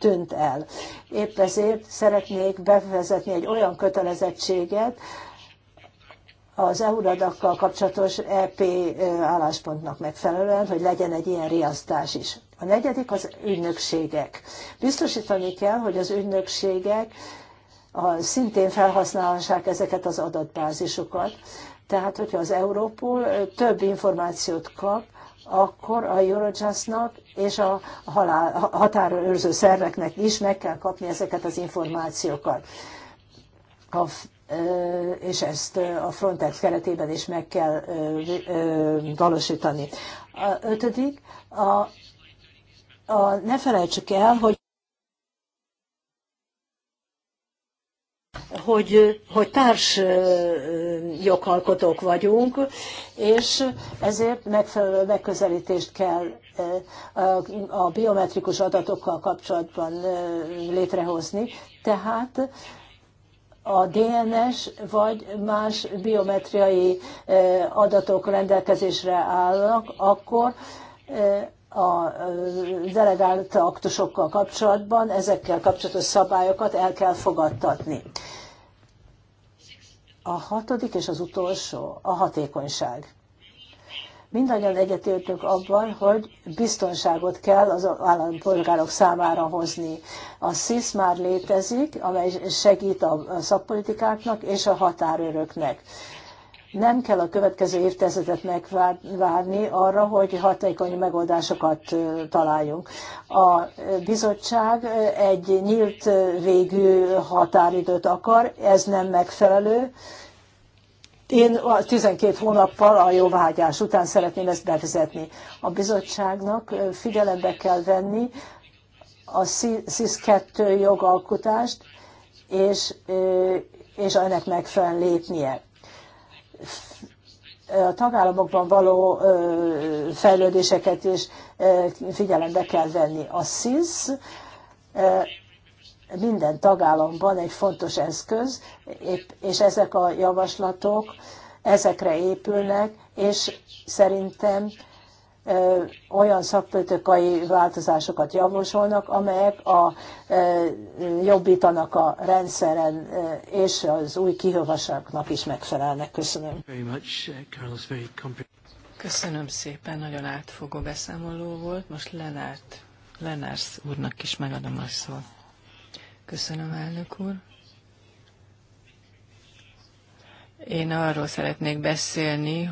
tűnt el. Épp ezért szeretnék bevezetni egy olyan kötelezettséget, az Euradakkal kapcsolatos EP álláspontnak megfelelően, hogy legyen egy ilyen riasztás is. A negyedik az ügynökségek. Biztosítani kell, hogy az ügynökségek a, szintén felhasználhassák ezeket az adatbázisokat. Tehát, hogyha az Európol több információt kap, akkor a Eurojustnak és a halál, határőrző szerveknek is meg kell kapni ezeket az információkat. A és ezt a Frontex keretében is meg kell valósítani. A ötödik, a, a, ne felejtsük el, hogy hogy, hogy társ jogalkotók vagyunk, és ezért megfelelő megközelítést kell a biometrikus adatokkal kapcsolatban létrehozni. Tehát a DNS vagy más biometriai e, adatok rendelkezésre állnak, akkor e, a e, delegált aktusokkal kapcsolatban ezekkel kapcsolatos szabályokat el kell fogadtatni. A hatodik és az utolsó a hatékonyság. Mindannyian egyetértünk abban, hogy biztonságot kell az állampolgárok számára hozni. A SZISZ már létezik, amely segít a szakpolitikáknak és a határőröknek. Nem kell a következő évtizedet megvárni arra, hogy hatékony megoldásokat találjunk. A bizottság egy nyílt végű határidőt akar, ez nem megfelelő én 12 hónappal a jóvágyás után szeretném ezt bevezetni. A bizottságnak figyelembe kell venni a sis 2 jogalkotást, és, és ennek megfelelően lépnie a tagállamokban való fejlődéseket is figyelembe kell venni. A SIS minden tagállamban egy fontos eszköz, és ezek a javaslatok ezekre épülnek, és szerintem olyan szakpolitikai változásokat javasolnak, amelyek a, jobbítanak a rendszeren, és az új kihívásoknak is megfelelnek. Köszönöm. Uh, Köszönöm szépen, nagyon átfogó beszámoló volt. Most Lenárt, Lenárs úrnak is megadom a szót. Köszönöm, elnök úr. Én arról szeretnék beszélni,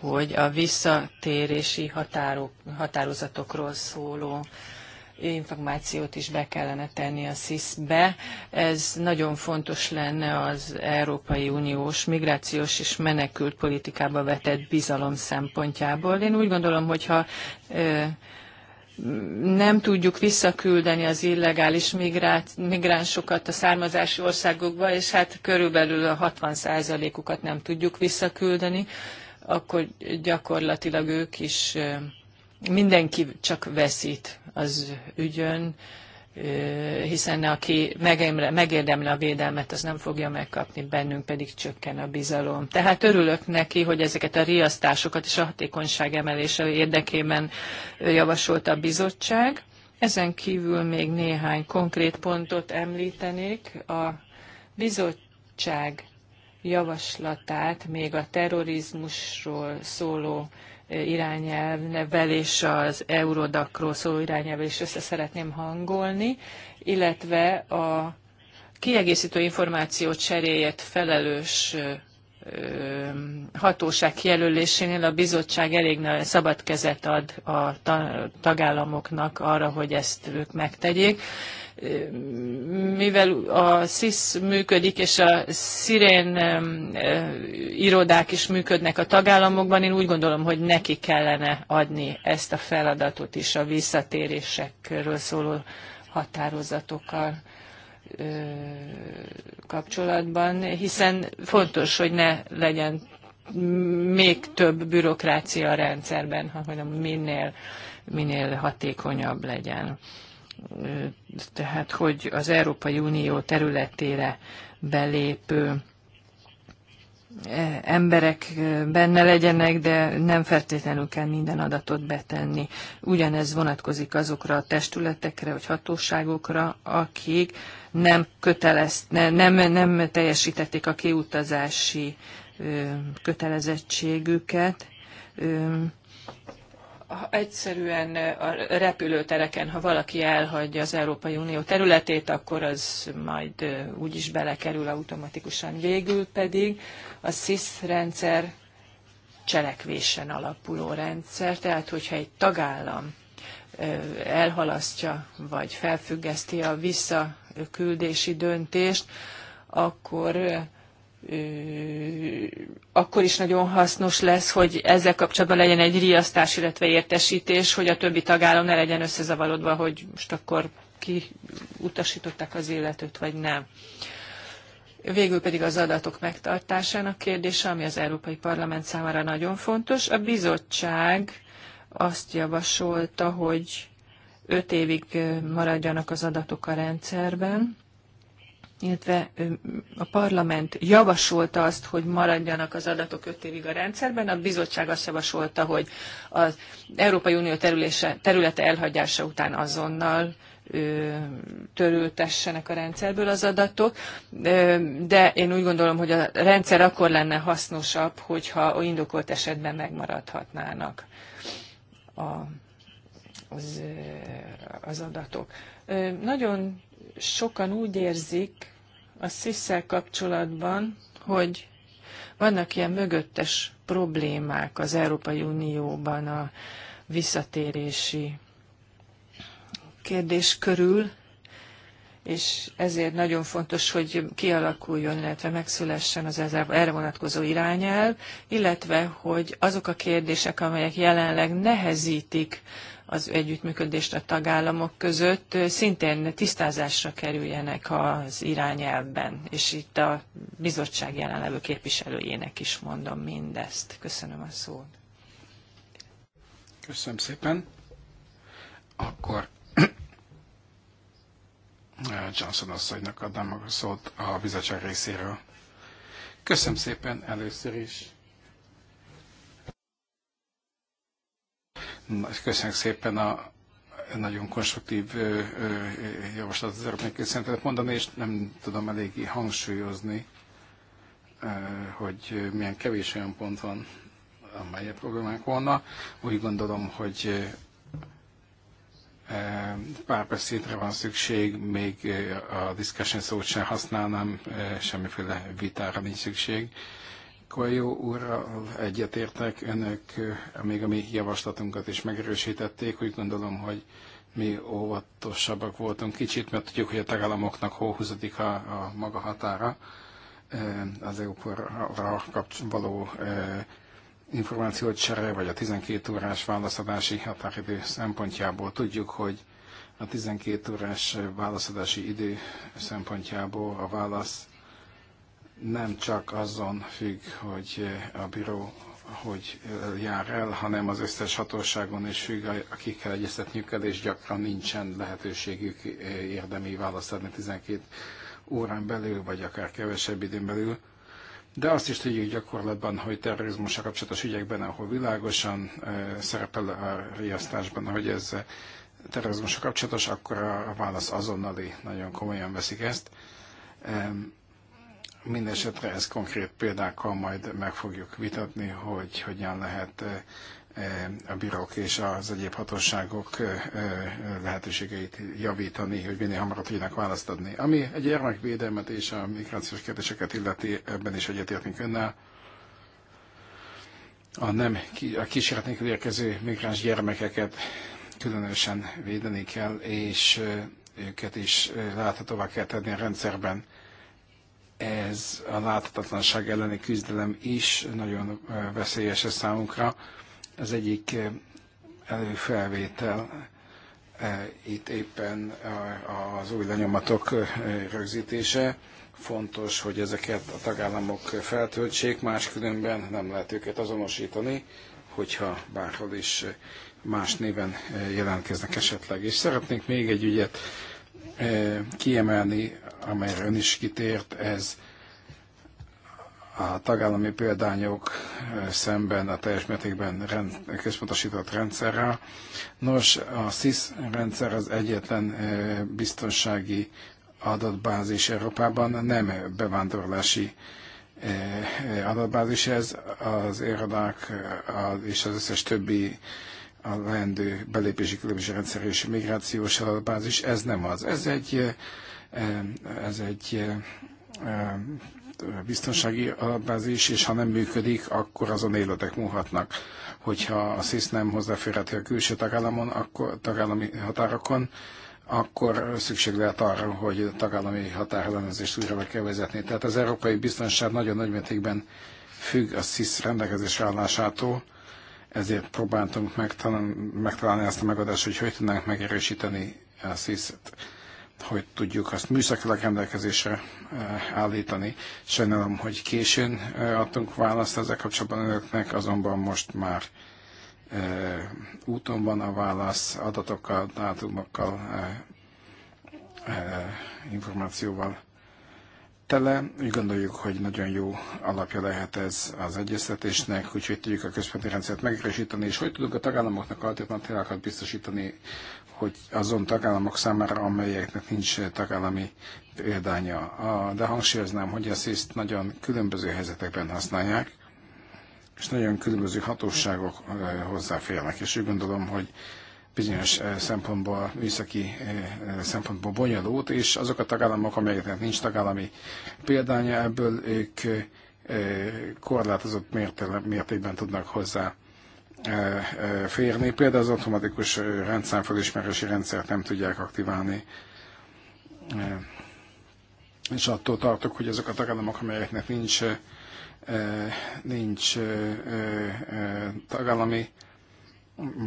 hogy a visszatérési határok, határozatokról szóló információt is be kellene tenni a SZISZ-be. Ez nagyon fontos lenne az Európai Uniós migrációs és menekült politikába vetett bizalom szempontjából. Én úgy gondolom, hogyha ö, nem tudjuk visszaküldeni az illegális migrát, migránsokat a származási országokba, és hát körülbelül a 60%-ukat nem tudjuk visszaküldeni, akkor gyakorlatilag ők is mindenki csak veszít az ügyön, hiszen aki megérdemli a védelmet, az nem fogja megkapni, bennünk pedig csökken a bizalom. Tehát örülök neki, hogy ezeket a riasztásokat és a hatékonyság emelése érdekében javasolta a bizottság. Ezen kívül még néhány konkrét pontot említenék. A bizottság javaslatát még a terrorizmusról szóló irányelvvel és az Eurodakról szóló irányelvvel is össze szeretném hangolni, illetve a kiegészítő információt cseréjét felelős hatóság jelölésénél a bizottság elég szabad kezet ad a tagállamoknak arra, hogy ezt ők megtegyék mivel a SZISZ működik, és a szirén eh, irodák is működnek a tagállamokban, én úgy gondolom, hogy neki kellene adni ezt a feladatot is a visszatérésekről szóló határozatokkal kapcsolatban, hiszen fontos, hogy ne legyen még több bürokrácia a rendszerben, hanem minél, minél hatékonyabb legyen tehát hogy az Európai Unió területére belépő eh, emberek eh, benne legyenek, de nem feltétlenül kell minden adatot betenni. Ugyanez vonatkozik azokra a testületekre vagy hatóságokra, akik nem kötelezt, nem, nem teljesítették a kiutazási eh, kötelezettségüket egyszerűen a repülőtereken, ha valaki elhagyja az Európai Unió területét, akkor az majd úgyis belekerül automatikusan. Végül pedig a SIS rendszer cselekvésen alapuló rendszer, tehát hogyha egy tagállam elhalasztja vagy felfüggeszti a visszaküldési döntést, akkor akkor is nagyon hasznos lesz, hogy ezzel kapcsolatban legyen egy riasztás, illetve értesítés, hogy a többi tagállam ne legyen összezavarodva, hogy most akkor ki utasították az illetőt, vagy nem. Végül pedig az adatok megtartásának kérdése, ami az Európai Parlament számára nagyon fontos. A bizottság azt javasolta, hogy öt évig maradjanak az adatok a rendszerben, illetve a parlament javasolta azt, hogy maradjanak az adatok öt évig a rendszerben, a bizottság azt javasolta, hogy az Európai Unió terülése, területe elhagyása után azonnal törültessenek a rendszerből az adatok, de én úgy gondolom, hogy a rendszer akkor lenne hasznosabb, hogyha indokolt esetben megmaradhatnának a, az, az adatok. Nagyon sokan úgy érzik, a sziszel kapcsolatban, hogy vannak ilyen mögöttes problémák az Európai Unióban a visszatérési kérdés körül, és ezért nagyon fontos, hogy kialakuljon, illetve megszülessen az erre vonatkozó irányelv, illetve hogy azok a kérdések, amelyek jelenleg nehezítik az együttműködést a tagállamok között szintén tisztázásra kerüljenek az irányelvben, és itt a bizottság jelenlevő képviselőjének is mondom mindezt. Köszönöm a szót. Köszönöm szépen. Akkor Johnson asszonynak adnám a szót a bizottság részéről. Köszönöm szépen először is Köszönjük szépen a nagyon konstruktív javaslatot az Európai Közszenteret mondani, és nem tudom eléggé hangsúlyozni, hogy milyen kevés olyan pont van, amely problémák volna. Úgy gondolom, hogy párbeszédre van szükség, még a discussion szót sem használnám, semmiféle vitára nincs szükség. Koljó úrral egyetértek, önök eh, még a mi javaslatunkat is megerősítették, úgy gondolom, hogy mi óvatosabbak voltunk kicsit, mert tudjuk, hogy a tagállamoknak hóhúzadik a, a maga határa eh, az EU-ra való eh, információt csere, vagy a 12 órás válaszadási határidő szempontjából tudjuk, hogy a 12 órás válaszadási idő szempontjából a válasz nem csak azon függ, hogy a bíró hogy jár el, hanem az összes hatóságon is függ, akikkel egyeztetniük el, és gyakran nincsen lehetőségük érdemi választ adni 12 órán belül, vagy akár kevesebb időn belül. De azt is tudjuk gyakorlatban, hogy terrorizmusra kapcsolatos ügyekben, ahol világosan szerepel a riasztásban, hogy ez terrorizmusra kapcsolatos, akkor a válasz azonnali, nagyon komolyan veszik ezt Mindenesetre ez konkrét példákkal majd meg fogjuk vitatni, hogy hogyan lehet eh, eh, a bírok és az egyéb hatóságok eh, lehetőségeit javítani, hogy minél hamarabb tudjanak választ adni. Ami egy gyermekvédelmet és a migrációs kérdéseket illeti, ebben is egyetértünk önnel. A, nem, a kísérlet érkező migráns gyermekeket különösen védeni kell, és őket is láthatóvá kell tenni a rendszerben ez a láthatatlanság elleni küzdelem is nagyon veszélyes a számunkra. Az egyik előfelvétel itt éppen az új lenyomatok rögzítése. Fontos, hogy ezeket a tagállamok feltöltsék, máskülönben nem lehet őket azonosítani, hogyha bárhol is más néven jelentkeznek esetleg. És szeretnék még egy ügyet kiemelni, amelyre ön is kitért, ez a tagállami példányok szemben a teljes mértékben rend, központosított rendszerrel. Nos, a SIS rendszer az egyetlen biztonsági adatbázis Európában, nem bevándorlási adatbázis ez, az érodák és az összes többi a leendő belépési különböző rendszer és migrációs adatbázis, ez nem az. Ez egy Eh, ez egy eh, eh, biztonsági adatbázis, és ha nem működik, akkor azon életek múlhatnak. Hogyha a SZISZ nem hozzáférhető a külső tagállamon, akkor, tagállami határokon, akkor szükség lehet arra, hogy a tagállami határellenőrzést újra be kell vezetni. Tehát az európai biztonság nagyon nagy mértékben függ a SZISZ rendelkezés állásától, ezért próbáltunk megtalálni azt a megoldást, hogy hogy tudnánk megerősíteni a SZISZ-t hogy tudjuk azt műszakilag rendelkezésre eh, állítani. Sajnálom, hogy későn eh, adtunk választ ezzel kapcsolatban önöknek, azonban most már eh, úton van a válasz, adatokkal, dátumokkal, információval tele. Úgy gondoljuk, hogy nagyon jó alapja lehet ez az egyeztetésnek, úgyhogy tudjuk a központi rendszert megerősíteni, és hogy tudunk a tagállamoknak alternatívákat biztosítani hogy azon tagállamok számára, amelyeknek nincs tagállami példánya. De hangsúlyoznám, hogy ezt szészt nagyon különböző helyzetekben használják, és nagyon különböző hatóságok hozzáférnek, és úgy gondolom, hogy bizonyos szempontból, műszaki szempontból bonyolult, és azok a tagállamok, amelyeknek nincs tagállami példánya, ebből ők korlátozott mértékben tudnak hozzá férni. Például az automatikus rendszámfelismerési rendszert nem tudják aktiválni. És attól tartok, hogy azok a tagállamok, amelyeknek nincs, nincs tagállami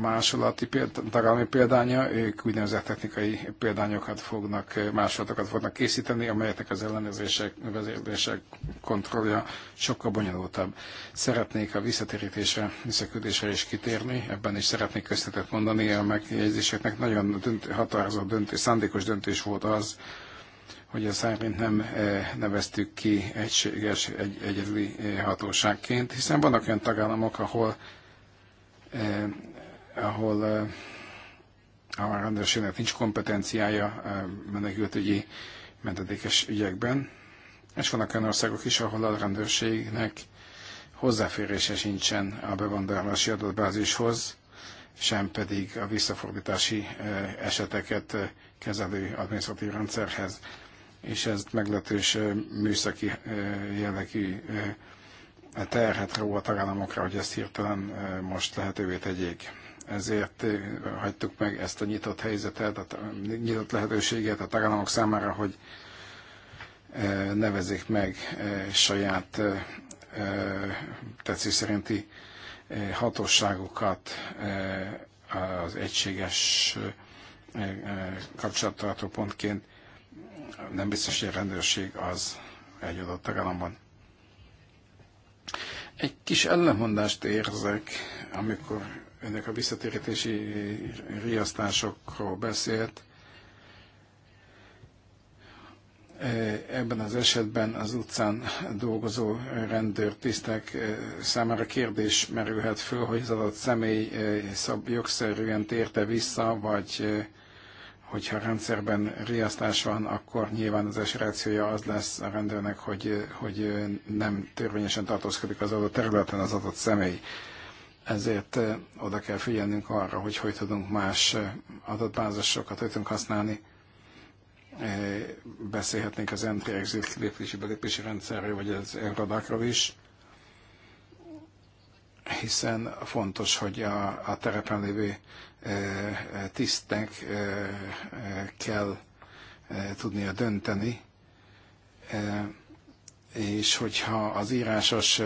másolati tagállami példánya, ők úgynevezett technikai példányokat fognak, másolatokat fognak készíteni, amelyeknek az ellenőrzések, vezérlések, kontrollja sokkal bonyolultabb. Szeretnék a visszatérítésre, visszaküldésre is kitérni, ebben is szeretnék köszönetet mondani a megjegyzéseknek. Nagyon dönt, határozott döntés, szándékos döntés volt az, hogy a szerint nem eh, neveztük ki egységes, egy, egyedüli eh, hatóságként, hiszen vannak olyan tagállamok, ahol eh, ahol eh, a rendőrségnek nincs kompetenciája eh, menekültügyi mentetékes ügyekben, és vannak olyan országok is, ahol a rendőrségnek hozzáférése sincsen a bevándorlási adatbázishoz, sem pedig a visszafordítási eh, eseteket kezelő adminisztratív rendszerhez. És ez meglehetős műszaki jellegű terhet ró a tagállamokra, hogy ezt hirtelen most lehetővé tegyék ezért eh, hagytuk meg ezt a nyitott helyzetet, a nyitott lehetőséget a tagállamok számára, hogy eh, nevezik meg eh, saját tetszés szerinti hatóságokat az egységes kapcsolattartó pontként. Nem biztos, hogy a rendőrség az egy adott tagállamban. Egy kis ellenmondást érzek, amikor önök a visszatérítési riasztásokról beszélt. E, ebben az esetben az utcán dolgozó rendőrtisztek e, számára kérdés merülhet föl, hogy az adott személy e, jogszerűen térte vissza, vagy hogyha rendszerben riasztás van, akkor nyilván az eserációja az lesz a rendőrnek, hogy, hogy nem törvényesen tartózkodik az adott területen az adott személy ezért eh, oda kell figyelnünk arra, hogy hogy tudunk más eh, adatbázisokat, hogy tudunk használni. Eh, beszélhetnénk az entry-exit lépési belépési rendszerről, vagy az radákról is, hiszen fontos, hogy a, a terepen lévő tisztnek kell tudnia dönteni, és hogyha az írásos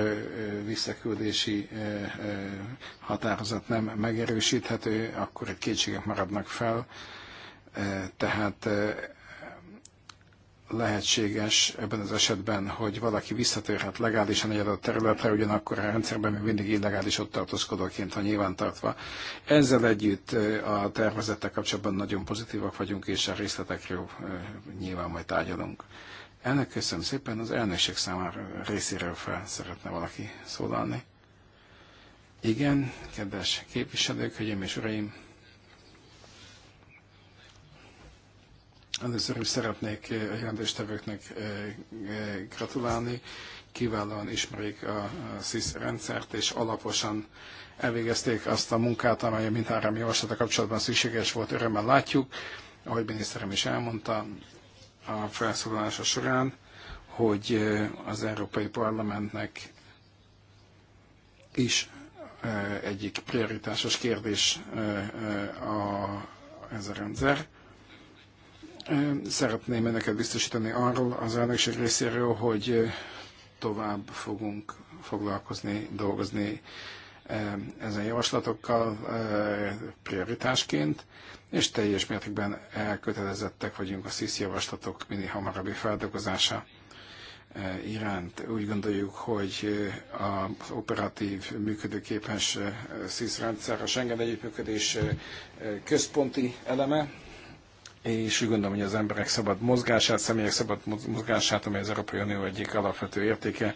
visszaküldési határozat nem megerősíthető, akkor egy kétségek maradnak fel, tehát lehetséges ebben az esetben, hogy valaki visszatérhet legálisan egy adott területre, ugyanakkor a rendszerben még mindig illegális ott tartózkodóként van nyilvántartva. Ezzel együtt a tervezettel kapcsolatban nagyon pozitívak vagyunk, és a részletekről nyilván majd tárgyalunk. Ennek köszönöm szépen, az elnökség számára részéről fel szeretne valaki szólalni. Igen, kedves képviselők, hölgyeim és uraim, Először is szeretnék eh, a jelentéstevőknek eh, eh, gratulálni. Kiválóan ismerik a SZISZ rendszert, és alaposan elvégezték azt a munkát, amely a mintáram javaslata kapcsolatban szükséges volt. Örömmel látjuk, ahogy miniszterem is elmondta, a felszólalása során, hogy az Európai Parlamentnek is egyik prioritásos kérdés a, ez a rendszer. Szeretném önöket biztosítani arról az elnökség részéről, hogy tovább fogunk foglalkozni, dolgozni ezen javaslatokkal prioritásként és teljes mértékben elkötelezettek vagyunk a SZISZ javaslatok minél hamarabbi feldolgozása eh, iránt. Úgy gondoljuk, hogy eh, az operatív működőképes eh, SZISZ rendszer a Schengen együttműködés központi eleme, és úgy gondolom, hogy az emberek szabad mozgását, személyek szabad mozgását, amely az Európai Unió egyik alapvető értéke,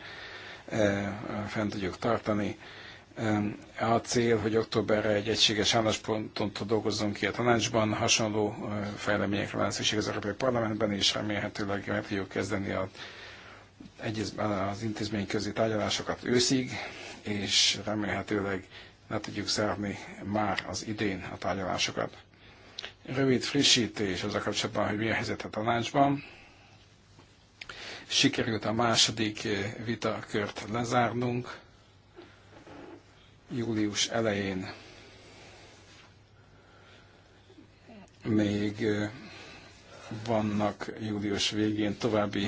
fent tudjuk tartani a cél, hogy októberre egy egységes álláspontot dolgozzunk ki a tanácsban, hasonló fejleményekre van szükség az Európai Parlamentben, és remélhetőleg meg tudjuk kezdeni a, az intézményközi tárgyalásokat őszig, és remélhetőleg le tudjuk zárni már az idén a tárgyalásokat. Rövid frissítés az a kapcsolatban, hogy mi a helyzet a tanácsban. Sikerült a második vitakört lezárnunk július elején még vannak július végén további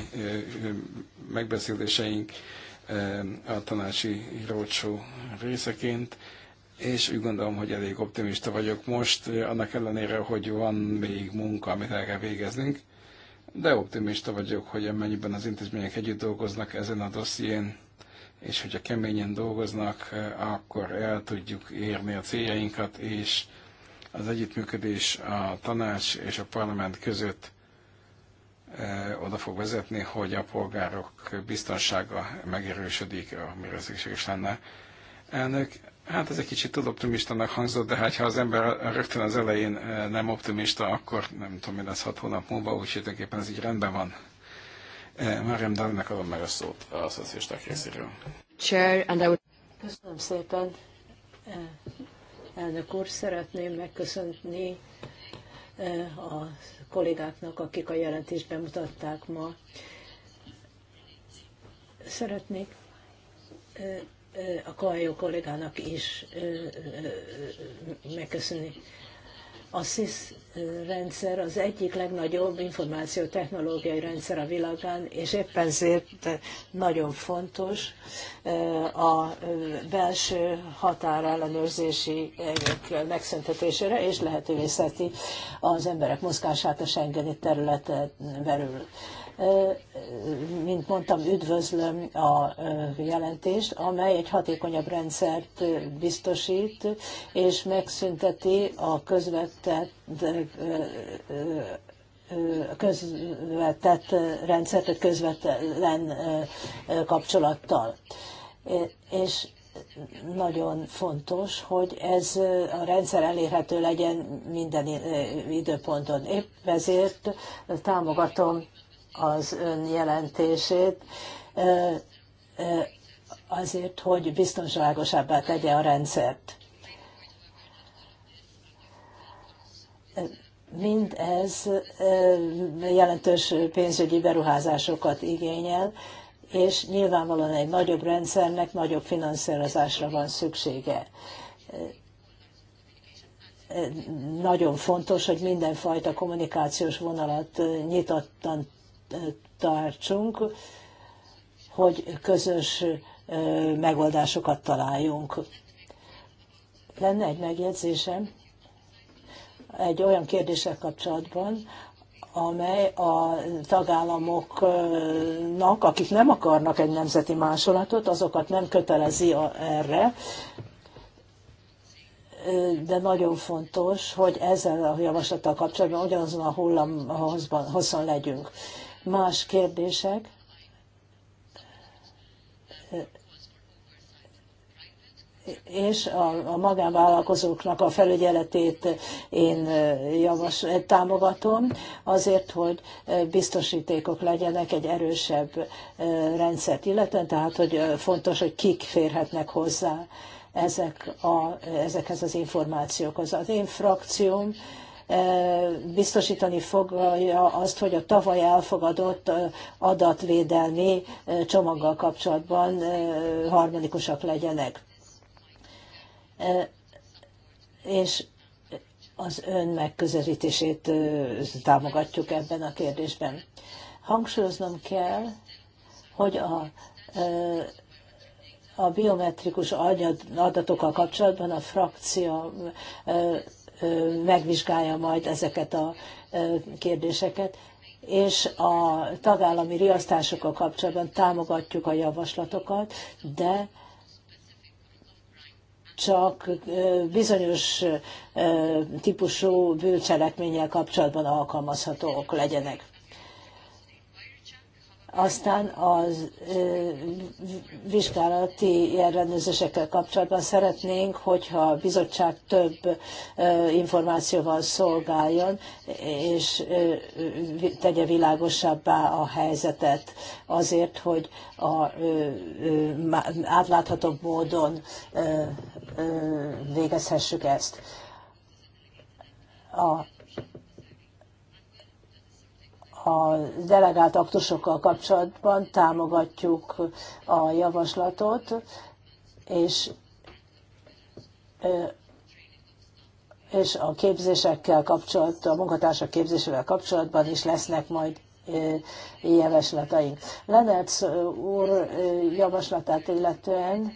megbeszéléseink a tanácsi rócsó részeként, és úgy gondolom, hogy elég optimista vagyok most, annak ellenére, hogy van még munka, amit el kell végeznünk, de optimista vagyok, hogy amennyiben az intézmények együtt dolgoznak ezen a dosszién, és hogyha keményen dolgoznak, eh, akkor el tudjuk érni a céljainkat, és az együttműködés a tanács és a parlament között eh, oda fog vezetni, hogy a polgárok biztonsága megerősödik, amire szükséges lenne. Elnök, hát ez egy kicsit túl optimistának hangzott, de hát ha az ember rögtön az elején eh, nem optimista, akkor nem tudom, mi lesz hat hónap múlva, úgyhogy tulajdonképpen ez így rendben van. Eh, Mariam Dalnak adom meg a szót a szocialisták részéről. Chair, and I would... Köszönöm szépen. Eh, elnök úr, szeretném megköszönni eh, a kollégáknak, akik a jelentést bemutatták ma. Szeretnék a Kajó kollégának is megköszönni. A SIS rendszer az egyik legnagyobb információtechnológiai rendszer a világán, és éppen ezért nagyon fontos eh, a eh, belső határellenőrzési megszüntetésére, és lehetővé teszi az emberek mozgását a Schengeni területen belül mint mondtam, üdvözlöm a jelentést, amely egy hatékonyabb rendszert biztosít, és megszünteti a közvetett közvetett rendszert, egy közvetlen kapcsolattal. És nagyon fontos, hogy ez a rendszer elérhető legyen minden időponton. Épp ezért támogatom az ön jelentését azért, hogy biztonságosabbá tegye a rendszert. Mindez jelentős pénzügyi beruházásokat igényel, és nyilvánvalóan egy nagyobb rendszernek nagyobb finanszírozásra van szüksége. Nagyon fontos, hogy mindenfajta kommunikációs vonalat nyitottan tartsunk, hogy közös megoldásokat találjunk. Lenne egy megjegyzésem egy olyan kérdéssel kapcsolatban, amely a tagállamoknak, akik nem akarnak egy nemzeti másolatot, azokat nem kötelezi erre, de nagyon fontos, hogy ezzel a javaslattal kapcsolatban ugyanazon a hosszan legyünk más kérdések. és a, a magánvállalkozóknak a felügyeletét én javas, támogatom, azért, hogy biztosítékok legyenek egy erősebb rendszert illetően, tehát hogy fontos, hogy kik férhetnek hozzá ezek a, ezekhez az információkhoz. Az én frakcióm biztosítani fogja azt, hogy a tavaly elfogadott adatvédelmi csomaggal kapcsolatban harmonikusak legyenek. És az ön megközelítését támogatjuk ebben a kérdésben. Hangsúlyoznom kell, hogy a a biometrikus adatokkal kapcsolatban a frakció megvizsgálja majd ezeket a kérdéseket, és a tagállami riasztásokkal kapcsolatban támogatjuk a javaslatokat, de csak bizonyos típusú bűncselekménnyel kapcsolatban alkalmazhatók legyenek. Aztán az vizsgálati ellenőrzésekkel kapcsolatban szeretnénk, hogyha a bizottság több információval szolgáljon, és tegye világosabbá a helyzetet azért, hogy a átláthatóbb módon végezhessük ezt. A a delegált aktusokkal kapcsolatban támogatjuk a javaslatot, és és a képzésekkel kapcsolatban, a munkatársak képzésével kapcsolatban is lesznek majd javaslataink. Lennertz úr javaslatát illetően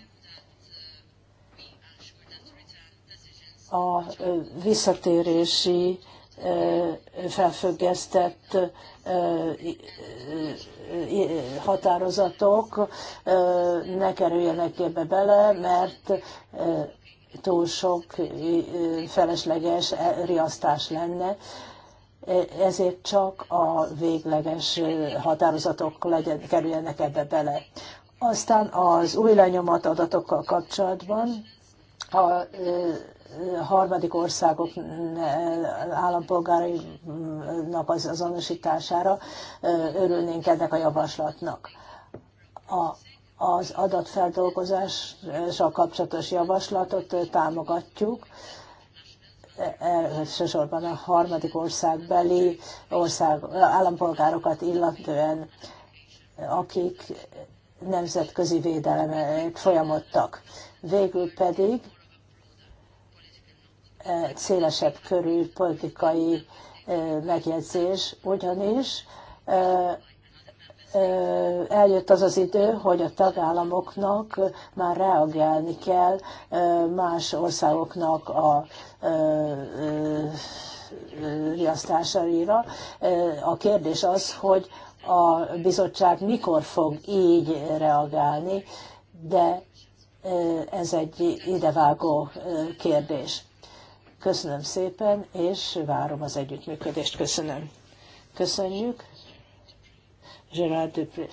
a visszatérési felfüggesztett határozatok ne kerüljenek ebbe bele, mert túl sok felesleges e, riasztás lenne, e, ezért csak a végleges határozatok legyen, kerüljenek ebbe bele. Aztán az új lenyomat adatokkal kapcsolatban a harmadik országok eh, állampolgárainak az azonosítására. Eh, örülnénk ennek a javaslatnak. A, az adatfeldolgozással kapcsolatos javaslatot eh, támogatjuk e, elsősorban a harmadik országbeli ország, állampolgárokat illetően, akik nemzetközi védelemet folyamodtak. Végül pedig szélesebb körű politikai megjegyzés, ugyanis eljött az az idő, hogy a tagállamoknak már reagálni kell más országoknak a riasztásaira. A kérdés az, hogy a bizottság mikor fog így reagálni, de ez egy idevágó kérdés. Köszönöm szépen, és várom az együttműködést. Köszönöm. Köszönjük. Gerard Dupré.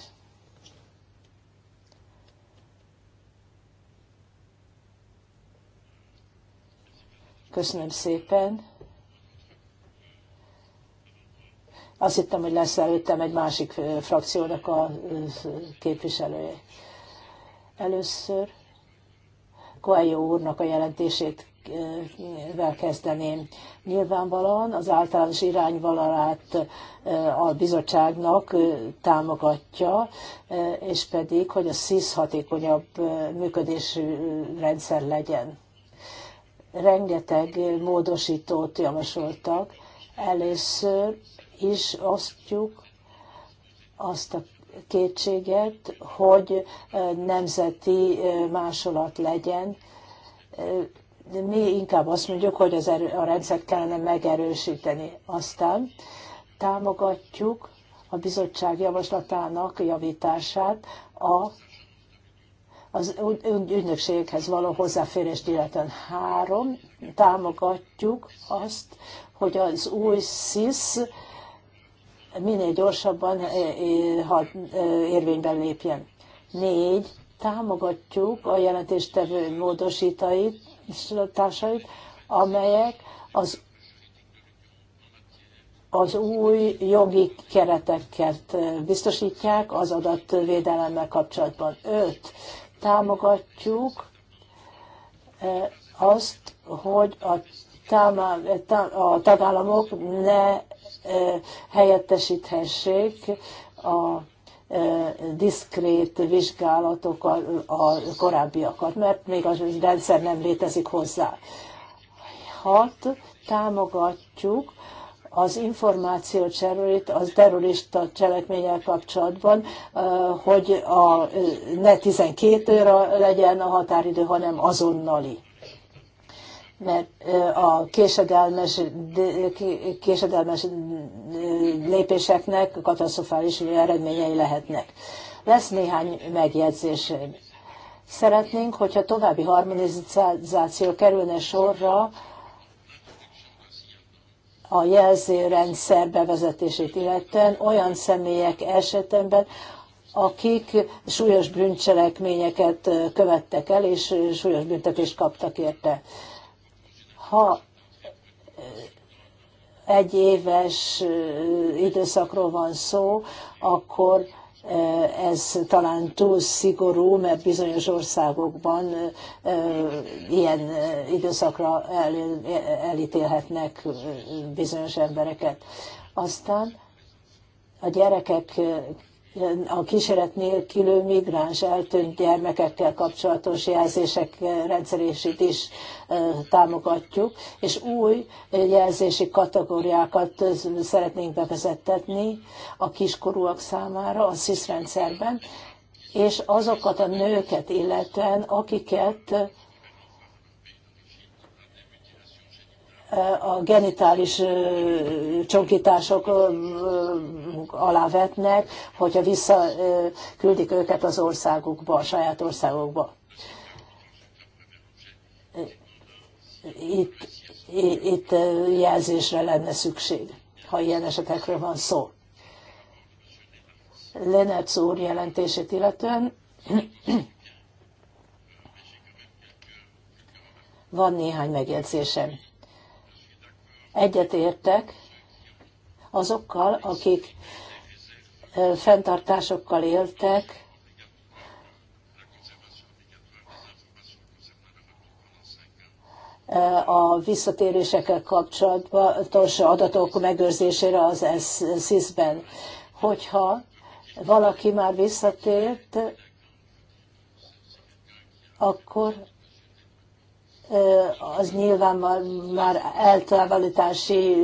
Köszönöm szépen. Azt hittem, hogy lesz előttem egy másik frakciónak a képviselője. Először Koelyó úrnak a jelentését vel kezdeném. Nyilvánvalóan az általános irányvonalát eh, a bizottságnak eh, támogatja, eh, és pedig, hogy a SZISZ hatékonyabb működésű rendszer legyen. Rengeteg módosítót javasoltak. Először is osztjuk azt a kétséget, hogy nemzeti másolat legyen, mi inkább azt mondjuk, hogy az erő, a rendszert kellene megerősíteni. Aztán támogatjuk a bizottság javaslatának javítását a, az ügynökséghez való hozzáférést illetve Három, támogatjuk azt, hogy az új SZISZ minél gyorsabban e, e, e, érvényben lépjen. Négy, támogatjuk a jelentéstevő módosítait, szülőtársait, amelyek az, az új jogi kereteket biztosítják az adatvédelemmel kapcsolatban. Öt, támogatjuk e, azt, hogy a, a tagállamok ne e, helyettesíthessék a diszkrét vizsgálatok a korábbiakat, mert még az rendszer nem létezik hozzá. Hat, támogatjuk az információ cserét az terrorista cselekménnyel kapcsolatban, hogy a, ne 12 óra legyen a határidő, hanem azonnali mert a késedelmes, késedelmes lépéseknek katasztrofális eredményei lehetnek. Lesz néhány megjegyzés. Szeretnénk, hogyha további harmonizáció kerülne sorra a jelzőrendszer bevezetését illetően olyan személyek esetében, akik súlyos bűncselekményeket követtek el, és súlyos büntetést kaptak érte ha egy éves időszakról van szó, akkor ez talán túl szigorú, mert bizonyos országokban ilyen időszakra el, elítélhetnek bizonyos embereket. Aztán a gyerekek a kísérlet nélkülő migráns eltűnt gyermekekkel kapcsolatos jelzések rendszerését is támogatjuk, és új jelzési kategóriákat szeretnénk bevezettetni a kiskorúak számára a SZISZ rendszerben, és azokat a nőket illetően, akiket a genitális csonkítások alá vetnek, hogyha visszaküldik őket az országukba, a saját országukba. Itt, itt jelzésre lenne szükség, ha ilyen esetekről van szó. Lenert úr jelentését illetően van néhány megjegyzésem Egyetértek azokkal, akik fenntartásokkal éltek, a visszatérésekkel kapcsolatos adatok megőrzésére az SZIS-ben. Hogyha valaki már visszatért, akkor az nyilván már eltávolítási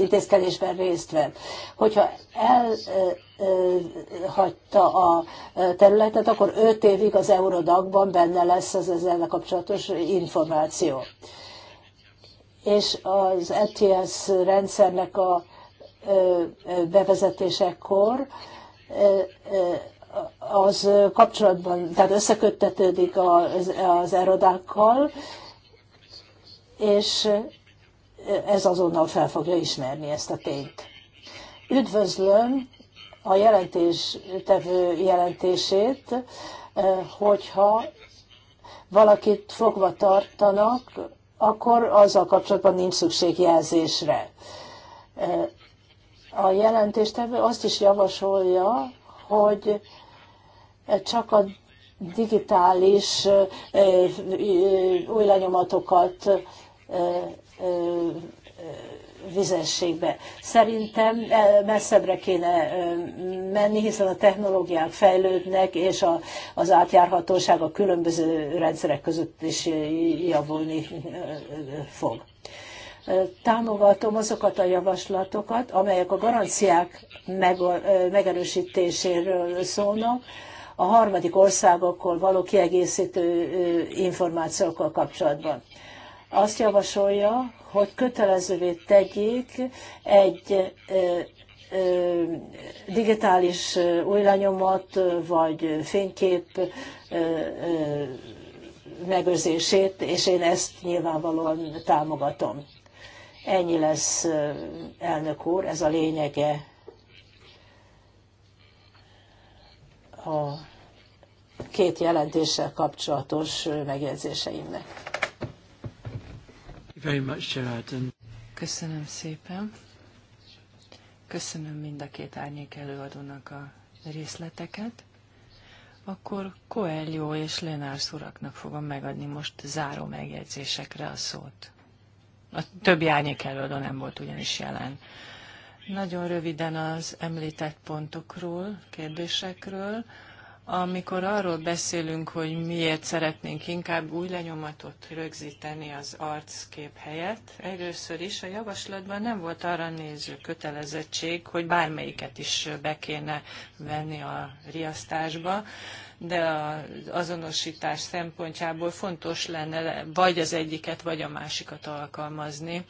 intézkedésben részt vett. Hogyha elhagyta a területet, akkor 5 évig az Eurodagban benne lesz az ezzel kapcsolatos információ. És az ETS rendszernek a bevezetésekor az kapcsolatban, tehát összeköttetődik az, az erodákkal, és eh, ez azonnal fel fogja ismerni ezt a tényt. Üdvözlöm a jelentés tevő jelentését, eh, hogyha valakit fogva tartanak, akkor azzal kapcsolatban nincs szükség jelzésre. Eh, a jelentéstevő azt is javasolja, hogy csak a digitális új lenyomatokat vizességbe. Szerintem messzebbre kéne menni, hiszen a technológiák fejlődnek, és a, az átjárhatóság a különböző rendszerek között is javulni fog. Támogatom azokat a javaslatokat, amelyek a garanciák meg, megerősítéséről szólnak, a harmadik országokkal való kiegészítő információkkal kapcsolatban azt javasolja, hogy kötelezővé tegyék egy digitális újlenyomat vagy fénykép megőrzését, és én ezt nyilvánvalóan támogatom. Ennyi lesz, elnök úr, ez a lényege a két jelentéssel kapcsolatos megjegyzéseimnek very much, Gerard. And... Köszönöm szépen. Köszönöm mind a két árnyék előadónak a részleteket. Akkor Coelho és Lenárs uraknak fogom megadni most záró megjegyzésekre a szót. A többi árnyék előadó nem volt ugyanis jelen. Nagyon röviden az említett pontokról, kérdésekről. Amikor arról beszélünk, hogy miért szeretnénk inkább új lenyomatot rögzíteni az arckép helyett, először is a javaslatban nem volt arra néző kötelezettség, hogy bármelyiket is be kéne venni a riasztásba, de az azonosítás szempontjából fontos lenne vagy az egyiket, vagy a másikat alkalmazni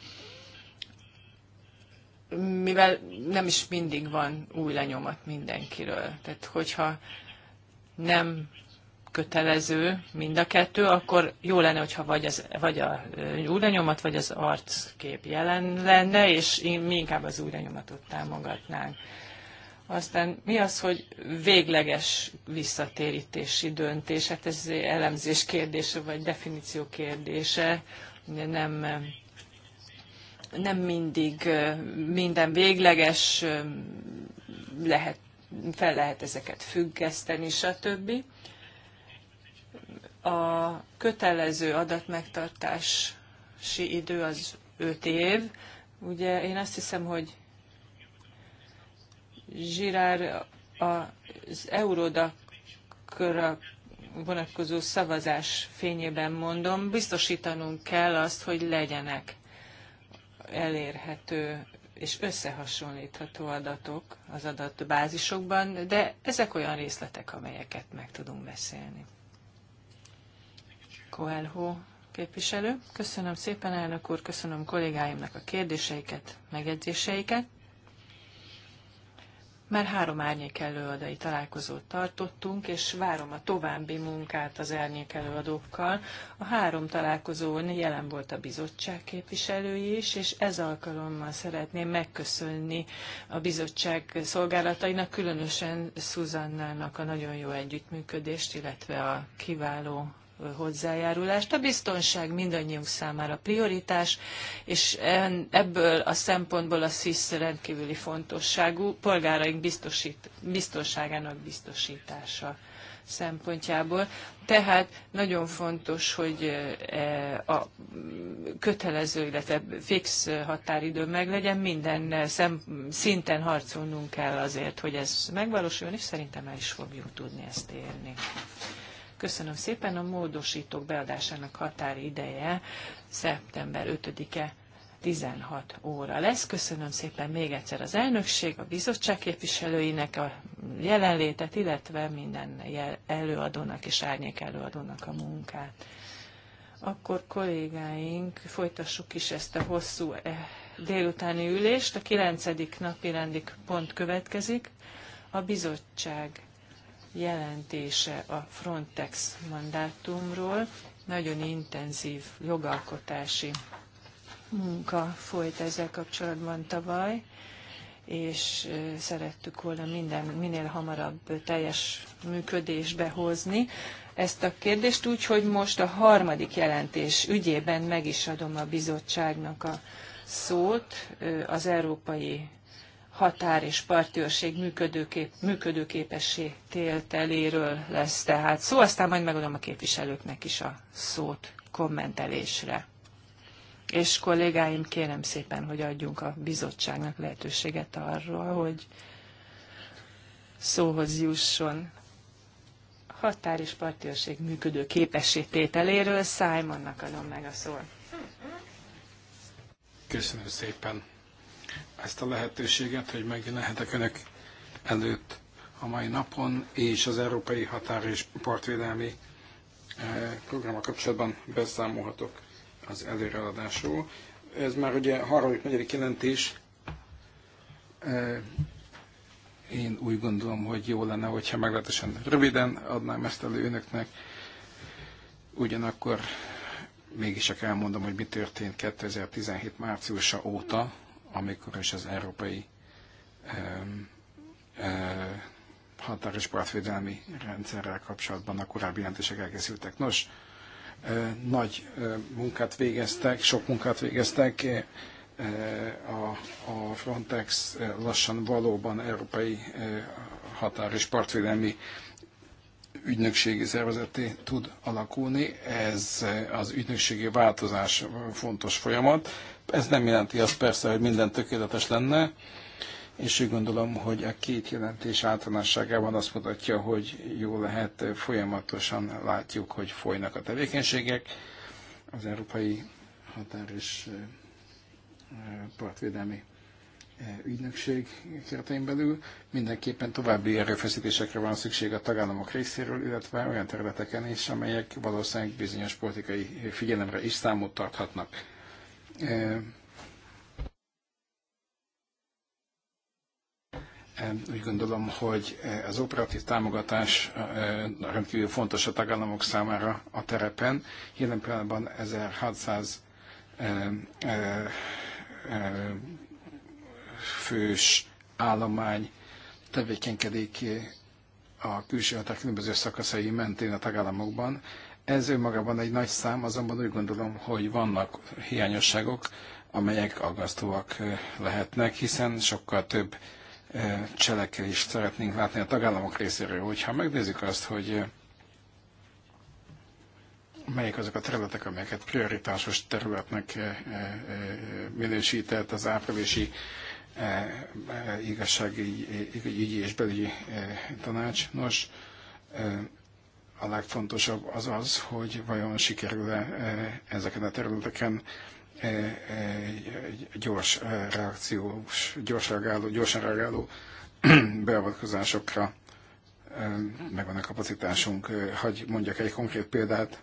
mivel nem is mindig van új lenyomat mindenkiről. Tehát hogyha nem kötelező mind a kettő, akkor jó lenne, hogyha vagy, az, vagy a újranyomat, vagy az arckép jelen lenne, és én, mi inkább az újranyomatot támogatnánk. Aztán mi az, hogy végleges visszatérítési döntés? Hát ez elemzés kérdése, vagy definíció kérdése. nem, nem mindig minden végleges, lehet fel lehet ezeket függeszteni, stb. A kötelező adatmegtartási idő az 5 év. Ugye én azt hiszem, hogy Zsirár az eurodakra vonatkozó szavazás fényében mondom, biztosítanunk kell azt, hogy legyenek elérhető és összehasonlítható adatok az adatbázisokban, de ezek olyan részletek, amelyeket meg tudunk beszélni. Coelho képviselő, köszönöm szépen, elnök úr, köszönöm kollégáimnak a kérdéseiket, megjegyzéseiket. Már három árnyék előadai találkozót tartottunk, és várom a további munkát az árnyék előadókkal. A három találkozón jelen volt a bizottság képviselői is, és ez alkalommal szeretném megköszönni a bizottság szolgálatainak, különösen Szuzannának a nagyon jó együttműködést, illetve a kiváló hozzájárulást. A biztonság mindannyiunk számára prioritás, és ebből a szempontból a SZISZ rendkívüli fontosságú polgáraink biztosít, biztonságának biztosítása szempontjából. Tehát nagyon fontos, hogy e, a kötelező, illetve fix határidő meglegyen, minden szem, szinten harcolnunk kell azért, hogy ez megvalósuljon, és szerintem el is fogjuk tudni ezt érni. Köszönöm szépen. A módosítók beadásának határideje szeptember 5-e 16 óra lesz. Köszönöm szépen még egyszer az elnökség, a bizottság képviselőinek a jelenlétet, illetve minden előadónak és árnyék előadónak a munkát. Akkor kollégáink, folytassuk is ezt a hosszú eh, délutáni ülést. A 9. napi rendik pont következik. A bizottság jelentése a Frontex mandátumról. Nagyon intenzív jogalkotási munka folyt ezzel kapcsolatban tavaly, és szerettük volna minden, minél hamarabb teljes működésbe hozni ezt a kérdést, úgyhogy most a harmadik jelentés ügyében meg is adom a bizottságnak a szót az Európai határ és partőrség működőkép, működőképessé tételéről lesz tehát szó, aztán majd megadom a képviselőknek is a szót kommentelésre. És kollégáim, kérem szépen, hogy adjunk a bizottságnak lehetőséget arról, hogy szóhoz jusson határ és partőrség működő képessé tételéről. Simonnak adom meg a szót. Köszönöm szépen ezt a lehetőséget, hogy megjelenhetek önök előtt a mai napon, és az Európai Határ és Partvédelmi eh, programmal kapcsolatban beszámolhatok az előreadásról. Ez már ugye harmadik, negyedik jelentés. Eh, én úgy gondolom, hogy jó lenne, hogyha meglehetősen röviden adnám ezt elő önöknek. Ugyanakkor mégiscsak elmondom, hogy mi történt 2017 márciusa óta, amikor is az európai határ és partvédelmi rendszerrel kapcsolatban a korábbi jelentések elkészültek. Nos, nagy munkát végeztek, sok munkát végeztek, a, a Frontex lassan valóban európai határ és partvédelmi ügynökségi szervezeté tud alakulni. Ez az ügynökségi változás fontos folyamat. Ez nem jelenti azt persze, hogy minden tökéletes lenne, és úgy gondolom, hogy a két jelentés általánosságában azt mutatja, hogy jó lehet, folyamatosan látjuk, hogy folynak a tevékenységek. Az Európai Határ és eh, Partvédelmi eh, ügynökség keretein belül. Mindenképpen további erőfeszítésekre van szükség a tagállamok részéről, illetve olyan területeken is, amelyek valószínűleg bizonyos politikai figyelemre is számot tarthatnak. Úgy gondolom, hogy az operatív támogatás rendkívül fontos a tagállamok számára a terepen. Jelen pillanatban 1600 fős állomány tevékenykedik a külső határ különböző szakaszai mentén a tagállamokban. Ez önmagában egy nagy szám, azonban úgy gondolom, hogy vannak hiányosságok, amelyek aggasztóak lehetnek, hiszen sokkal több cselekvést szeretnénk látni a tagállamok részéről. Hogyha megnézzük azt, hogy melyik azok a területek, amelyeket prioritásos területnek minősített az áprilisi igazságügyi és belügyi tanács. Nos, a legfontosabb az az, hogy vajon sikerül-e e, ezeken a területeken e, e, gyors reakciós, gyors reagáló, gyorsan reagáló beavatkozásokra megvan a kapacitásunk. Hogy mondjak egy konkrét példát,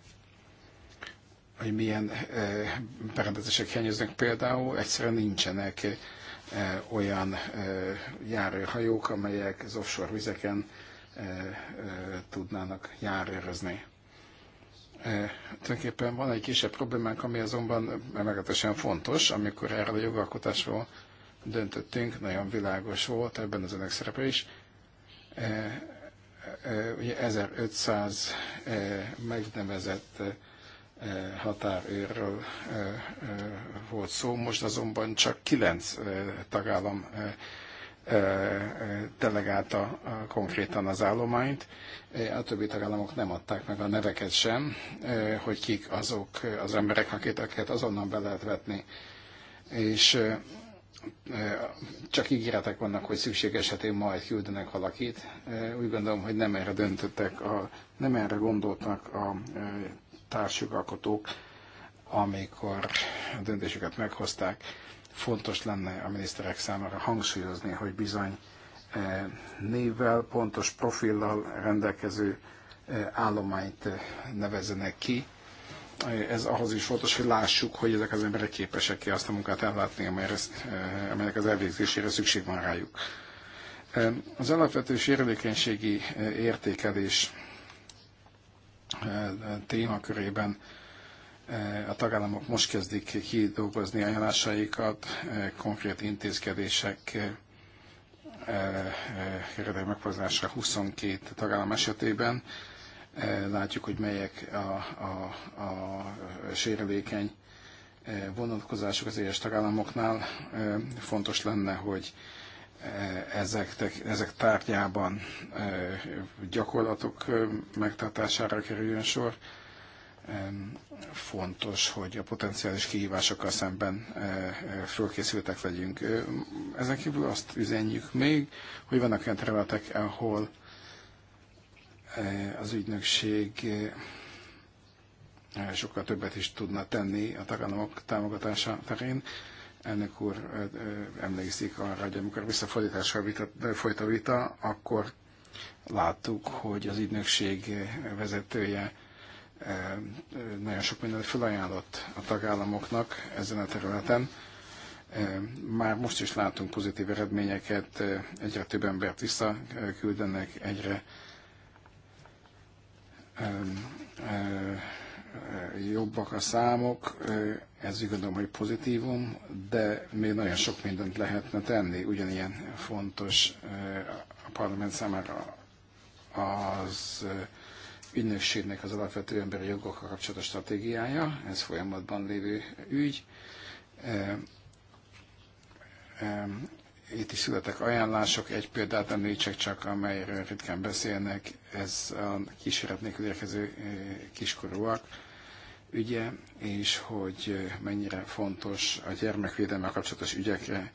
hogy milyen berendezések hiányoznak például, egyszerűen nincsenek olyan járőhajók, amelyek az offshore vizeken tudnának járőrözni. E, tulajdonképpen van egy kisebb problémánk, ami azonban meglehetősen fontos, amikor erről a jogalkotásról döntöttünk, nagyon világos volt, ebben az önök szerepe is. E, e, ugye 1500 megnevezett határőrről volt szó, most azonban csak 9 tagállam delegálta konkrétan az állományt. A többi tagállamok nem adták meg a neveket sem, hogy kik azok az emberek, akiket azonnal be lehet vetni. És csak ígéretek vannak, hogy szükség esetén hát majd küldenek valakit. Úgy gondolom, hogy nem erre döntöttek, a, nem erre gondoltak a társjogalkotók, amikor a döntésüket meghozták fontos lenne a miniszterek számára hangsúlyozni, hogy bizony eh, névvel, pontos profillal rendelkező eh, állományt eh, nevezzenek ki. Ez ahhoz is fontos, hogy lássuk, hogy ezek az emberek képesek-e azt a munkát ellátni, amelynek az elvégzésére szükség van rájuk. Az alapvető sérülékenységi értékelés témakörében a tagállamok most kezdik kidolgozni ajánlásaikat, e, konkrét intézkedések e, e, eredeti meghozása 22 tagállam esetében. Látjuk, hogy melyek a, a, a sérülékeny vonatkozások az egyes tagállamoknál. Fontos lenne, hogy ezek, ezek tárgyában gyakorlatok megtartására kerüljön sor fontos, hogy a potenciális kihívásokkal szemben eh, eh, fölkészültek legyünk. Ezen kívül azt üzenjük még, hogy vannak olyan területek, ahol eh, az ügynökség sokkal többet is tudna tenni a tagállamok támogatása terén. Elnök úr emlékszik arra, hogy amikor visszafordításra folyt a vita, akkor láttuk, hogy az ügynökség vezetője nagyon sok mindent felajánlott a tagállamoknak ezen a területen. Már most is látunk pozitív eredményeket, egyre több embert visszaküldenek, egyre jobbak a számok, ez úgy gondolom, hogy pozitívum, de még nagyon sok mindent lehetne tenni, ugyanilyen fontos a parlament számára az ügynökségnek az alapvető emberi jogokkal kapcsolatos stratégiája, ez folyamatban lévő ügy. E, e, itt is születek ajánlások, egy példát említsek csak, amelyről ritkán beszélnek, ez a kísérlet nélkül érkező e, kiskorúak ügye, és hogy mennyire fontos a gyermekvédelme kapcsolatos ügyekre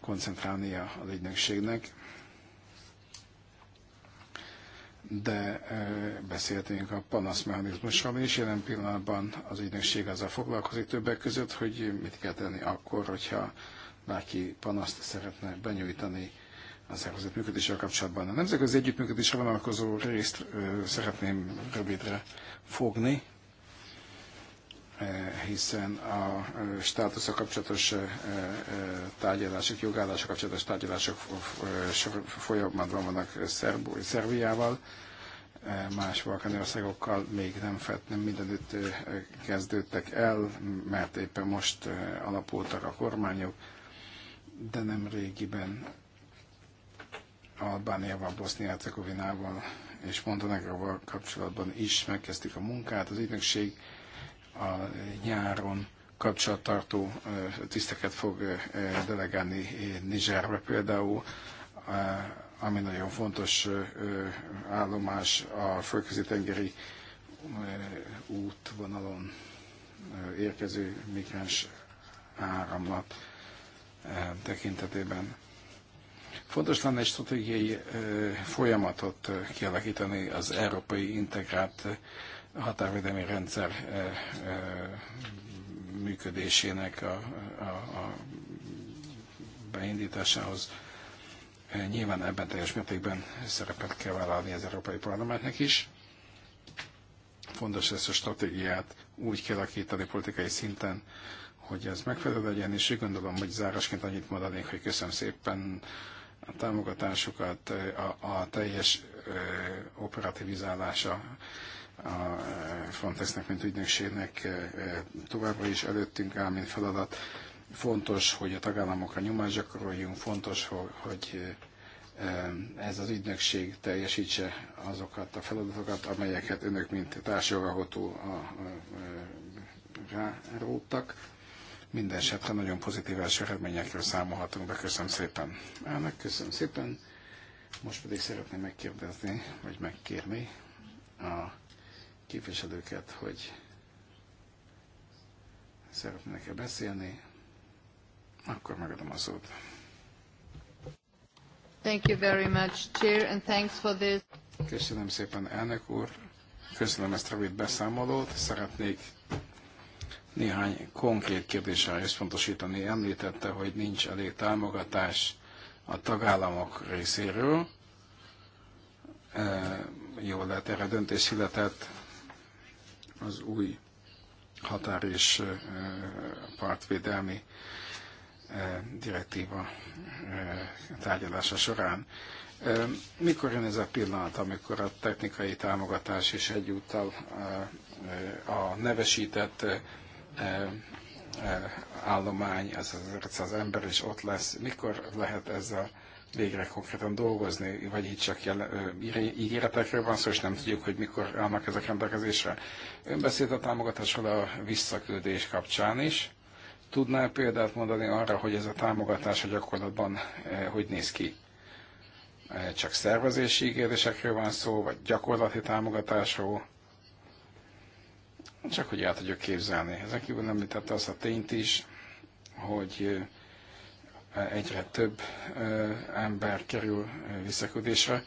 koncentrálnia az ügynökségnek de beszéltünk a panaszmechanizmusról is. Jelen pillanatban az ügynökség azzal foglalkozik többek között, hogy mit kell tenni akkor, hogyha bárki panaszt szeretne benyújtani a szervezet működéssel kapcsolatban. A nemzetközi együttműködésre vonatkozó részt szeretném rövidre fogni. Eh, hiszen a eh, státusza kapcsolatos eh, tárgyalások, jogállása kapcsolatos tárgyalások folyamatban vannak Szerbiával, más balkáni országokkal még nem, fett, nem mindenütt kezdődtek el, mert éppen most alapultak a kormányok, de nem régiben Albániával, Bosznia-Hercegovinával és Montenegroval kapcsolatban is megkezdtük a munkát. Az ügynökség a nyáron kapcsolattartó tiszteket fog delegálni Nizserbe például, ami nagyon fontos állomás a földközi-tengeri útvonalon érkező migráns áramlat tekintetében. Fontos lenne egy stratégiai folyamatot kialakítani az európai integrált határvédelmi rendszer eh, eh, működésének a, a, a beindításához. Eh, nyilván ebben teljes mértékben szerepet kell vállalni az Európai Parlamentnek is. Fontos ezt a stratégiát úgy kell a politikai szinten, hogy ez megfelelő legyen, és úgy gondolom, hogy zárásként annyit mondanék, hogy köszönöm szépen a támogatásukat, a, a teljes ö, operativizálása a e, Frontexnek, mint ügynökségnek e, e, továbbra is előttünk áll, mint feladat. Fontos, hogy a tagállamokra nyomás gyakoroljunk, fontos, hogy ez az ügynökség teljesítse azokat a feladatokat, amelyeket önök, mint társjogalkotó ráróttak. Minden esetre nagyon pozitív első eredményekről számolhatunk be. Köszönöm szépen. Elnök, köszönöm szépen. Most pedig szeretném megkérdezni, vagy megkérni a képviselőket, hogy szeretnének-e beszélni, akkor megadom a szót. Thank you very much, Chair, and thanks for this. Köszönöm szépen, elnök úr. Köszönöm ezt a rövid beszámolót. Szeretnék néhány konkrét kérdésre összpontosítani. Említette, hogy nincs elég támogatás a tagállamok részéről. E, jól lehet, erre döntés született az új határ és partvédelmi direktíva tárgyalása során. Mikor jön ez a pillanat, amikor a technikai támogatás és egyúttal a nevesített állomány, ez az 500 ember is ott lesz, mikor lehet ezzel végre konkrétan dolgozni, vagy itt csak jel, ígéretekről van szó, és nem tudjuk, hogy mikor állnak ezek rendelkezésre. Ön beszélt a támogatásról a visszaküldés kapcsán is. Tudná példát mondani arra, hogy ez a támogatás a gyakorlatban e, hogy néz ki? E, csak szervezési ígérésekről van szó, vagy gyakorlati támogatásról? Csak hogy el tudjuk képzelni. Ezen kívül említette azt a tényt is, hogy egyre több ember kerül visszaküldésre.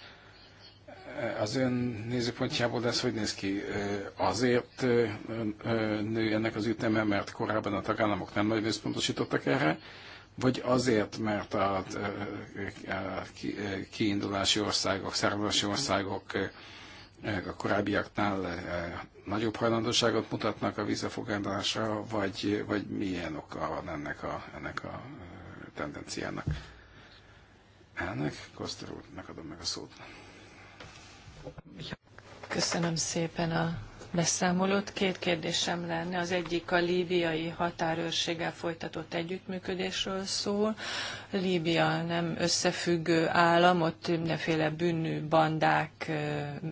Az ön nézőpontjából ez hogy néz ki? Azért nő ennek az üteme, mert korábban a tagállamok nem nagyon összpontosítottak erre, vagy azért, mert a, kiindulási országok, származási országok a korábbiaknál nagyobb hajlandóságot mutatnak a visszafogadásra, vagy, vagy milyen oka van ennek a, ennek a tendenciának. Elnök, Kosztor úr, megadom meg a szót. Köszönöm szépen a beszámolót. Két kérdésem lenne. Az egyik a líbiai határőrséggel folytatott együttműködésről szól. Líbia nem összefüggő állam, ott mindenféle bűnű bandák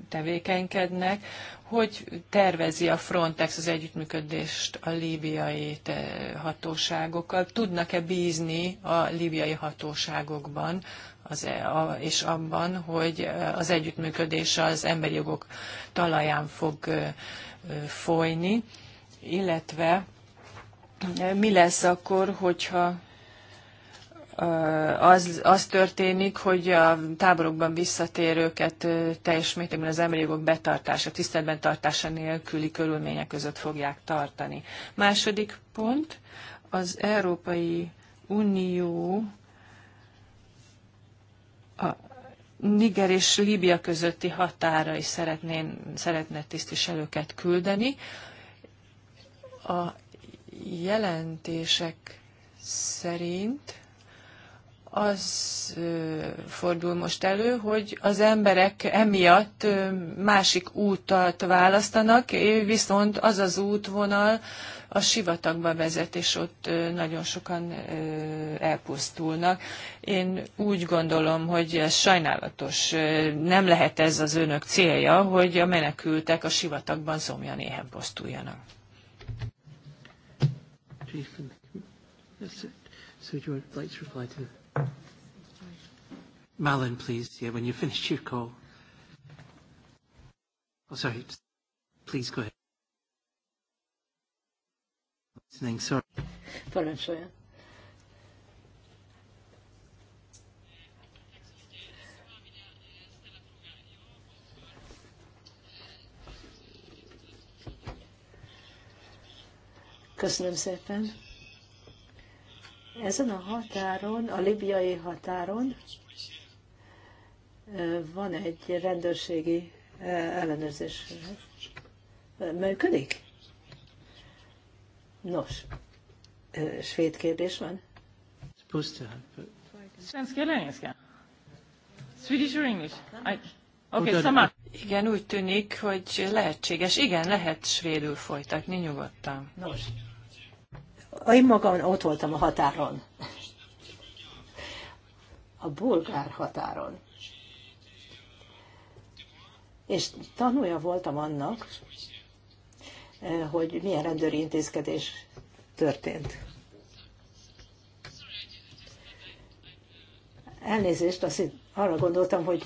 tevékenykednek. Hogy tervezi a Frontex az együttműködést a líbiai hatóságokkal? Tudnak-e bízni a líbiai hatóságokban, az, e, a, és abban, hogy e, az együttműködés az emberi jogok talaján fog e, folyni, illetve mi lesz akkor, hogyha az, az történik, hogy a táborokban visszatérőket teljes mértékben az emberi jogok betartása, tiszteletben tartása nélküli körülmények között fogják tartani. Második pont, az Európai Unió a Niger és Líbia közötti határa is szeretnén, szeretne tisztviselőket küldeni. A jelentések szerint az fordul most elő, hogy az emberek emiatt másik útat választanak, viszont az az útvonal, a sivatagba vezet, és ott nagyon sokan elpusztulnak. Én úgy gondolom, hogy ez sajnálatos, nem lehet ez az önök célja, hogy a menekültek a sivatagban szomjan éhen pusztuljanak. Malin, please, yeah, when you finish your call. Oh, sorry. Please go ahead. Parancsoljon. Köszönöm szépen. Ezen a határon, a libiai határon van egy rendőrségi ellenőrzés. Működik? Nos, svéd kérdés van? Svenska eller engelska? Swedish or English? I... Okay, samma. Igen, úgy tűnik, hogy lehetséges. Igen, lehet svédül folytatni, nyugodtan. Nos. Én magam ott voltam a határon. A bulgár határon. És tanulja voltam annak, hogy milyen rendőri intézkedés történt. Elnézést, azt itt arra gondoltam, hogy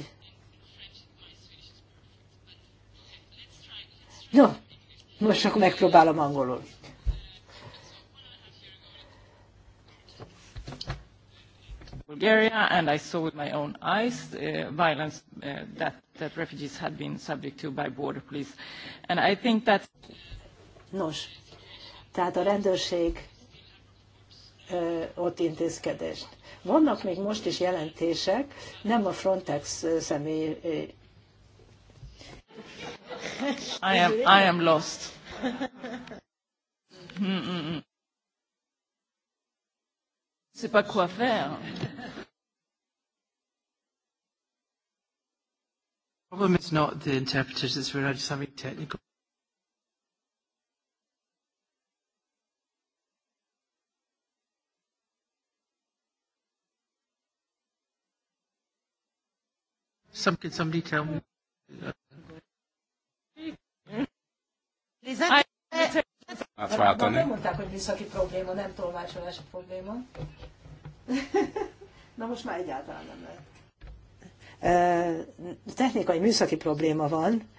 No, most akkor megpróbálom angolul. Bulgaria, and I saw with my own eyes the uh, violence uh, that, that refugees had been subject to by border police. And I think that... Nos, tehát a rendőrség ott intézkedést. Vannak még most is jelentések, nem a Frontex személy. I am, I am lost. Hmm, hmm, hmm. C'est pas quoi faire. The problem is not the interpreters, it's really just having technical Some, can somebody tell me? Átváltani. Nem mondták, hogy műszaki probléma, nem tolmácsolási probléma. Na most már egyáltalán nem lehet. technikai műszaki probléma van.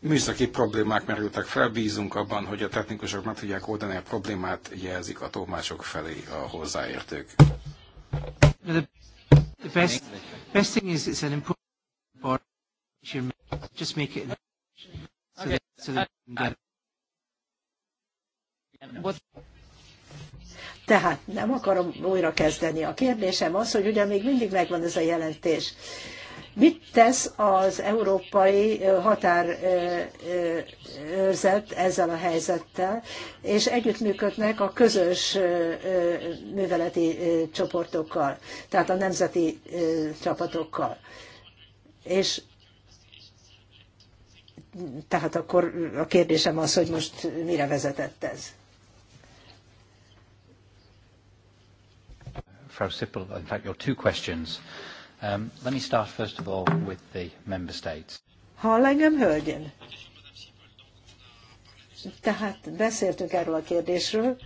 műszaki problémák merültek fel, bízunk abban, hogy a technikusok meg tudják oldani a problémát, jelzik a tolmácsok felé a hozzáértők. tehát nem akarom újra kezdeni. A kérdésem az, hogy ugye még mindig megvan ez a jelentés. Mit tesz az európai határőrzet ezzel a helyzettel, és együttműködnek a közös műveleti csoportokkal, tehát a nemzeti csapatokkal. És tehát akkor a kérdésem az, hogy most mire vezetett ez. Frau Sippel, in fact, your two questions. Um, let me start first of all with the member states. Tehát beszéltünk erről a kérdésről.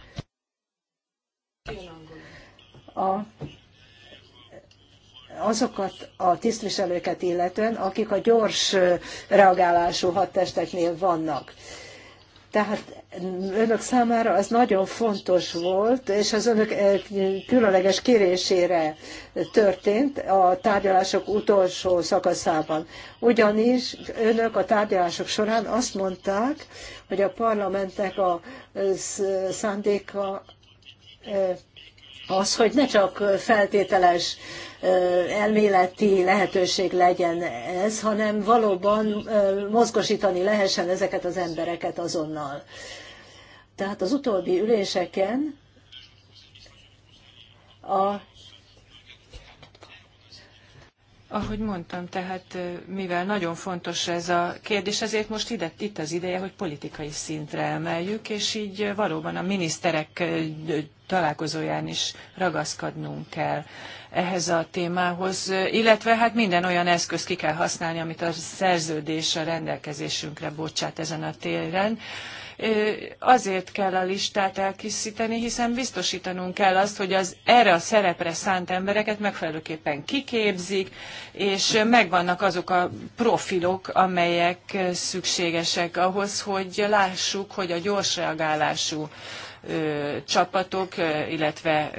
A, azokat a tisztviselőket illetően, akik a gyors reagálású hadtesteknél vannak. Tehát önök számára az nagyon fontos volt, és az önök eh, különleges kérésére történt a tárgyalások utolsó szakaszában. Ugyanis önök a tárgyalások során azt mondták, hogy a parlamentnek a eh, szándéka eh, az, hogy ne csak feltételes elméleti lehetőség legyen ez, hanem valóban mozgosítani lehessen ezeket az embereket azonnal. Tehát az utóbbi üléseken a ahogy mondtam, tehát mivel nagyon fontos ez a kérdés, ezért most ide, itt az ideje, hogy politikai szintre emeljük, és így valóban a miniszterek találkozóján is ragaszkodnunk kell ehhez a témához, illetve hát minden olyan eszköz ki kell használni, amit a szerződés a rendelkezésünkre bocsát ezen a téren azért kell a listát elkészíteni, hiszen biztosítanunk kell azt, hogy az erre a szerepre szánt embereket megfelelőképpen kiképzik, és megvannak azok a profilok, amelyek szükségesek ahhoz, hogy lássuk, hogy a gyors reagálású csapatok, illetve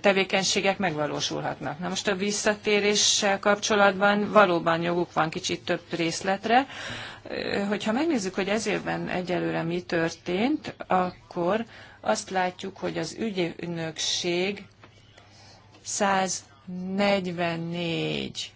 tevékenységek megvalósulhatnak. Na most a visszatéréssel kapcsolatban valóban joguk van kicsit több részletre. Hogyha megnézzük, hogy ez évben egyelőre mi történt, akkor azt látjuk, hogy az ügyönökség 144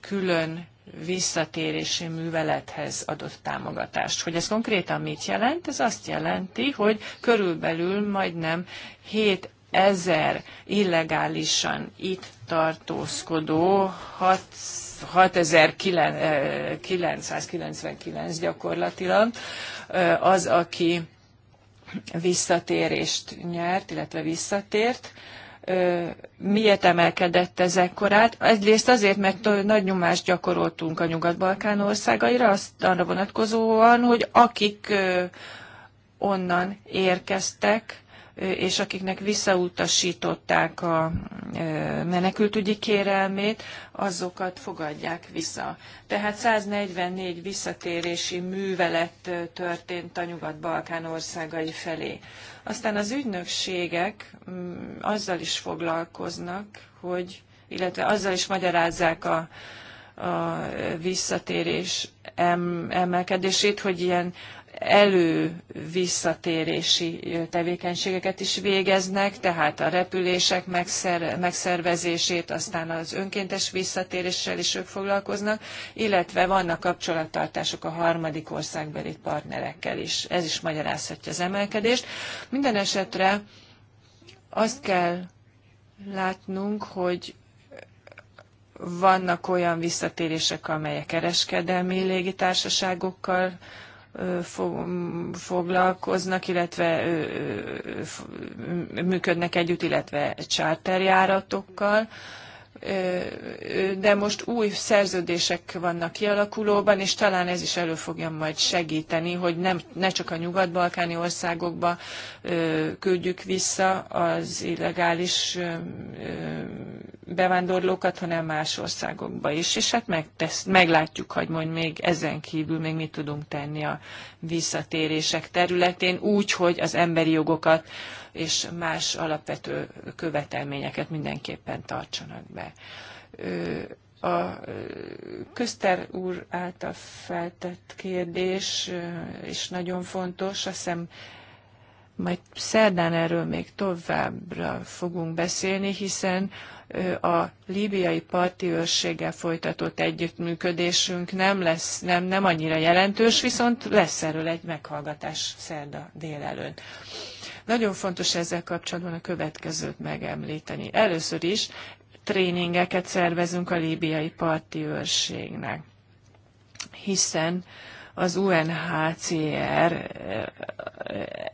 külön visszatérési művelethez adott támogatást. Hogy ez konkrétan mit jelent? Ez azt jelenti, hogy körülbelül majdnem 7 ezer illegálisan itt tartózkodó 6999 eh, gyakorlatilag eh, az, aki visszatérést nyert, illetve visszatért, miért emelkedett ez ekkorát. Egyrészt azért, mert nagy nyomást gyakoroltunk a Nyugat-Balkán országaira, azt arra vonatkozóan, hogy akik onnan érkeztek, és akiknek visszautasították a menekültügyi kérelmét, azokat fogadják vissza. Tehát 144 visszatérési művelet történt a Nyugat-Balkán országai felé. Aztán az ügynökségek mm, azzal is foglalkoznak, hogy, illetve azzal is magyarázzák a, a visszatérés emelkedését, hogy ilyen elő visszatérési tevékenységeket is végeznek, tehát a repülések megszer, megszervezését, aztán az önkéntes visszatéréssel is ők foglalkoznak, illetve vannak kapcsolattartások a harmadik országbeli partnerekkel is. Ez is magyarázhatja az emelkedést. Minden esetre azt kell látnunk, hogy vannak olyan visszatérések, amelyek kereskedelmi légitársaságokkal foglalkoznak, illetve működnek együtt, illetve csárterjáratokkal. járatokkal de most új szerződések vannak kialakulóban, és talán ez is elő fogja majd segíteni, hogy nem, ne csak a nyugat-balkáni országokba küldjük vissza az illegális bevándorlókat, hanem más országokba is. És hát megtesz, meglátjuk, hogy mondjuk még ezen kívül még mit tudunk tenni a visszatérések területén, úgy, hogy az emberi jogokat és más alapvető követelményeket mindenképpen tartsanak be. A Közter úr által feltett kérdés is nagyon fontos, azt hiszem majd szerdán erről még továbbra fogunk beszélni, hiszen a líbiai parti őrséggel folytatott együttműködésünk nem lesz, nem, nem annyira jelentős, viszont lesz erről egy meghallgatás szerda délelőtt. Nagyon fontos ezzel kapcsolatban a következőt megemlíteni. Először is tréningeket szervezünk a líbiai parti őrségnek, hiszen az UNHCR eh,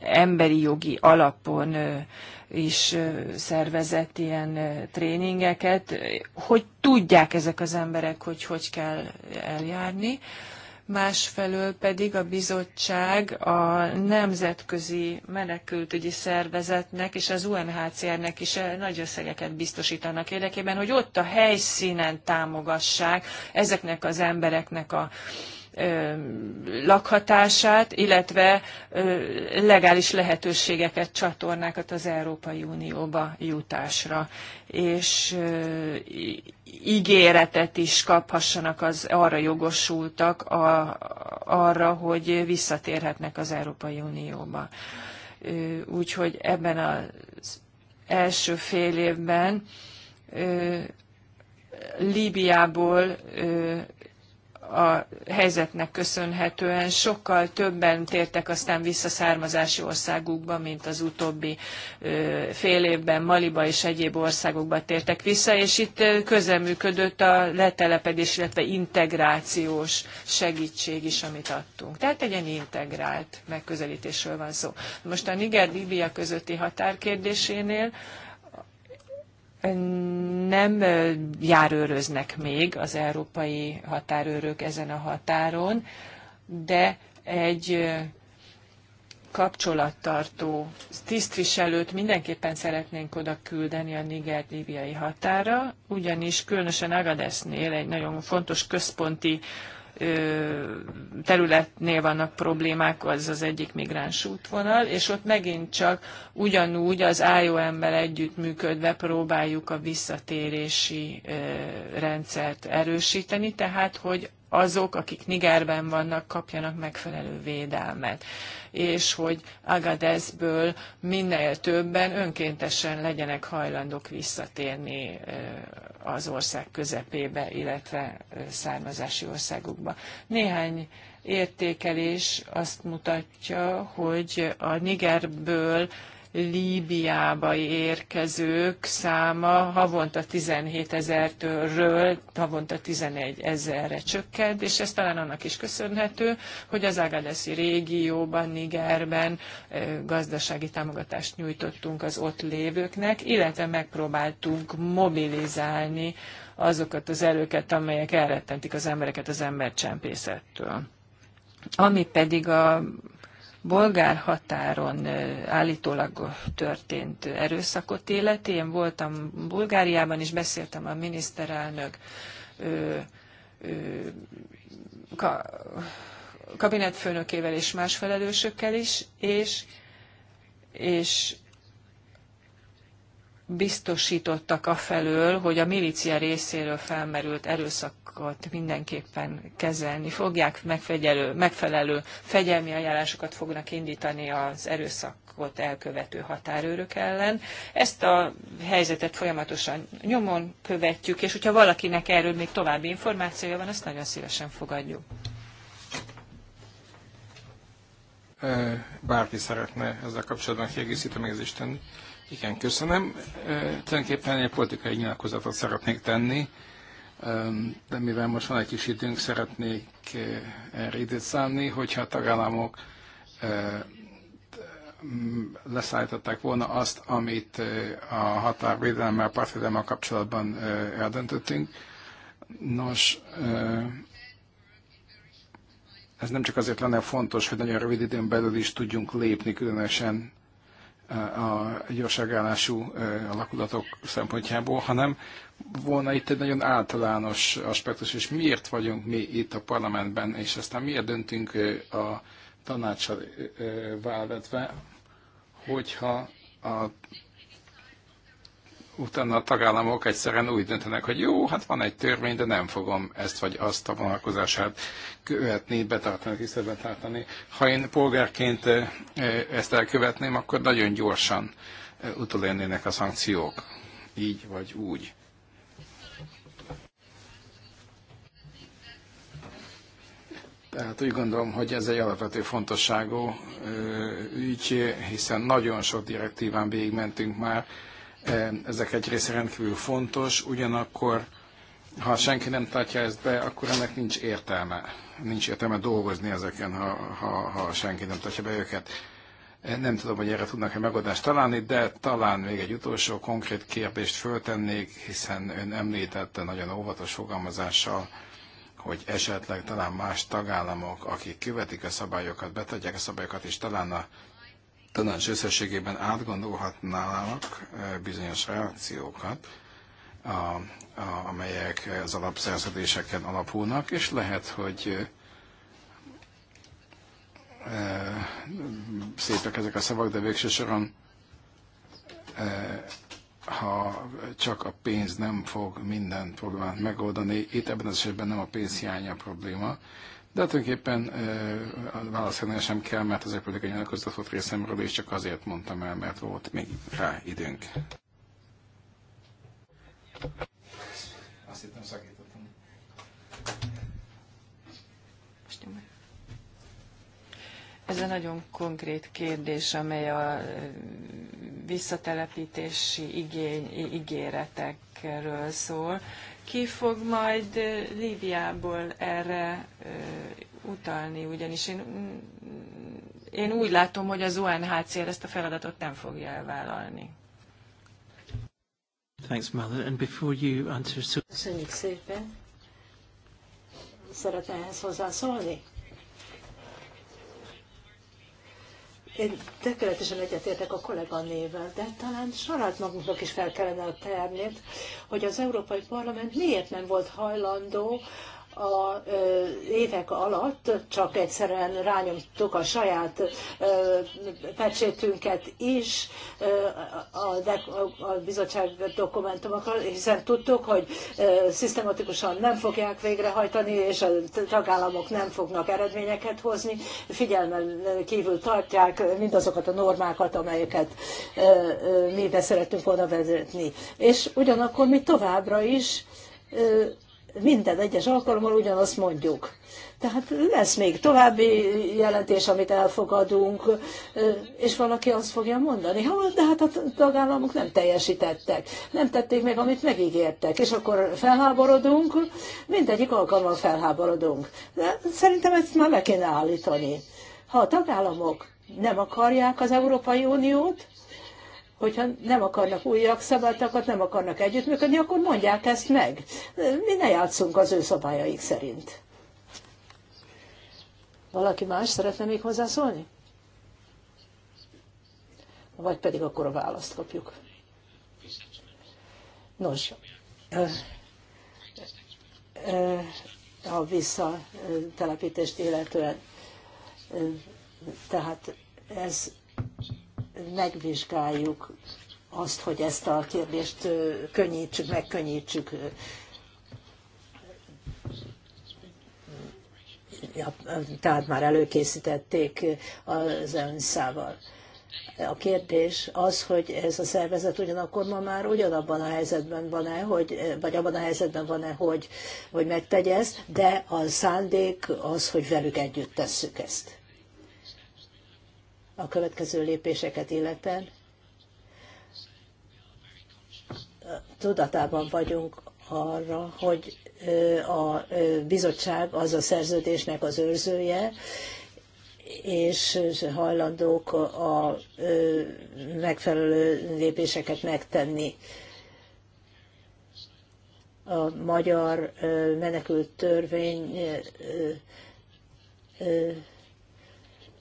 emberi jogi alapon eh, is eh, szervezett ilyen tréningeket, hogy tudják ezek az emberek, hogy hogy kell eljárni másfelől pedig a bizottság a nemzetközi menekültügyi szervezetnek és az UNHCR-nek is eh, nagy összegeket biztosítanak érdekében, hogy ott a helyszínen támogassák ezeknek az embereknek a lakhatását, illetve legális lehetőségeket, csatornákat az Európai Unióba jutásra. És ígéretet is kaphassanak az arra jogosultak, a, arra, hogy visszatérhetnek az Európai Unióba. Úgyhogy ebben az első fél évben Líbiából a helyzetnek köszönhetően sokkal többen tértek aztán vissza származási országukba, mint az utóbbi fél évben Maliba és egyéb országokba tértek vissza, és itt közelműködött a letelepedés, illetve integrációs segítség is, amit adtunk. Tehát egy ilyen integrált megközelítésről van szó. Most a Niger-Libia közötti határkérdésénél nem járőröznek még az európai határőrök ezen a határon, de egy kapcsolattartó tisztviselőt mindenképpen szeretnénk oda küldeni a niger-líbiai határa, ugyanis különösen Agadesnél egy nagyon fontos központi területnél vannak problémák, az az egyik migráns útvonal, és ott megint csak ugyanúgy az IOM-mel együttműködve próbáljuk a visszatérési rendszert erősíteni, tehát hogy azok, akik Nigerben vannak, kapjanak megfelelő védelmet. És hogy Agadezből minél többen önkéntesen legyenek hajlandók visszatérni az ország közepébe, illetve származási országukba. Néhány értékelés azt mutatja, hogy a Nigerből Líbiába érkezők száma havonta 17 ezertől havonta 11 ezerre csökkent, és ez talán annak is köszönhető, hogy az Agadeszi régióban, Nigerben gazdasági támogatást nyújtottunk az ott lévőknek, illetve megpróbáltunk mobilizálni azokat az erőket, amelyek elrettentik az embereket az embercsempészettől. Ami pedig a bolgár határon állítólag történt erőszakot illeti. Én voltam Bulgáriában, és beszéltem a miniszterelnök ö, ö, ka, kabinetfőnökével és más felelősökkel is, és, és biztosítottak felől, hogy a milícia részéről felmerült erőszak erőszakat mindenképpen kezelni fogják, megfelelő, megfelelő fegyelmi ajánlásokat fognak indítani az erőszakot elkövető határőrök ellen. Ezt a helyzetet folyamatosan nyomon követjük, és hogyha valakinek erről még további információja van, azt nagyon szívesen fogadjuk. Bárki szeretne ezzel kapcsolatban kiegészítő megjegyzést tenni. Igen, köszönöm. Tulajdonképpen egy politikai nyilatkozatot szeretnék tenni de mivel most van egy kis időnk, szeretnék erre időt számni, hogyha a tagállamok leszállították volna azt, amit a határvédelemmel, partvédelemmel kapcsolatban eldöntöttünk. Nos, ez nem csak azért lenne fontos, hogy nagyon rövid időn belül is tudjunk lépni, különösen a gyorságállású alakulatok szempontjából, hanem volna itt egy nagyon általános aspektus, és miért vagyunk mi itt a parlamentben, és aztán miért döntünk a tanácsal válvetve, hogyha a, utána a tagállamok egyszerűen úgy döntenek, hogy jó, hát van egy törvény, de nem fogom ezt vagy azt a vonalkozását követni, betartani, tiszteletben tartani. Ha én polgárként ezt elkövetném, akkor nagyon gyorsan utolérnének a szankciók, így vagy úgy. Tehát úgy gondolom, hogy ez egy alapvető fontosságú ügy, hiszen nagyon sok direktíván végigmentünk már, ezek egyrészt rendkívül fontos, ugyanakkor ha senki nem tartja ezt be, akkor ennek nincs értelme. Nincs értelme dolgozni ezeken, ha, ha, ha senki nem tartja be őket. Nem tudom, hogy erre tudnak-e megoldást találni, de talán még egy utolsó konkrét kérdést föltennék, hiszen ön említette nagyon óvatos fogalmazással, hogy esetleg talán más tagállamok, akik követik a szabályokat, betartják a szabályokat, és talán a tanács összességében átgondolhatnának eh, bizonyos reakciókat, a, a, amelyek az alapszerződéseken alapulnak, és lehet, hogy e, szépek ezek a szavak, de végső soron e, ha csak a pénz nem fog minden problémát megoldani, itt ebben az esetben nem a pénz hiánya a probléma, de tulajdonképpen a válaszolni sem kell, mert az egy politikai nyilatkozatot részemről, és csak azért mondtam el, mert volt még rá időnk. Azt hittem szakít. Ez egy nagyon konkrét kérdés, amely a visszatelepítési igény, ígéretekről szól. Ki fog majd Líbiából erre utalni, ugyanis én, én úgy látom, hogy az UNHCR ezt a feladatot nem fogja elvállalni. Thanks, Malin. And before you answer... Köszönjük szépen. Szeret ehhez hozzászólni? Én tökéletesen egyetértek a kolléganével, de talán saját magunknak is fel kellene a termét, hogy az Európai Parlament miért nem volt hajlandó a évek alatt csak egyszerűen rányomtuk a saját pecsétünket is a, de, a bizottság dokumentumokról, hiszen tudtuk, hogy szisztematikusan nem fogják végrehajtani, és a tagállamok nem fognak eredményeket hozni, figyelmen kívül tartják mindazokat a normákat, amelyeket mi beszerettünk volna vezetni. És ugyanakkor mi továbbra is minden egyes alkalommal ugyanazt mondjuk. Tehát lesz még további jelentés, amit elfogadunk, és valaki azt fogja mondani, ha, de hát a tagállamok nem teljesítettek, nem tették meg, amit megígértek, és akkor felháborodunk, mindegyik alkalommal felháborodunk. De szerintem ezt már le kéne állítani. Ha a tagállamok nem akarják az Európai Uniót, hogyha nem akarnak újak szabályokat, nem akarnak együttműködni, akkor mondják ezt meg. Mi ne játszunk az ő szabályaik szerint. Valaki más szeretne még hozzászólni? Vagy pedig akkor a választ kapjuk. Nos, a visszatelepítést illetően, tehát ez megvizsgáljuk azt, hogy ezt a kérdést könnyítsük, megkönnyítsük Ja, tehát már előkészítették az önszával. A kérdés az, hogy ez a szervezet ugyanakkor ma már ugyanabban a helyzetben van-e, hogy, vagy abban a helyzetben van-e, hogy, hogy megtegye ezt, de a szándék az, hogy velük együtt tesszük ezt a következő lépéseket illeten. Tudatában vagyunk arra, hogy a bizottság az a szerződésnek az őrzője, és hajlandók a megfelelő lépéseket megtenni. A magyar menekült törvény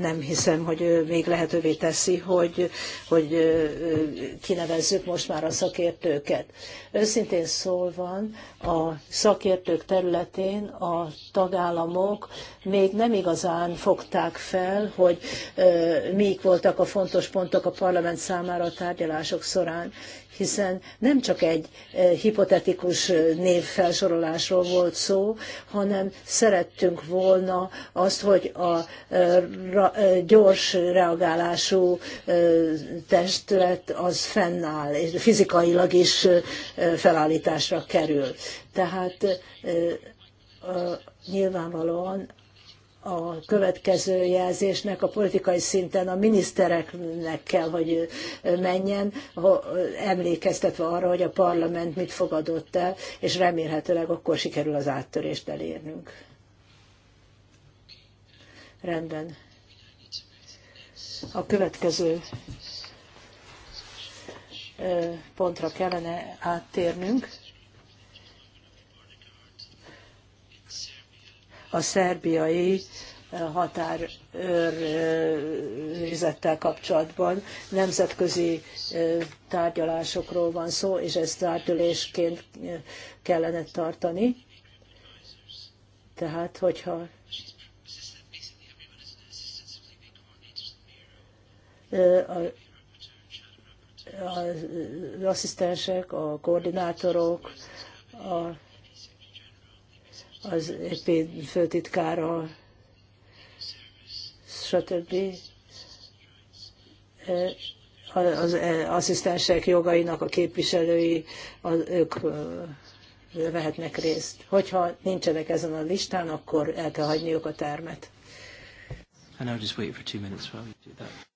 nem hiszem, hogy ő még lehetővé teszi, hogy, hogy kinevezzük most már a szakértőket. Őszintén szólva, a szakértők területén a tagállamok még nem igazán fogták fel, hogy mik voltak a fontos pontok a parlament számára a tárgyalások során, hiszen nem csak egy hipotetikus névfelsorolásról volt szó, hanem szerettünk volna azt, hogy vagy a gyors reagálású testület az fennáll, és fizikailag is felállításra kerül. Tehát nyilvánvalóan a következő jelzésnek a politikai szinten a minisztereknek kell, hogy menjen, emlékeztetve arra, hogy a parlament mit fogadott el, és remélhetőleg akkor sikerül az áttörést elérnünk. Rendben. A következő pontra kellene áttérnünk. A szerbiai határőrizettel kapcsolatban nemzetközi tárgyalásokról van szó, és ezt tárgyalésként kellene tartani. Tehát, hogyha az asszisztensek, a koordinátorok, a, az EP főtitkára, stb. Az asszisztensek jogainak a képviselői, az, ők vehetnek részt. Hogyha nincsenek ezen a listán, akkor el kell hagyniuk a termet. And I'll just wait for two minutes while you do that.